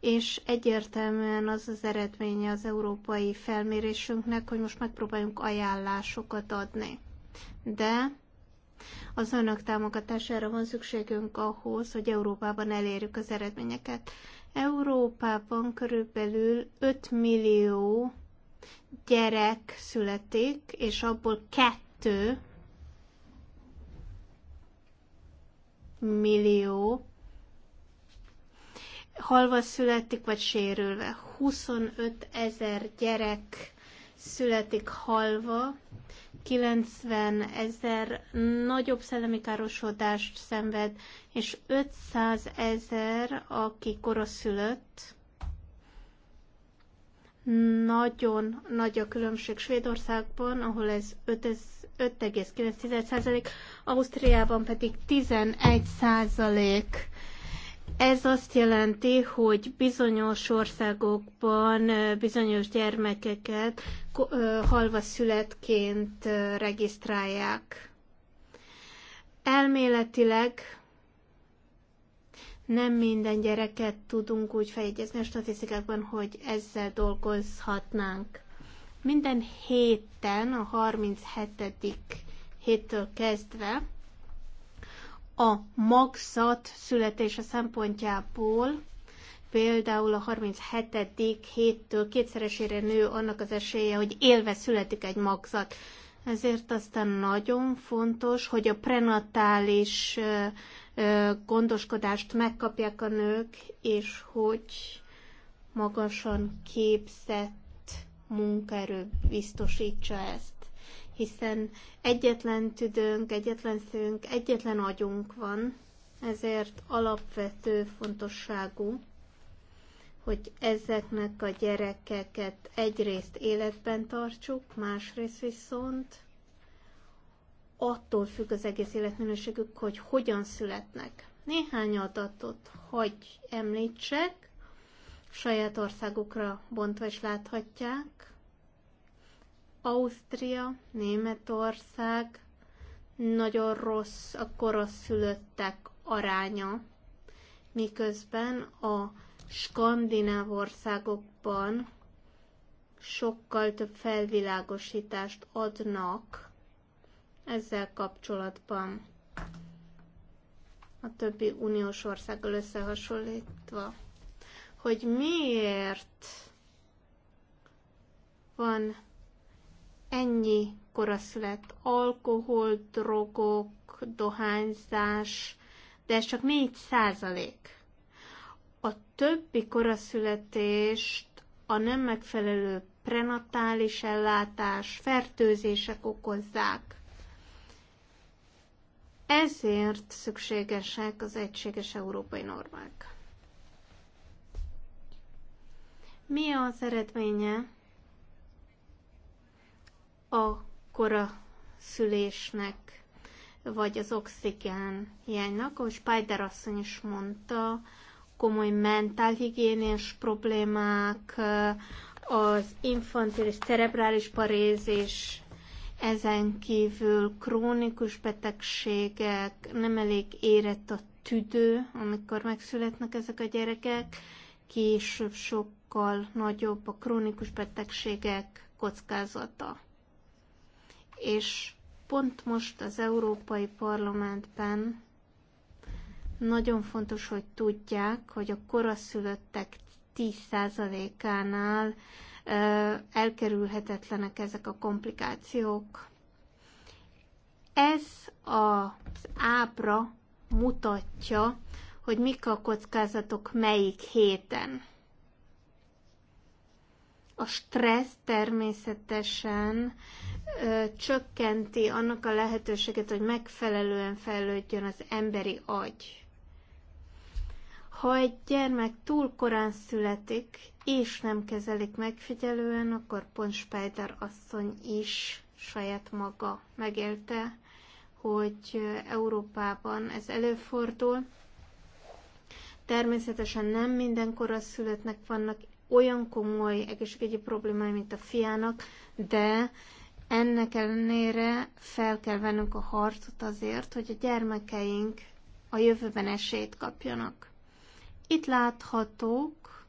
és egyértelműen az az eredménye az európai felmérésünknek, hogy most megpróbáljunk ajánlásokat adni. De az önök támogatására van szükségünk ahhoz, hogy Európában elérjük az eredményeket. Európában körülbelül 5 millió gyerek születik, és abból kettő millió halva születik, vagy sérülve. 25 ezer gyerek születik halva, 90 ezer nagyobb szellemi károsodást szenved, és 500 ezer, aki koraszülött, nagyon nagy a különbség Svédországban, ahol ez 5,9%, Ausztriában pedig 11%. Ez azt jelenti, hogy bizonyos országokban bizonyos gyermekeket halva születként regisztrálják. Elméletileg nem minden gyereket tudunk úgy fejegyezni a statisztikákban, hogy ezzel dolgozhatnánk. Minden héten, a 37. héttől kezdve a magzat születése szempontjából például a 37. héttől kétszeresére nő annak az esélye, hogy élve születik egy magzat. Ezért aztán nagyon fontos, hogy a prenatális gondoskodást megkapják a nők, és hogy magasan képzett munkaerő biztosítsa ezt hiszen egyetlen tüdőnk, egyetlen szőnk, egyetlen agyunk van, ezért alapvető fontosságú, hogy ezeknek a gyerekeket egyrészt életben tartsuk, másrészt viszont attól függ az egész életminőségük, hogy hogyan születnek. Néhány adatot hagy említsek, saját országukra bontva is láthatják. Ausztria, Németország, nagyon rossz a koraszülöttek aránya, miközben a skandináv országokban sokkal több felvilágosítást adnak ezzel kapcsolatban a többi uniós országgal összehasonlítva, hogy miért van ennyi koraszület, alkohol, drogok, dohányzás, de ez csak 4 százalék. A többi koraszületést a nem megfelelő prenatális ellátás, fertőzések okozzák. Ezért szükségesek az egységes európai normák. Mi az eredménye a kora szülésnek, vagy az oxigén hiánynak, ahogy Spider asszony is mondta, komoly mentálhigiénés problémák, az infantilis cerebrális parézés, ezen kívül krónikus betegségek, nem elég érett a tüdő, amikor megszületnek ezek a gyerekek, később sokkal nagyobb a krónikus betegségek kockázata és pont most az Európai Parlamentben nagyon fontos, hogy tudják, hogy a koraszülöttek 10%-ánál elkerülhetetlenek ezek a komplikációk. Ez az ábra mutatja, hogy mik a kockázatok melyik héten. A stressz természetesen ö, csökkenti annak a lehetőséget, hogy megfelelően fejlődjön az emberi agy. Ha egy gyermek túl korán születik, és nem kezelik megfigyelően, akkor pont Spider asszony is saját maga megélte, hogy Európában ez előfordul. Természetesen nem minden születnek vannak olyan komoly egészségügyi problémája, mint a fiának, de ennek ellenére fel kell vennünk a harcot azért, hogy a gyermekeink a jövőben esélyt kapjanak. Itt láthatók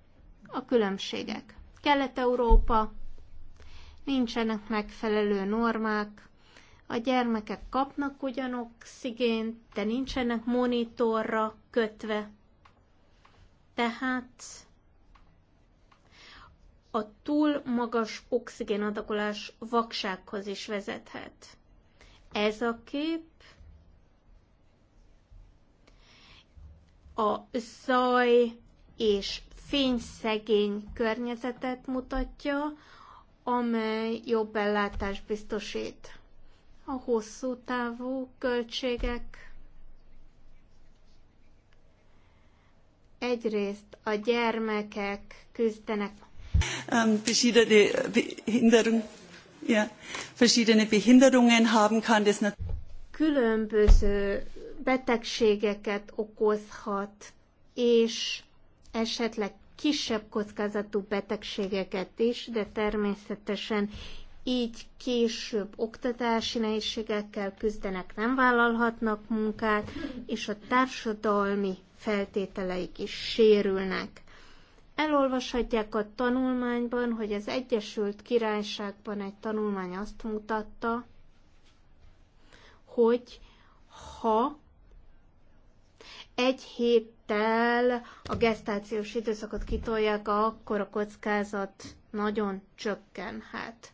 a különbségek. Kelet-Európa, nincsenek megfelelő normák, a gyermekek kapnak ugyanok szigént, de nincsenek monitorra kötve. Tehát a túl magas oxigénadagolás vaksághoz is vezethet. Ez a kép a zaj és fényszegény környezetet mutatja, amely jobb ellátást biztosít. A hosszú távú költségek egyrészt a gyermekek küzdenek Ähm, beschilderte Behinderung, ja, verschiedene Behinderungen haben kann das Különböző betegségeket okozhat, és esetleg kisebb kockázatú betegségeket is, de természetesen így később oktatási nehézségekkel küzdenek, nem vállalhatnak munkát, és a társadalmi feltételeik is sérülnek. Elolvashatják a tanulmányban, hogy az Egyesült Királyságban egy tanulmány azt mutatta, hogy ha egy héttel a gestációs időszakot kitolják, akkor a kockázat nagyon csökkenhet.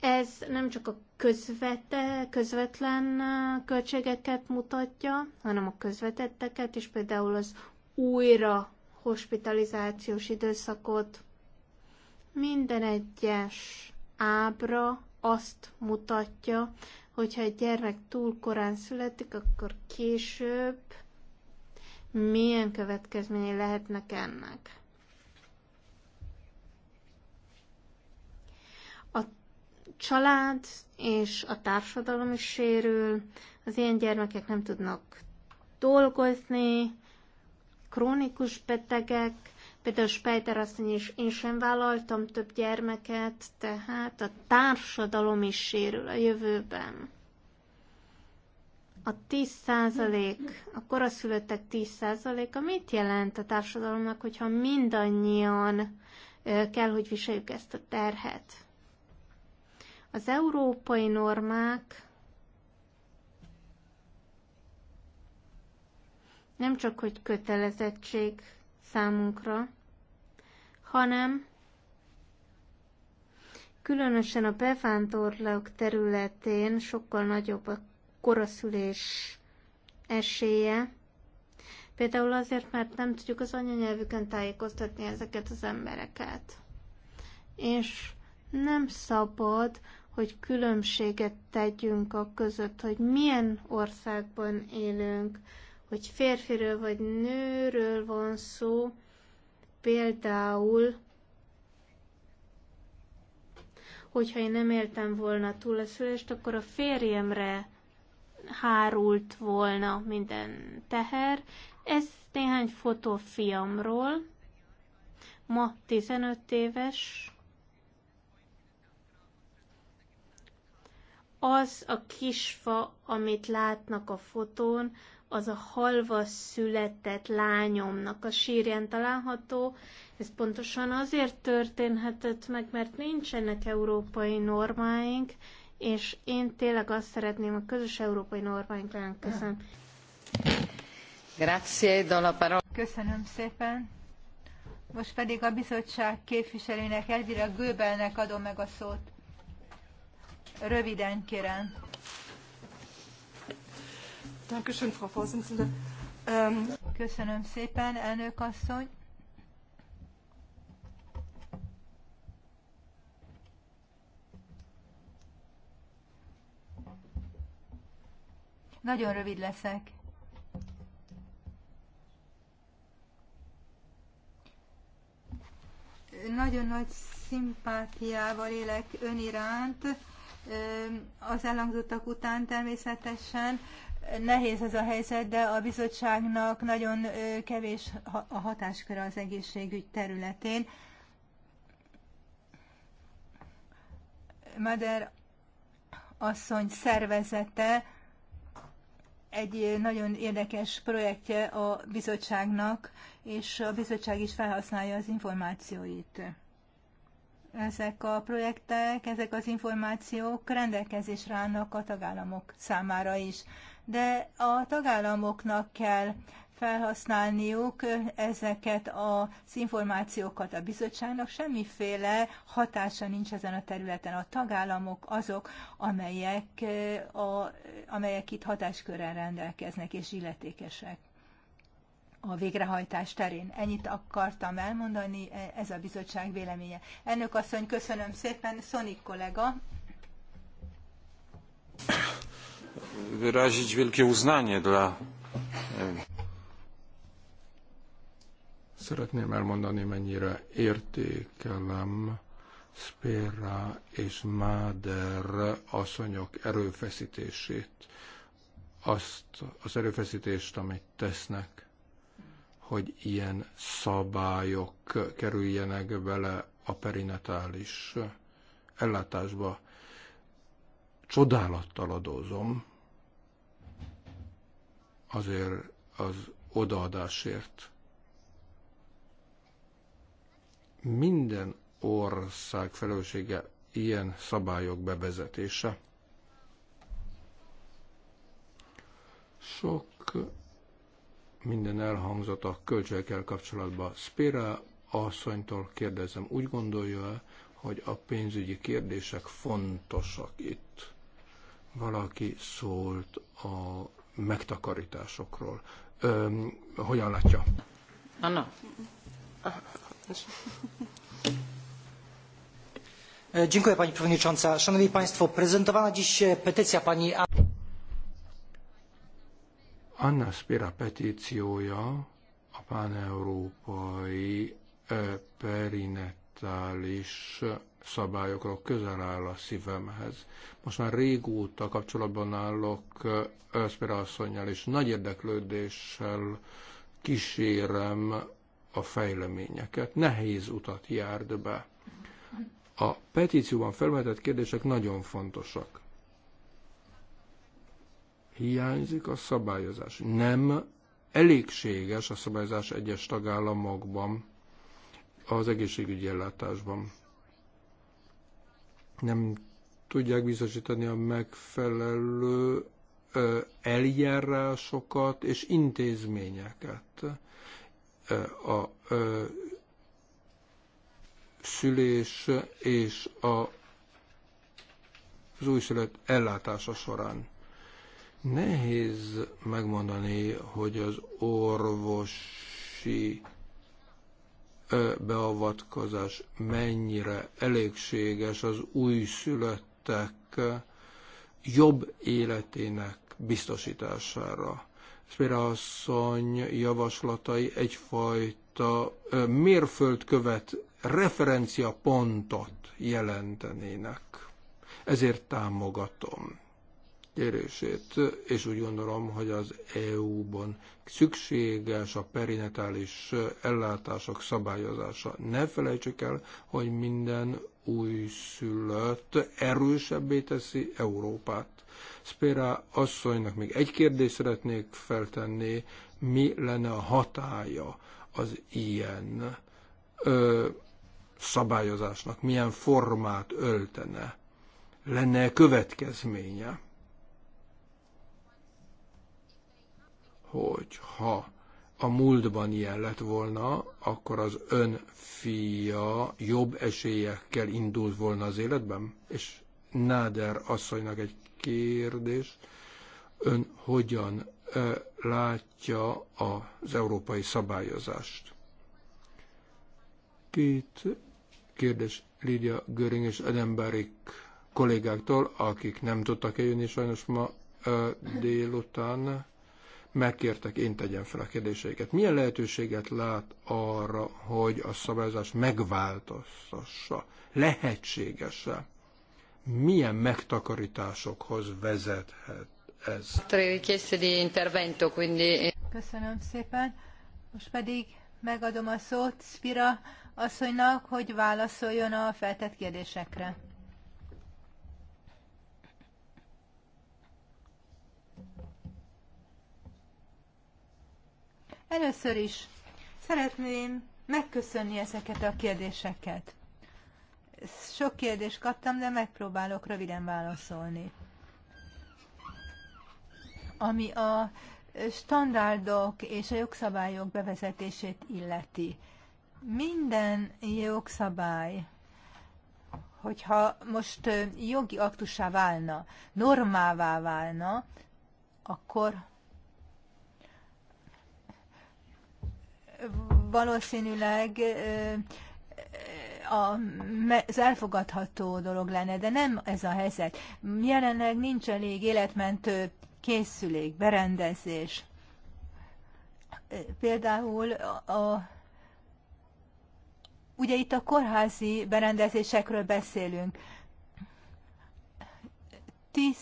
Ez nem csak a közvete, közvetlen költségeket mutatja, hanem a közvetetteket is, például az újra hospitalizációs időszakot. Minden egyes ábra azt mutatja, hogyha egy gyermek túl korán születik, akkor később milyen következményei lehetnek ennek. A család és a társadalom is sérül, az ilyen gyermekek nem tudnak dolgozni, krónikus betegek, például Spejter asszony is, én sem vállaltam több gyermeket, tehát a társadalom is sérül a jövőben. A 10%, a koraszülöttek 10%-a mit jelent a társadalomnak, hogyha mindannyian kell, hogy viseljük ezt a terhet? Az európai normák nem csak hogy kötelezettség számunkra, hanem különösen a bevándorlók területén sokkal nagyobb a koraszülés esélye, Például azért, mert nem tudjuk az anyanyelvükön tájékoztatni ezeket az embereket. És nem szabad, hogy különbséget tegyünk a között, hogy milyen országban élünk, hogy férfiről vagy nőről van szó, például, hogyha én nem éltem volna túl a szülést, akkor a férjemre hárult volna minden teher. Ez néhány fotó fiamról, ma 15 éves, az a kisfa, amit látnak a fotón, az a halva született lányomnak a sírján található. Ez pontosan azért történhetett meg, mert nincsenek európai normáink, és én tényleg azt szeretném, a közös európai normáink lenni. Köszönöm. Grazie, Köszönöm szépen. Most pedig a bizottság képviselőnek, Elvira Göbelnek adom meg a szót. Röviden kérem. Ähm, Köszönöm szépen, elnök asszony. Nagyon rövid leszek. Nagyon nagy szimpátiával élek ön iránt, az elhangzottak után természetesen nehéz ez a helyzet, de a bizottságnak nagyon kevés a hatásköre az egészségügy területén. Mader asszony szervezete egy nagyon érdekes projektje a bizottságnak, és a bizottság is felhasználja az információit. Ezek a projektek, ezek az információk rendelkezésre állnak a tagállamok számára is de a tagállamoknak kell felhasználniuk ezeket az információkat a bizottságnak. Semmiféle hatása nincs ezen a területen. A tagállamok azok, amelyek, a, amelyek itt hatáskörrel rendelkeznek és illetékesek a végrehajtás terén. Ennyit akartam elmondani, e, ez a bizottság véleménye. Ennök asszony, köszönöm szépen. Szonik kollega wyrazić wielkie uznanie dla... Szeretném elmondani, mennyire értékelem Spera és Máder asszonyok erőfeszítését, azt az erőfeszítést, amit tesznek, hogy ilyen szabályok kerüljenek bele a perinatális ellátásba csodálattal adózom azért az odaadásért. Minden ország felelőssége ilyen szabályok bevezetése. Sok minden elhangzott a költségekkel kapcsolatban. Spira asszonytól kérdezem, úgy gondolja, hogy a pénzügyi kérdések fontosak itt? Valaki szólt a megtakarításokról. Öm, hogyan látja? Anna. E, dziękuję Pani Przewodnicząca. Szanowni Państwo, prezentowana dziś e, petycja Pani Anna Spira petíciója a páneurópai e, perinek horizontális szabályokról közel áll a szívemhez. Most már régóta kapcsolatban állok Összpera asszonynal, és nagy érdeklődéssel kísérem a fejleményeket. Nehéz utat járd be. A petícióban felvetett kérdések nagyon fontosak. Hiányzik a szabályozás. Nem elégséges a szabályozás egyes tagállamokban az egészségügyi ellátásban. Nem tudják biztosítani a megfelelő eljárásokat és intézményeket a szülés és a, az újszülött ellátása során. Nehéz megmondani, hogy az orvosi E beavatkozás mennyire elégséges az újszülöttek jobb életének biztosítására. Szpira asszony javaslatai egyfajta mérföldkövet, referenciapontot jelentenének. Ezért támogatom kérését, és úgy gondolom, hogy az EU-ban szükséges a perinatális ellátások szabályozása. Ne felejtsük el, hogy minden újszülött erősebbé teszi Európát. Spéra asszonynak még egy kérdést szeretnék feltenni, mi lenne a hatája az ilyen ö, szabályozásnak, milyen formát öltene, lenne következménye. hogy ha a múltban ilyen lett volna, akkor az ön fia jobb esélyekkel indult volna az életben? És Náder asszonynak egy kérdés, ön hogyan ö, látja az európai szabályozást? Két kérdés Lidia Göring és Edemberik kollégáktól, akik nem tudtak eljönni sajnos ma ö, délután megkértek, én tegyem fel a kérdéseiket. Milyen lehetőséget lát arra, hogy a szabályozás megváltoztassa? Lehetséges-e? Milyen megtakarításokhoz vezethet ez? Köszönöm szépen. Most pedig megadom a szót Spira asszonynak, hogy válaszoljon a feltett kérdésekre. Először is szeretném megköszönni ezeket a kérdéseket. Sok kérdést kaptam, de megpróbálok röviden válaszolni. Ami a standardok és a jogszabályok bevezetését illeti. Minden jogszabály, hogyha most jogi aktussá válna, normává válna, akkor valószínűleg az elfogadható dolog lenne, de nem ez a helyzet. Jelenleg nincs elég életmentő készülék, berendezés. Például a Ugye itt a kórházi berendezésekről beszélünk.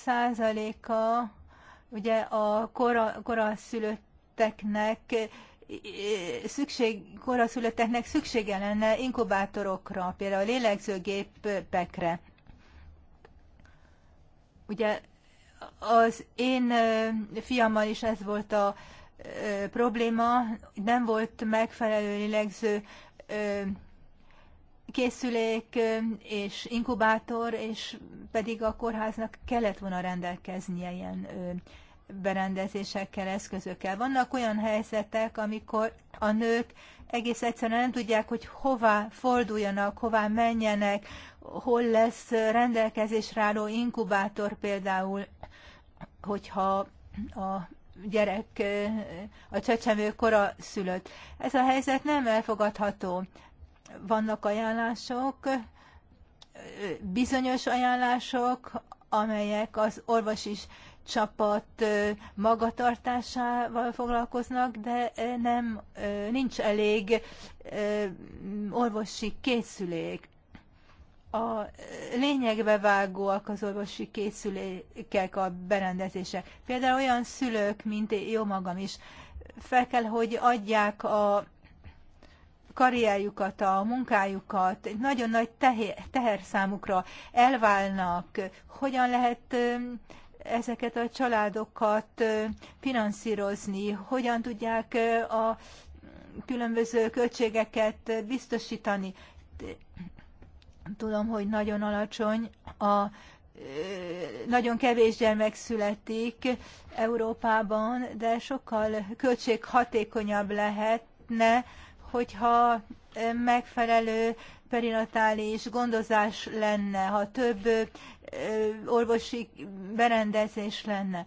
10%-a ugye a koraszülötteknek kora szükség, koraszülötteknek szüksége lenne inkubátorokra, például lélegzőgépekre. Ugye az én fiammal is ez volt a probléma, nem volt megfelelő lélegző készülék és inkubátor, és pedig a kórháznak kellett volna rendelkeznie ilyen berendezésekkel, eszközökkel. Vannak olyan helyzetek, amikor a nők egész egyszerűen nem tudják, hogy hová forduljanak, hová menjenek, hol lesz rendelkezésre álló inkubátor például, hogyha a gyerek, a csecsemő kora szülött. Ez a helyzet nem elfogadható. Vannak ajánlások, bizonyos ajánlások, amelyek az orvos is csapat magatartásával foglalkoznak, de nem, nincs elég orvosi készülék. A lényegbe vágóak az orvosi készülékek, a berendezések. Például olyan szülők, mint jó magam is, fel kell, hogy adják a karrierjukat, a munkájukat, egy nagyon nagy teher számukra elválnak, hogyan lehet ezeket a családokat finanszírozni, hogyan tudják a különböző költségeket biztosítani. Tudom, hogy nagyon alacsony a nagyon kevés gyermek születik Európában, de sokkal költséghatékonyabb lehetne, hogyha megfelelő perinatális gondozás lenne, ha több orvosi berendezés lenne.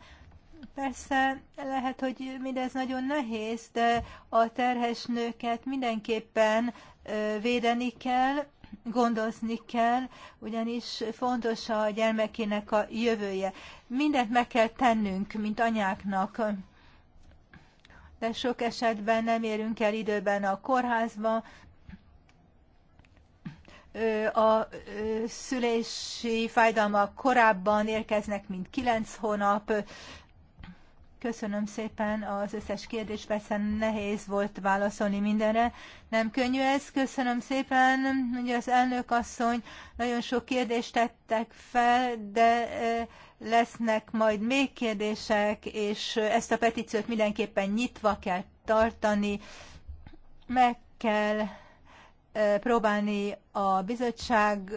Persze lehet, hogy mindez nagyon nehéz, de a terhes nőket mindenképpen védeni kell, gondozni kell, ugyanis fontos a gyermekének a jövője. Mindent meg kell tennünk, mint anyáknak, de sok esetben nem érünk el időben a kórházba, a szülési fájdalmak korábban érkeznek, mint kilenc hónap. Köszönöm szépen az összes kérdés, persze nehéz volt válaszolni mindenre, nem könnyű ez. Köszönöm szépen, ugye az elnök asszony, nagyon sok kérdést tettek fel, de lesznek majd még kérdések, és ezt a petíciót mindenképpen nyitva kell tartani, meg kell próbálni a bizottság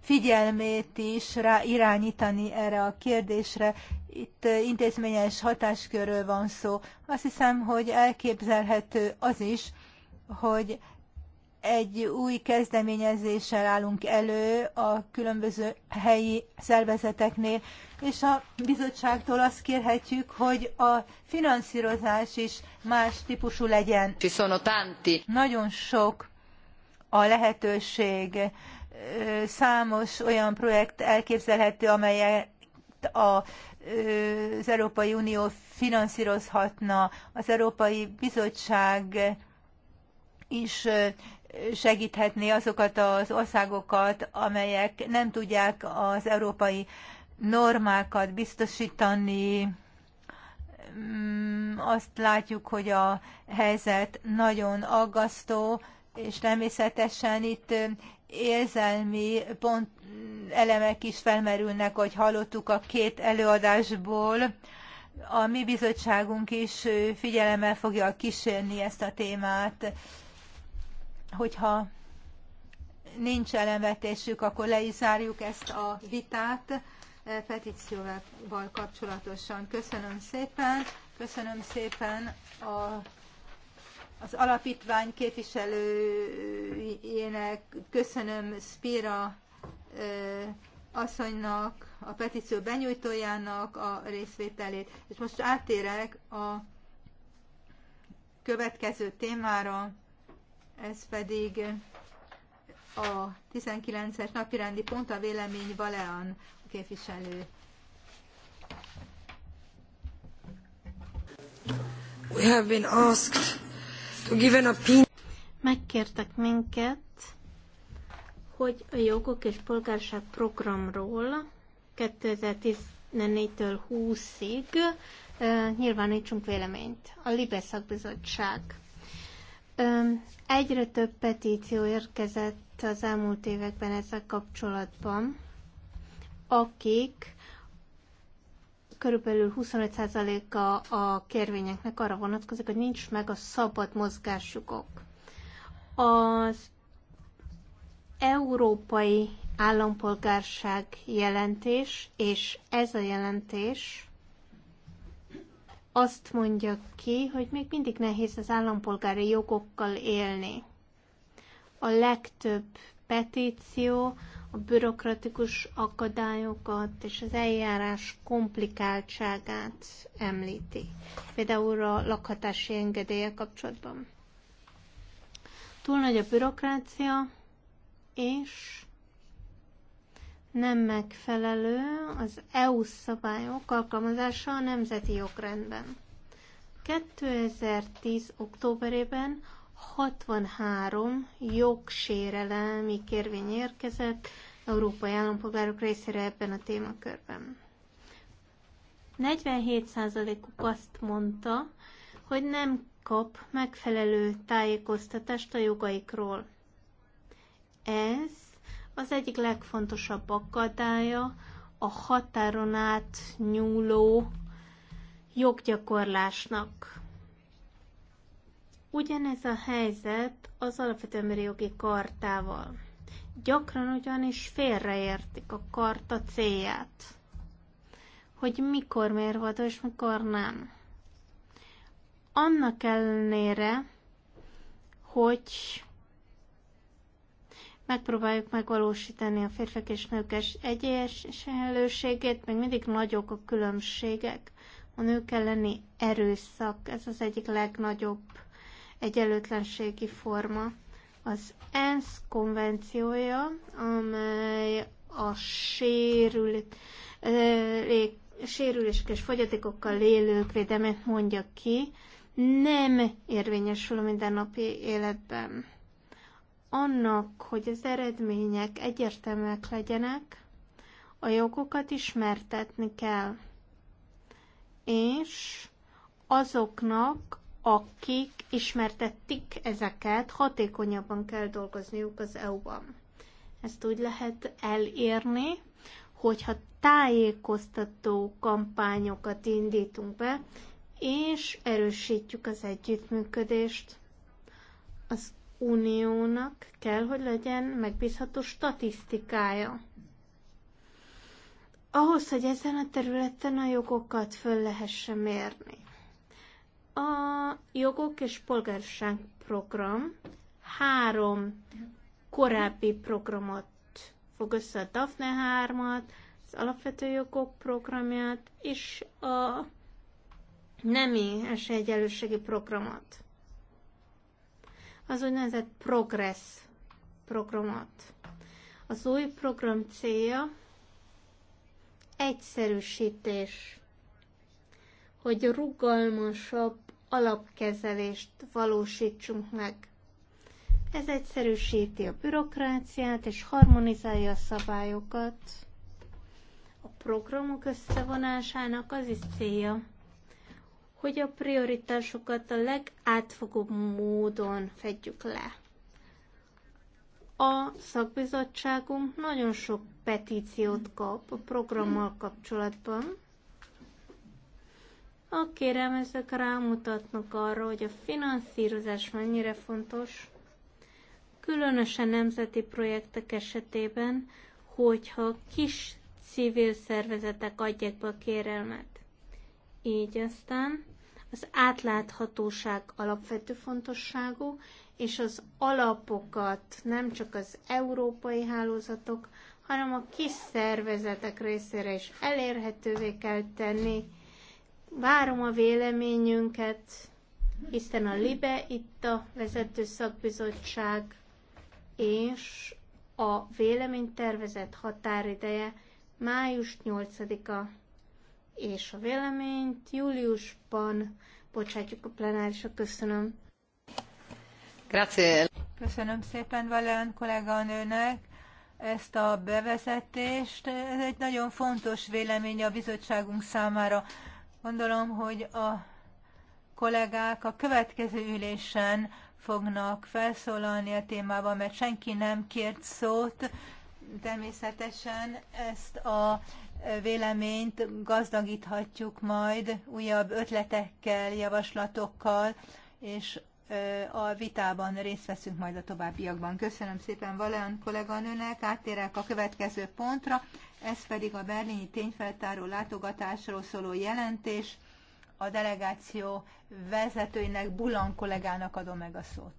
figyelmét is rá irányítani erre a kérdésre. Itt intézményes hatáskörről van szó. Azt hiszem, hogy elképzelhető az is, hogy egy új kezdeményezéssel állunk elő a különböző helyi szervezeteknél, és a bizottságtól azt kérhetjük, hogy a finanszírozás is más típusú legyen. Nagyon sok a lehetőség. Számos olyan projekt elképzelhető, amelyet a az Európai Unió finanszírozhatna, az Európai Bizottság is segíthetné azokat az országokat, amelyek nem tudják az európai normákat biztosítani. Mm, azt látjuk, hogy a helyzet nagyon aggasztó, és természetesen itt érzelmi pont elemek is felmerülnek, hogy hallottuk a két előadásból. A mi bizottságunk is figyelemmel fogja kísérni ezt a témát, hogyha nincs elemetésük, akkor le is zárjuk ezt a vitát petícióval kapcsolatosan. Köszönöm szépen, köszönöm szépen a az alapítvány képviselőjének, köszönöm Spira asszonynak, a petíció benyújtójának a részvételét. És most átérek a következő témára, ez pedig a 19-es napirendi pont a vélemény Balean képviselő. We have been asked Megkértek minket, hogy a jogok és polgárság programról 2014-től 20-ig nyilvánítsunk véleményt. A Libe szakbizottság. Egyre több petíció érkezett az elmúlt években ezzel kapcsolatban, akik körülbelül 25%-a a kérvényeknek arra vonatkozik, hogy nincs meg a szabad mozgásukok. Az európai állampolgárság jelentés, és ez a jelentés azt mondja ki, hogy még mindig nehéz az állampolgári jogokkal élni. A legtöbb petíció a bürokratikus akadályokat és az eljárás komplikáltságát említi. Például a lakhatási engedélye kapcsolatban. Túl nagy a bürokrácia, és nem megfelelő az EU szabályok alkalmazása a nemzeti jogrendben. 2010. októberében 63 jogsérelemi kérvény érkezett európai állampolgárok részére ebben a témakörben. 47%-uk azt mondta, hogy nem kap megfelelő tájékoztatást a jogaikról. Ez az egyik legfontosabb akadálya a határon át nyúló joggyakorlásnak. Ugyanez a helyzet az alapvető emberi jogi kartával. Gyakran ugyanis félreértik a karta célját, hogy mikor mérvadó és mikor nem. Annak ellenére, hogy megpróbáljuk megvalósítani a férfek és nők egyenlőségét, még mindig nagyok a különbségek. A nők elleni erőszak, ez az egyik legnagyobb egyenlőtlenségi forma. Az ENSZ konvenciója, amely a sérült, sérülések és fogyatékokkal élők védelmét mondja ki, nem érvényesül a mindennapi életben. Annak, hogy az eredmények egyértelműek legyenek, a jogokat ismertetni kell. És azoknak, akik ismertettik ezeket, hatékonyabban kell dolgozniuk az EU-ban. Ezt úgy lehet elérni, hogyha tájékoztató kampányokat indítunk be, és erősítjük az együttműködést. Az uniónak kell, hogy legyen megbízható statisztikája. Ahhoz, hogy ezen a területen a jogokat föl lehessen mérni. A jogok és polgárság program három korábbi programot fog össze a Daphne 3-at, az alapvető jogok programját és a nemi esélyegyelősségi programot. Az úgynevezett progress programot. Az új program célja egyszerűsítés, hogy rugalmasabb alapkezelést valósítsunk meg. Ez egyszerűsíti a bürokráciát és harmonizálja a szabályokat. A programok összevonásának az is célja, hogy a prioritásokat a legátfogóbb módon fedjük le. A szakbizottságunk nagyon sok petíciót kap a programmal kapcsolatban, a kérelmezők rámutatnak arra, hogy a finanszírozás mennyire fontos, különösen nemzeti projektek esetében, hogyha kis civil szervezetek adják be a kérelmet. Így aztán az átláthatóság alapvető fontosságú, és az alapokat nem csak az európai hálózatok, hanem a kis szervezetek részére is elérhetővé kell tenni, Várom a véleményünket, hiszen a LIBE itt a vezető szakbizottság, és a véleménytervezet határideje május 8-a, és a véleményt júliusban bocsátjuk a plenárisra. Köszönöm. Grazie. Köszönöm szépen Valán kolléganőnek ezt a bevezetést. Ez egy nagyon fontos vélemény a bizottságunk számára. Gondolom, hogy a kollégák a következő ülésen fognak felszólalni a témában, mert senki nem kért szót. Természetesen ezt a véleményt gazdagíthatjuk majd újabb ötletekkel, javaslatokkal, és a vitában részt veszünk majd a továbbiakban. Köszönöm szépen Valen kolléganőnek, áttérek a következő pontra ez pedig a berlini tényfeltáró látogatásról szóló jelentés. A delegáció vezetőinek, Bulan kollégának adom meg a szót.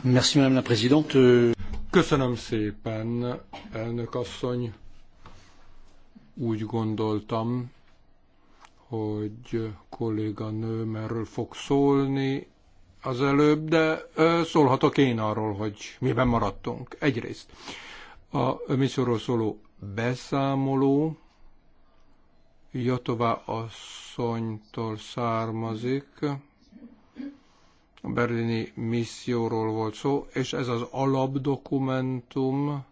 Merci, Madame la Présidente. Köszönöm szépen, elnök asszony. Úgy gondoltam, hogy kolléganőm erről fog szólni az előbb, de szólhatok én arról, hogy miben maradtunk. Egyrészt a műsorról szóló beszámoló Jatová asszonytól származik, a berlini misszióról volt szó, és ez az alapdokumentum,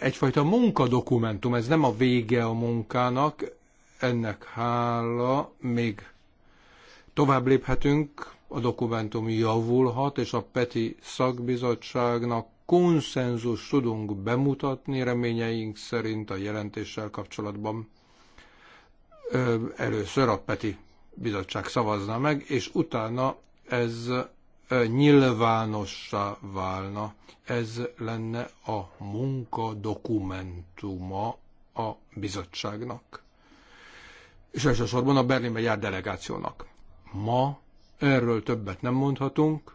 egyfajta munkadokumentum, ez nem a vége a munkának, ennek hála még tovább léphetünk, a dokumentum javulhat, és a PETI szakbizottságnak konszenzus tudunk bemutatni reményeink szerint a jelentéssel kapcsolatban. Először a Peti bizottság szavazna meg, és utána ez nyilvánossá válna. Ez lenne a munka dokumentuma a bizottságnak. És elsősorban a Berlinbe jár delegációnak. Ma erről többet nem mondhatunk.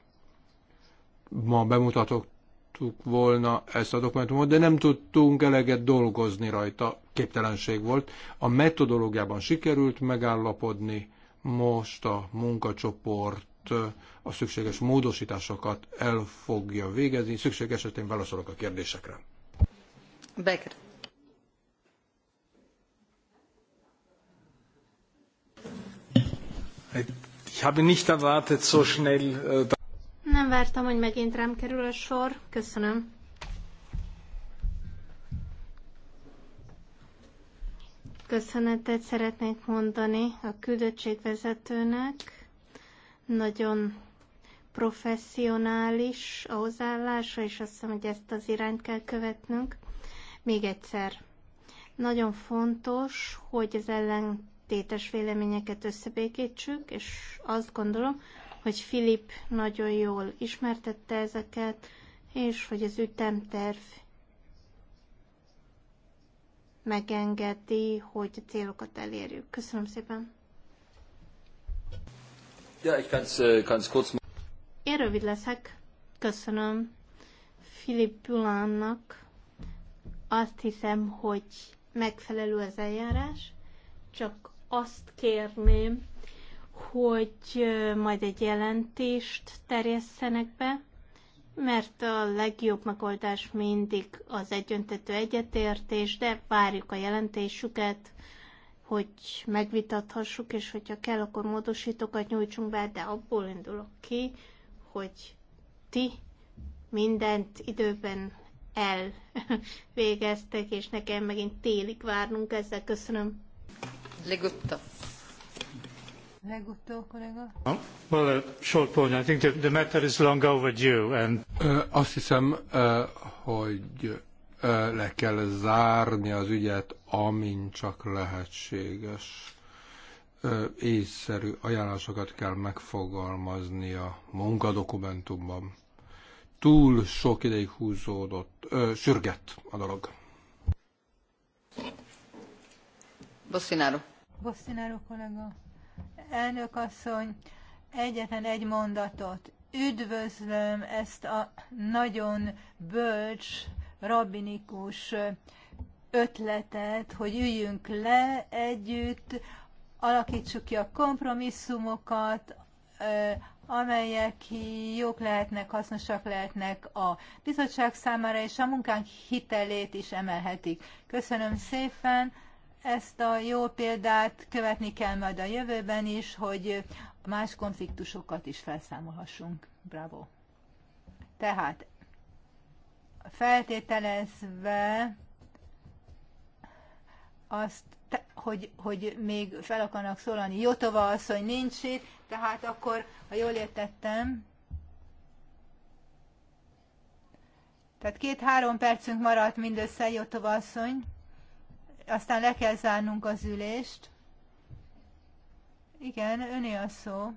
Ma bemutatok megkaptuk volna ezt a dokumentumot, de nem tudtunk eleget dolgozni rajta, képtelenség volt. A metodológiában sikerült megállapodni, most a munkacsoport a szükséges módosításokat el fogja végezni. Szükség esetén válaszolok a kérdésekre. Becker. Ich habe nicht erwartet, so schnell. Äh, nem vártam, hogy megint rám kerül a sor. Köszönöm. Köszönetet szeretnék mondani a küldöttségvezetőnek. Nagyon professzionális a hozzáállása, és azt hiszem, hogy ezt az irányt kell követnünk. Még egyszer, nagyon fontos, hogy az ellentétes véleményeket összebékítsük, és azt gondolom, hogy Filip nagyon jól ismertette ezeket, és hogy az ütemterv megengedi, hogy a célokat elérjük. Köszönöm szépen. Ja, ich kann's, äh, kann's kurz... Én rövid leszek. Köszönöm Filip Bulánnak. Azt hiszem, hogy megfelelő az eljárás, csak azt kérném, hogy majd egy jelentést terjesszenek be, mert a legjobb megoldás mindig az egyöntető egyetértés, de várjuk a jelentésüket, hogy megvitathassuk, és hogyha kell, akkor módosítókat nyújtsunk be, de abból indulok ki, hogy ti mindent időben elvégeztek, és nekem megint télig várnunk ezzel. Köszönöm. Legutta. Legutó kollega. Uh, short point. I think the matter is long overdue and... Azt hiszem, hogy le kell zárni az ügyet, amint csak lehetséges. Észszerű ajánlásokat kell megfogalmazni a munkadokumentumban. Túl sok ideig húzódott, sürgett a dolog. Bosszináró. Bosszináró kollega. Elnök asszony, egyetlen egy mondatot. Üdvözlöm ezt a nagyon bölcs, rabinikus ötletet, hogy üljünk le együtt, alakítsuk ki a kompromisszumokat, amelyek jók lehetnek, hasznosak lehetnek a bizottság számára, és a munkánk hitelét is emelhetik. Köszönöm szépen! Ezt a jó példát követni kell majd a jövőben is, hogy más konfliktusokat is felszámolhassunk. Bravo! Tehát feltételezve azt, hogy, hogy még fel akarnak szólani. Jotova az, hogy nincs itt, tehát akkor, ha jól értettem, tehát két-három percünk maradt mindössze, Jotova asszony aztán le kell zárnunk az ülést. Igen, öné a szó.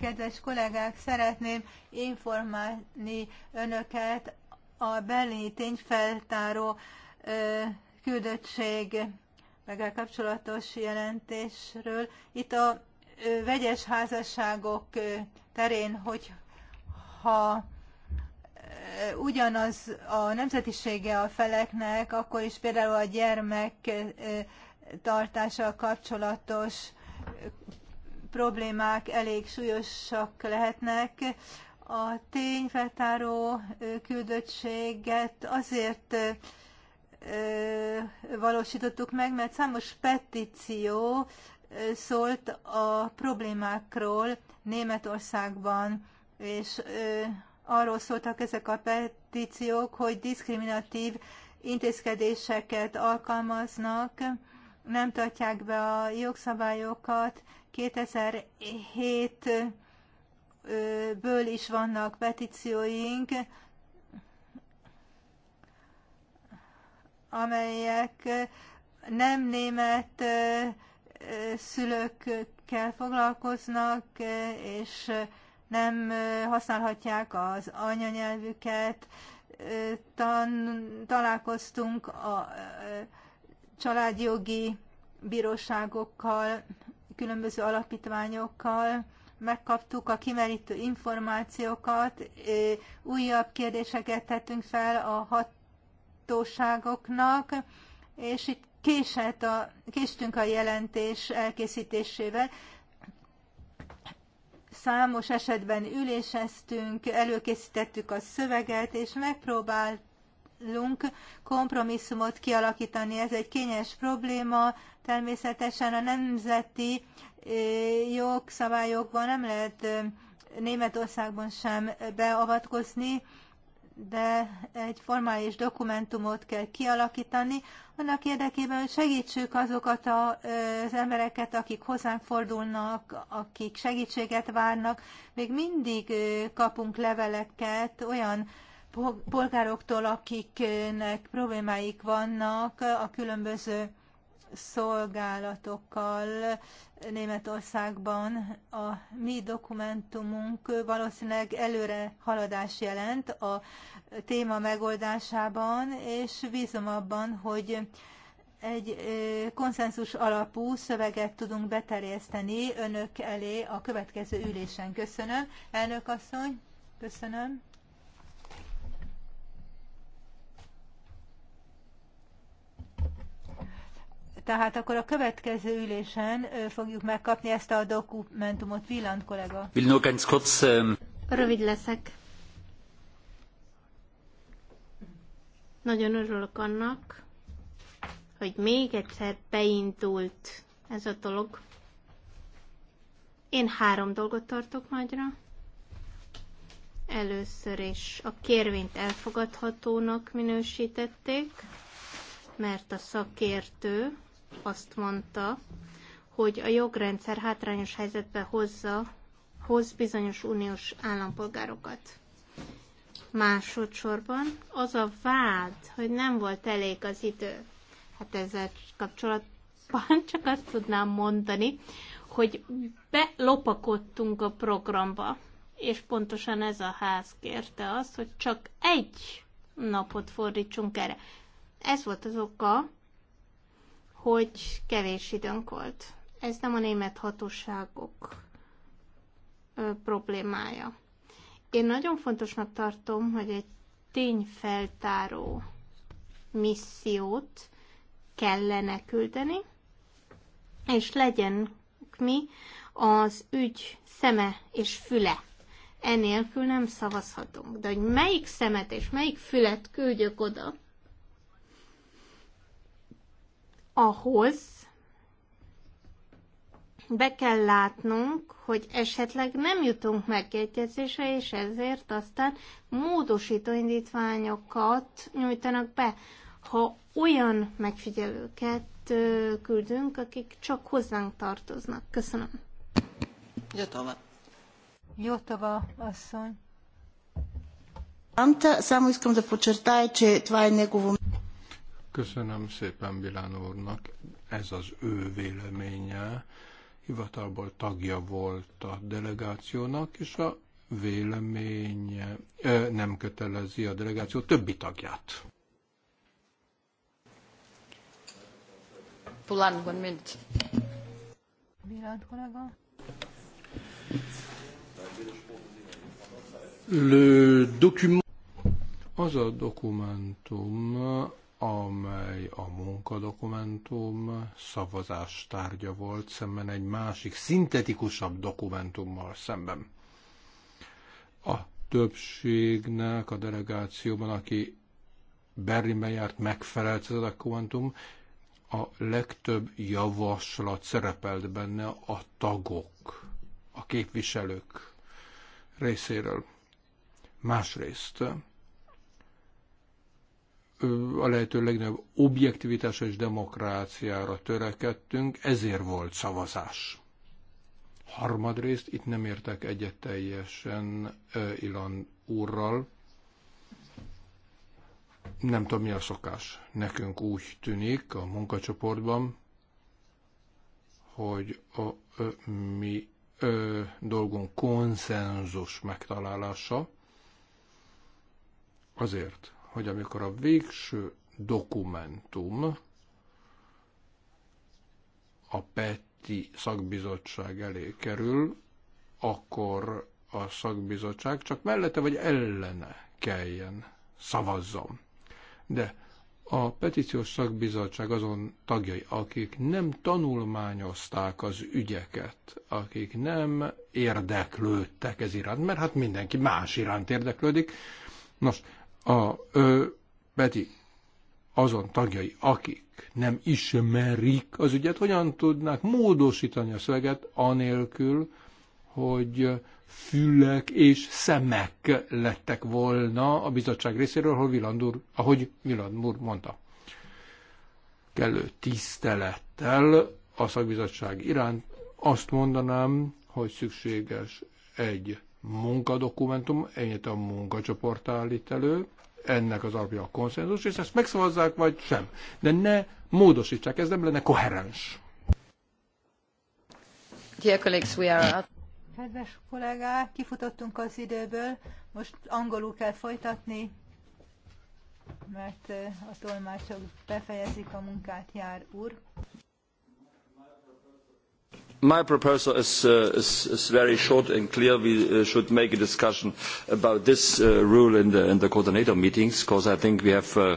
Kedves kollégák, szeretném informálni önöket a berlini tényfeltáró ö, küldöttség kapcsolatos jelentésről. Itt a vegyes házasságok terén, hogy ha ugyanaz a nemzetisége a feleknek, akkor is például a gyermek tartással kapcsolatos problémák elég súlyosak lehetnek. A tényfeltáró küldöttséget azért valósítottuk meg, mert számos petíció szólt a problémákról Németországban, és arról szóltak ezek a petíciók, hogy diszkriminatív intézkedéseket alkalmaznak, nem tartják be a jogszabályokat. 2007-ből is vannak petícióink, amelyek nem német szülőkkel foglalkoznak, és nem használhatják az anyanyelvüket. Tan, találkoztunk a e, családjogi bíróságokkal, különböző alapítványokkal, megkaptuk a kimerítő információkat, e, újabb kérdéseket tettünk fel a hatóságoknak, és itt késett a, késtünk a jelentés elkészítésével, számos esetben üléseztünk, előkészítettük a szöveget, és megpróbálunk kompromisszumot kialakítani. Ez egy kényes probléma, természetesen a nemzeti eh, jogszabályokban nem lehet eh, Németországban sem beavatkozni, de egy formális dokumentumot kell kialakítani, annak érdekében, hogy segítsük azokat az embereket, akik hozzánk fordulnak, akik segítséget várnak. Még mindig kapunk leveleket olyan polgároktól, akiknek problémáik vannak a különböző szolgálatokkal Németországban. A mi dokumentumunk valószínűleg előre haladás jelent a téma megoldásában, és bízom abban, hogy egy konszenzus alapú szöveget tudunk beterjeszteni önök elé a következő ülésen. Köszönöm, elnök asszony, köszönöm. Tehát akkor a következő ülésen fogjuk megkapni ezt a dokumentumot. Villand kollega. Ähm, Rövid leszek. Nagyon örülök annak, hogy még egyszer beindult ez a dolog. Én három dolgot tartok nagyra. Először is a kérvényt elfogadhatónak minősítették, mert a szakértő azt mondta, hogy a jogrendszer hátrányos helyzetbe hozza, hoz bizonyos uniós állampolgárokat. Másodszorban az a vád, hogy nem volt elég az idő. Hát ezzel kapcsolatban csak azt tudnám mondani, hogy belopakodtunk a programba, és pontosan ez a ház kérte azt, hogy csak egy napot fordítsunk erre. Ez volt az oka, hogy kevés időnk volt. Ez nem a német hatóságok problémája. Én nagyon fontosnak tartom, hogy egy tényfeltáró missziót kellene küldeni, és legyen mi az ügy szeme és füle. Enélkül nem szavazhatunk. De hogy melyik szemet és melyik fület küldjök oda, ahhoz be kell látnunk, hogy esetleg nem jutunk megegyezésre, és ezért aztán módosító indítványokat nyújtanak be. Ha olyan megfigyelőket küldünk, akik csak hozzánk tartoznak. Köszönöm. Jotova. Jotova asszony. Амта само искам да подчертая, че това е Köszönöm szépen Bilán úrnak. Ez az ő véleménye. Hivatalból tagja volt a delegációnak, és a véleménye ö, nem kötelezi a delegáció többi tagját. Pulán, one minute. Bilán kollega. Le document... Az a dokumentum, amely a munkadokumentum szavazás tárgya volt szemben egy másik, szintetikusabb dokumentummal szemben. A többségnek a delegációban, aki Berlinben járt, megfelelt ez a dokumentum, a legtöbb javaslat szerepelt benne a tagok, a képviselők részéről. Másrészt a lehető legnagyobb objektivitás és demokráciára törekedtünk, ezért volt szavazás. Harmadrészt itt nem értek egyet teljesen Ilan úrral. Nem tudom, mi a szokás. Nekünk úgy tűnik a munkacsoportban, hogy a ö, mi ö, dolgunk konszenzus megtalálása. Azért, hogy amikor a végső dokumentum a PETI szakbizottság elé kerül, akkor a szakbizottság csak mellette vagy ellene kelljen szavazzon. De a petíciós szakbizottság azon tagjai, akik nem tanulmányozták az ügyeket, akik nem érdeklődtek ez iránt, mert hát mindenki más iránt érdeklődik. Nos, a ö, Beti azon tagjai, akik nem ismerik az ügyet, hogyan tudnak módosítani a szöveget anélkül, hogy fülek és szemek lettek volna a bizottság részéről, ahol Viland úr, ahogy Viland úr mondta. Kellő tisztelettel a szakbizottság iránt azt mondanám, hogy szükséges egy munkadokumentum, ennyit a munkacsoport állít elő, ennek az alapja a konszenzus, és ezt megszavazzák, vagy sem. De ne módosítsák, ez nem lenne koherens. Dear colleagues, we are out. Kedves kollégák, kifutottunk az időből, most angolul kell folytatni, mert eh, a tolmácsok befejezik a munkát, jár úr my proposal is, uh, is, is, very short and clear. We uh, should make a discussion about this uh, rule in the, in the, coordinator meetings, because I think we have uh,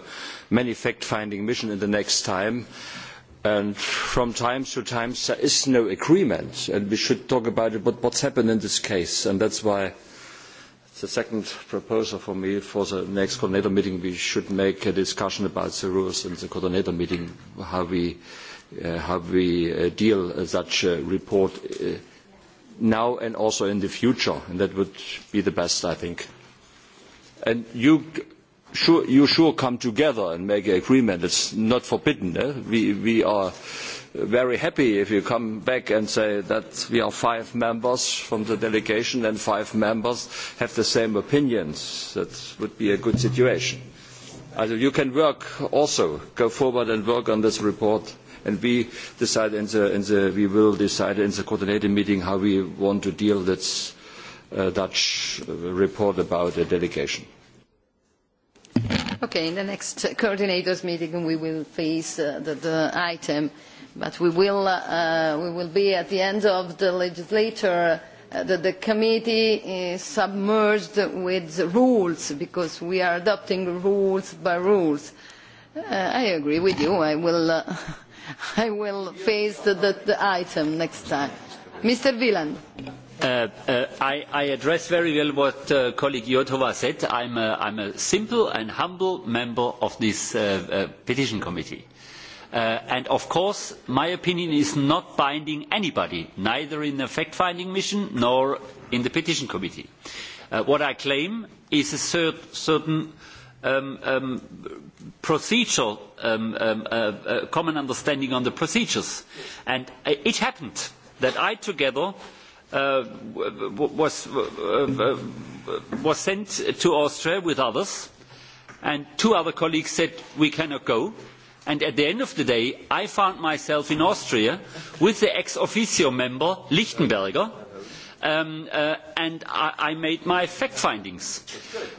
many fact-finding missions in the next time. And from time to time, there is no agreement, and we should talk about it, but what's happened in this case. And that's why the second proposal for me for the next coordinator meeting, we should make a discussion about the rules in the coordinator meeting, how we Uh, how we uh, deal uh, such a report now and also in the future. And that would be the best, I think. And you sure, you sure come together and make an agreement. It's not forbidden. Eh? We, we are very happy if you come back and say that we are five members from the delegation and five members have the same opinions. That would be a good situation. Also you can work also, go forward and work on this report and we decide in the, we will decide in the coordinating meeting how we want to deal with uh, Dutch uh, report about the delegation. Okay, in the next coordinators meeting we will face uh, the, item, but uh, we will, be at the end of the legislature that the committee is submerged with the rules because we are adopting rules by rules. I agree with you. I will I will face the, the, the item next time. Mr. Wieland. Uh, uh, I, I address very well what uh, colleague Iotova said. I'm a, I'm a simple and humble member of this uh, uh, petition committee. Uh, and of course, my opinion is not binding anybody, neither in the fact-finding mission nor in the petition committee. Uh, what I claim is a cert certain uh, um, um, procedural um, um uh, uh, common understanding on the procedures. And it happened that I, together, uh, was, uh, was sent to Austria with others, and two other colleagues said, we cannot go. And at the end of the day, I found myself in Austria with the ex officio member Lichtenberger, um, uh, and I, I made my fact findings.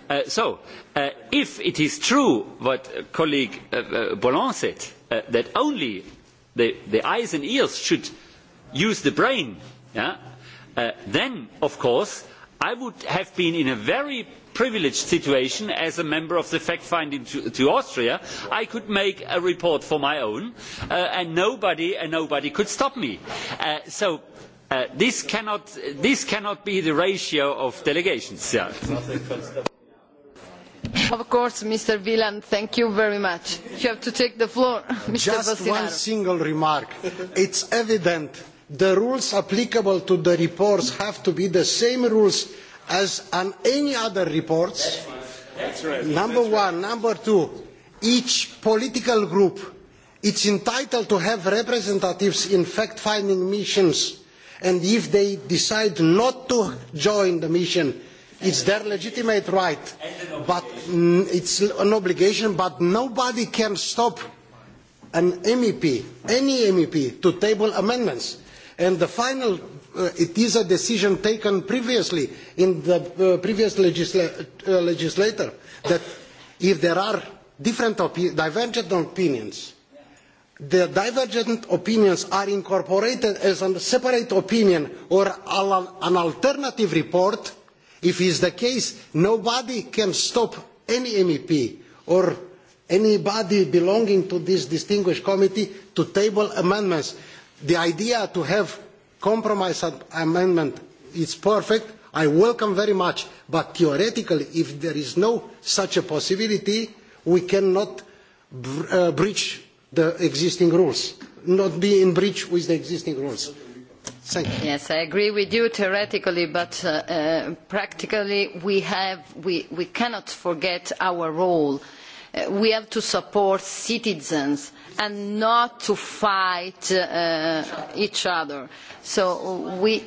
Uh, so, uh, if it is true what colleague uh, uh, Bolland said, uh, that only the, the eyes and ears should use the brain, yeah, uh, then, of course, I would have been in a very privileged situation as a member of the fact finding to, to Austria. I could make a report for my own, uh, and nobody and nobody could stop me. Uh, so Uh, this, cannot, be the ratio of delegations. Of course, Mr. Wieland, thank you very much. You have to take the floor, Just one single remark. it is evident the rules applicable to the reports have to be the same rules as on any other reports. Number one. Number two, each political group is entitled to have representatives in fact-finding missions and if they decide not to join the mission it's their legitimate right but mm, it's an obligation but nobody can stop an mep any mep to table amendments and the final uh, it is a decision taken previously in the uh, previous legisla uh, legislator that if there are different opi divergent opinions the divergent opinions are incorporated as a separate opinion or an alternative report if it is the case nobody can stop any mep or anybody belonging to this distinguished committee to table amendments. the idea to have compromise amendment is perfect i welcome very much but theoretically if there is no such a possibility we cannot uh, breach the existing rules, not be in breach with the existing rules. Thank you. Yes, I agree with you theoretically, but uh, uh, practically we, have, we, we, cannot forget our role. Uh, we have to support citizens and not to fight uh, uh, each other. So we,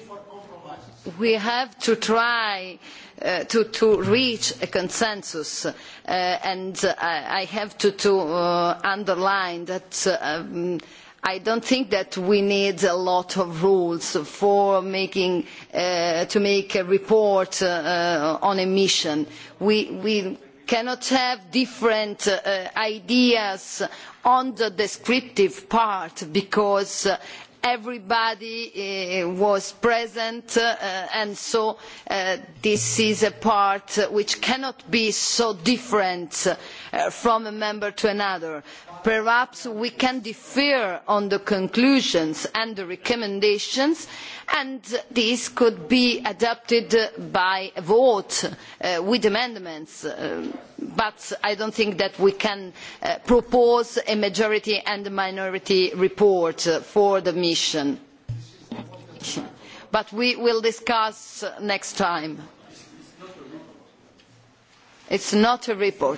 we have to try Uh, to, to reach a consensus uh, and uh, I have to, to uh, underline that um, I don't think that we need a lot of rules for making, uh, to make a report on emission. We, we cannot have different uh, ideas on the descriptive part because uh, everybody eh, was present eh, and so eh, this is a part which cannot be so different from a member to another. perhaps we can differ on the conclusions and the recommendations but and these could be adopted by vote uh, with amendments uh, but i do not think that we can uh, propose a majority and a minority report for the mission but we will discuss next time. it is not a report.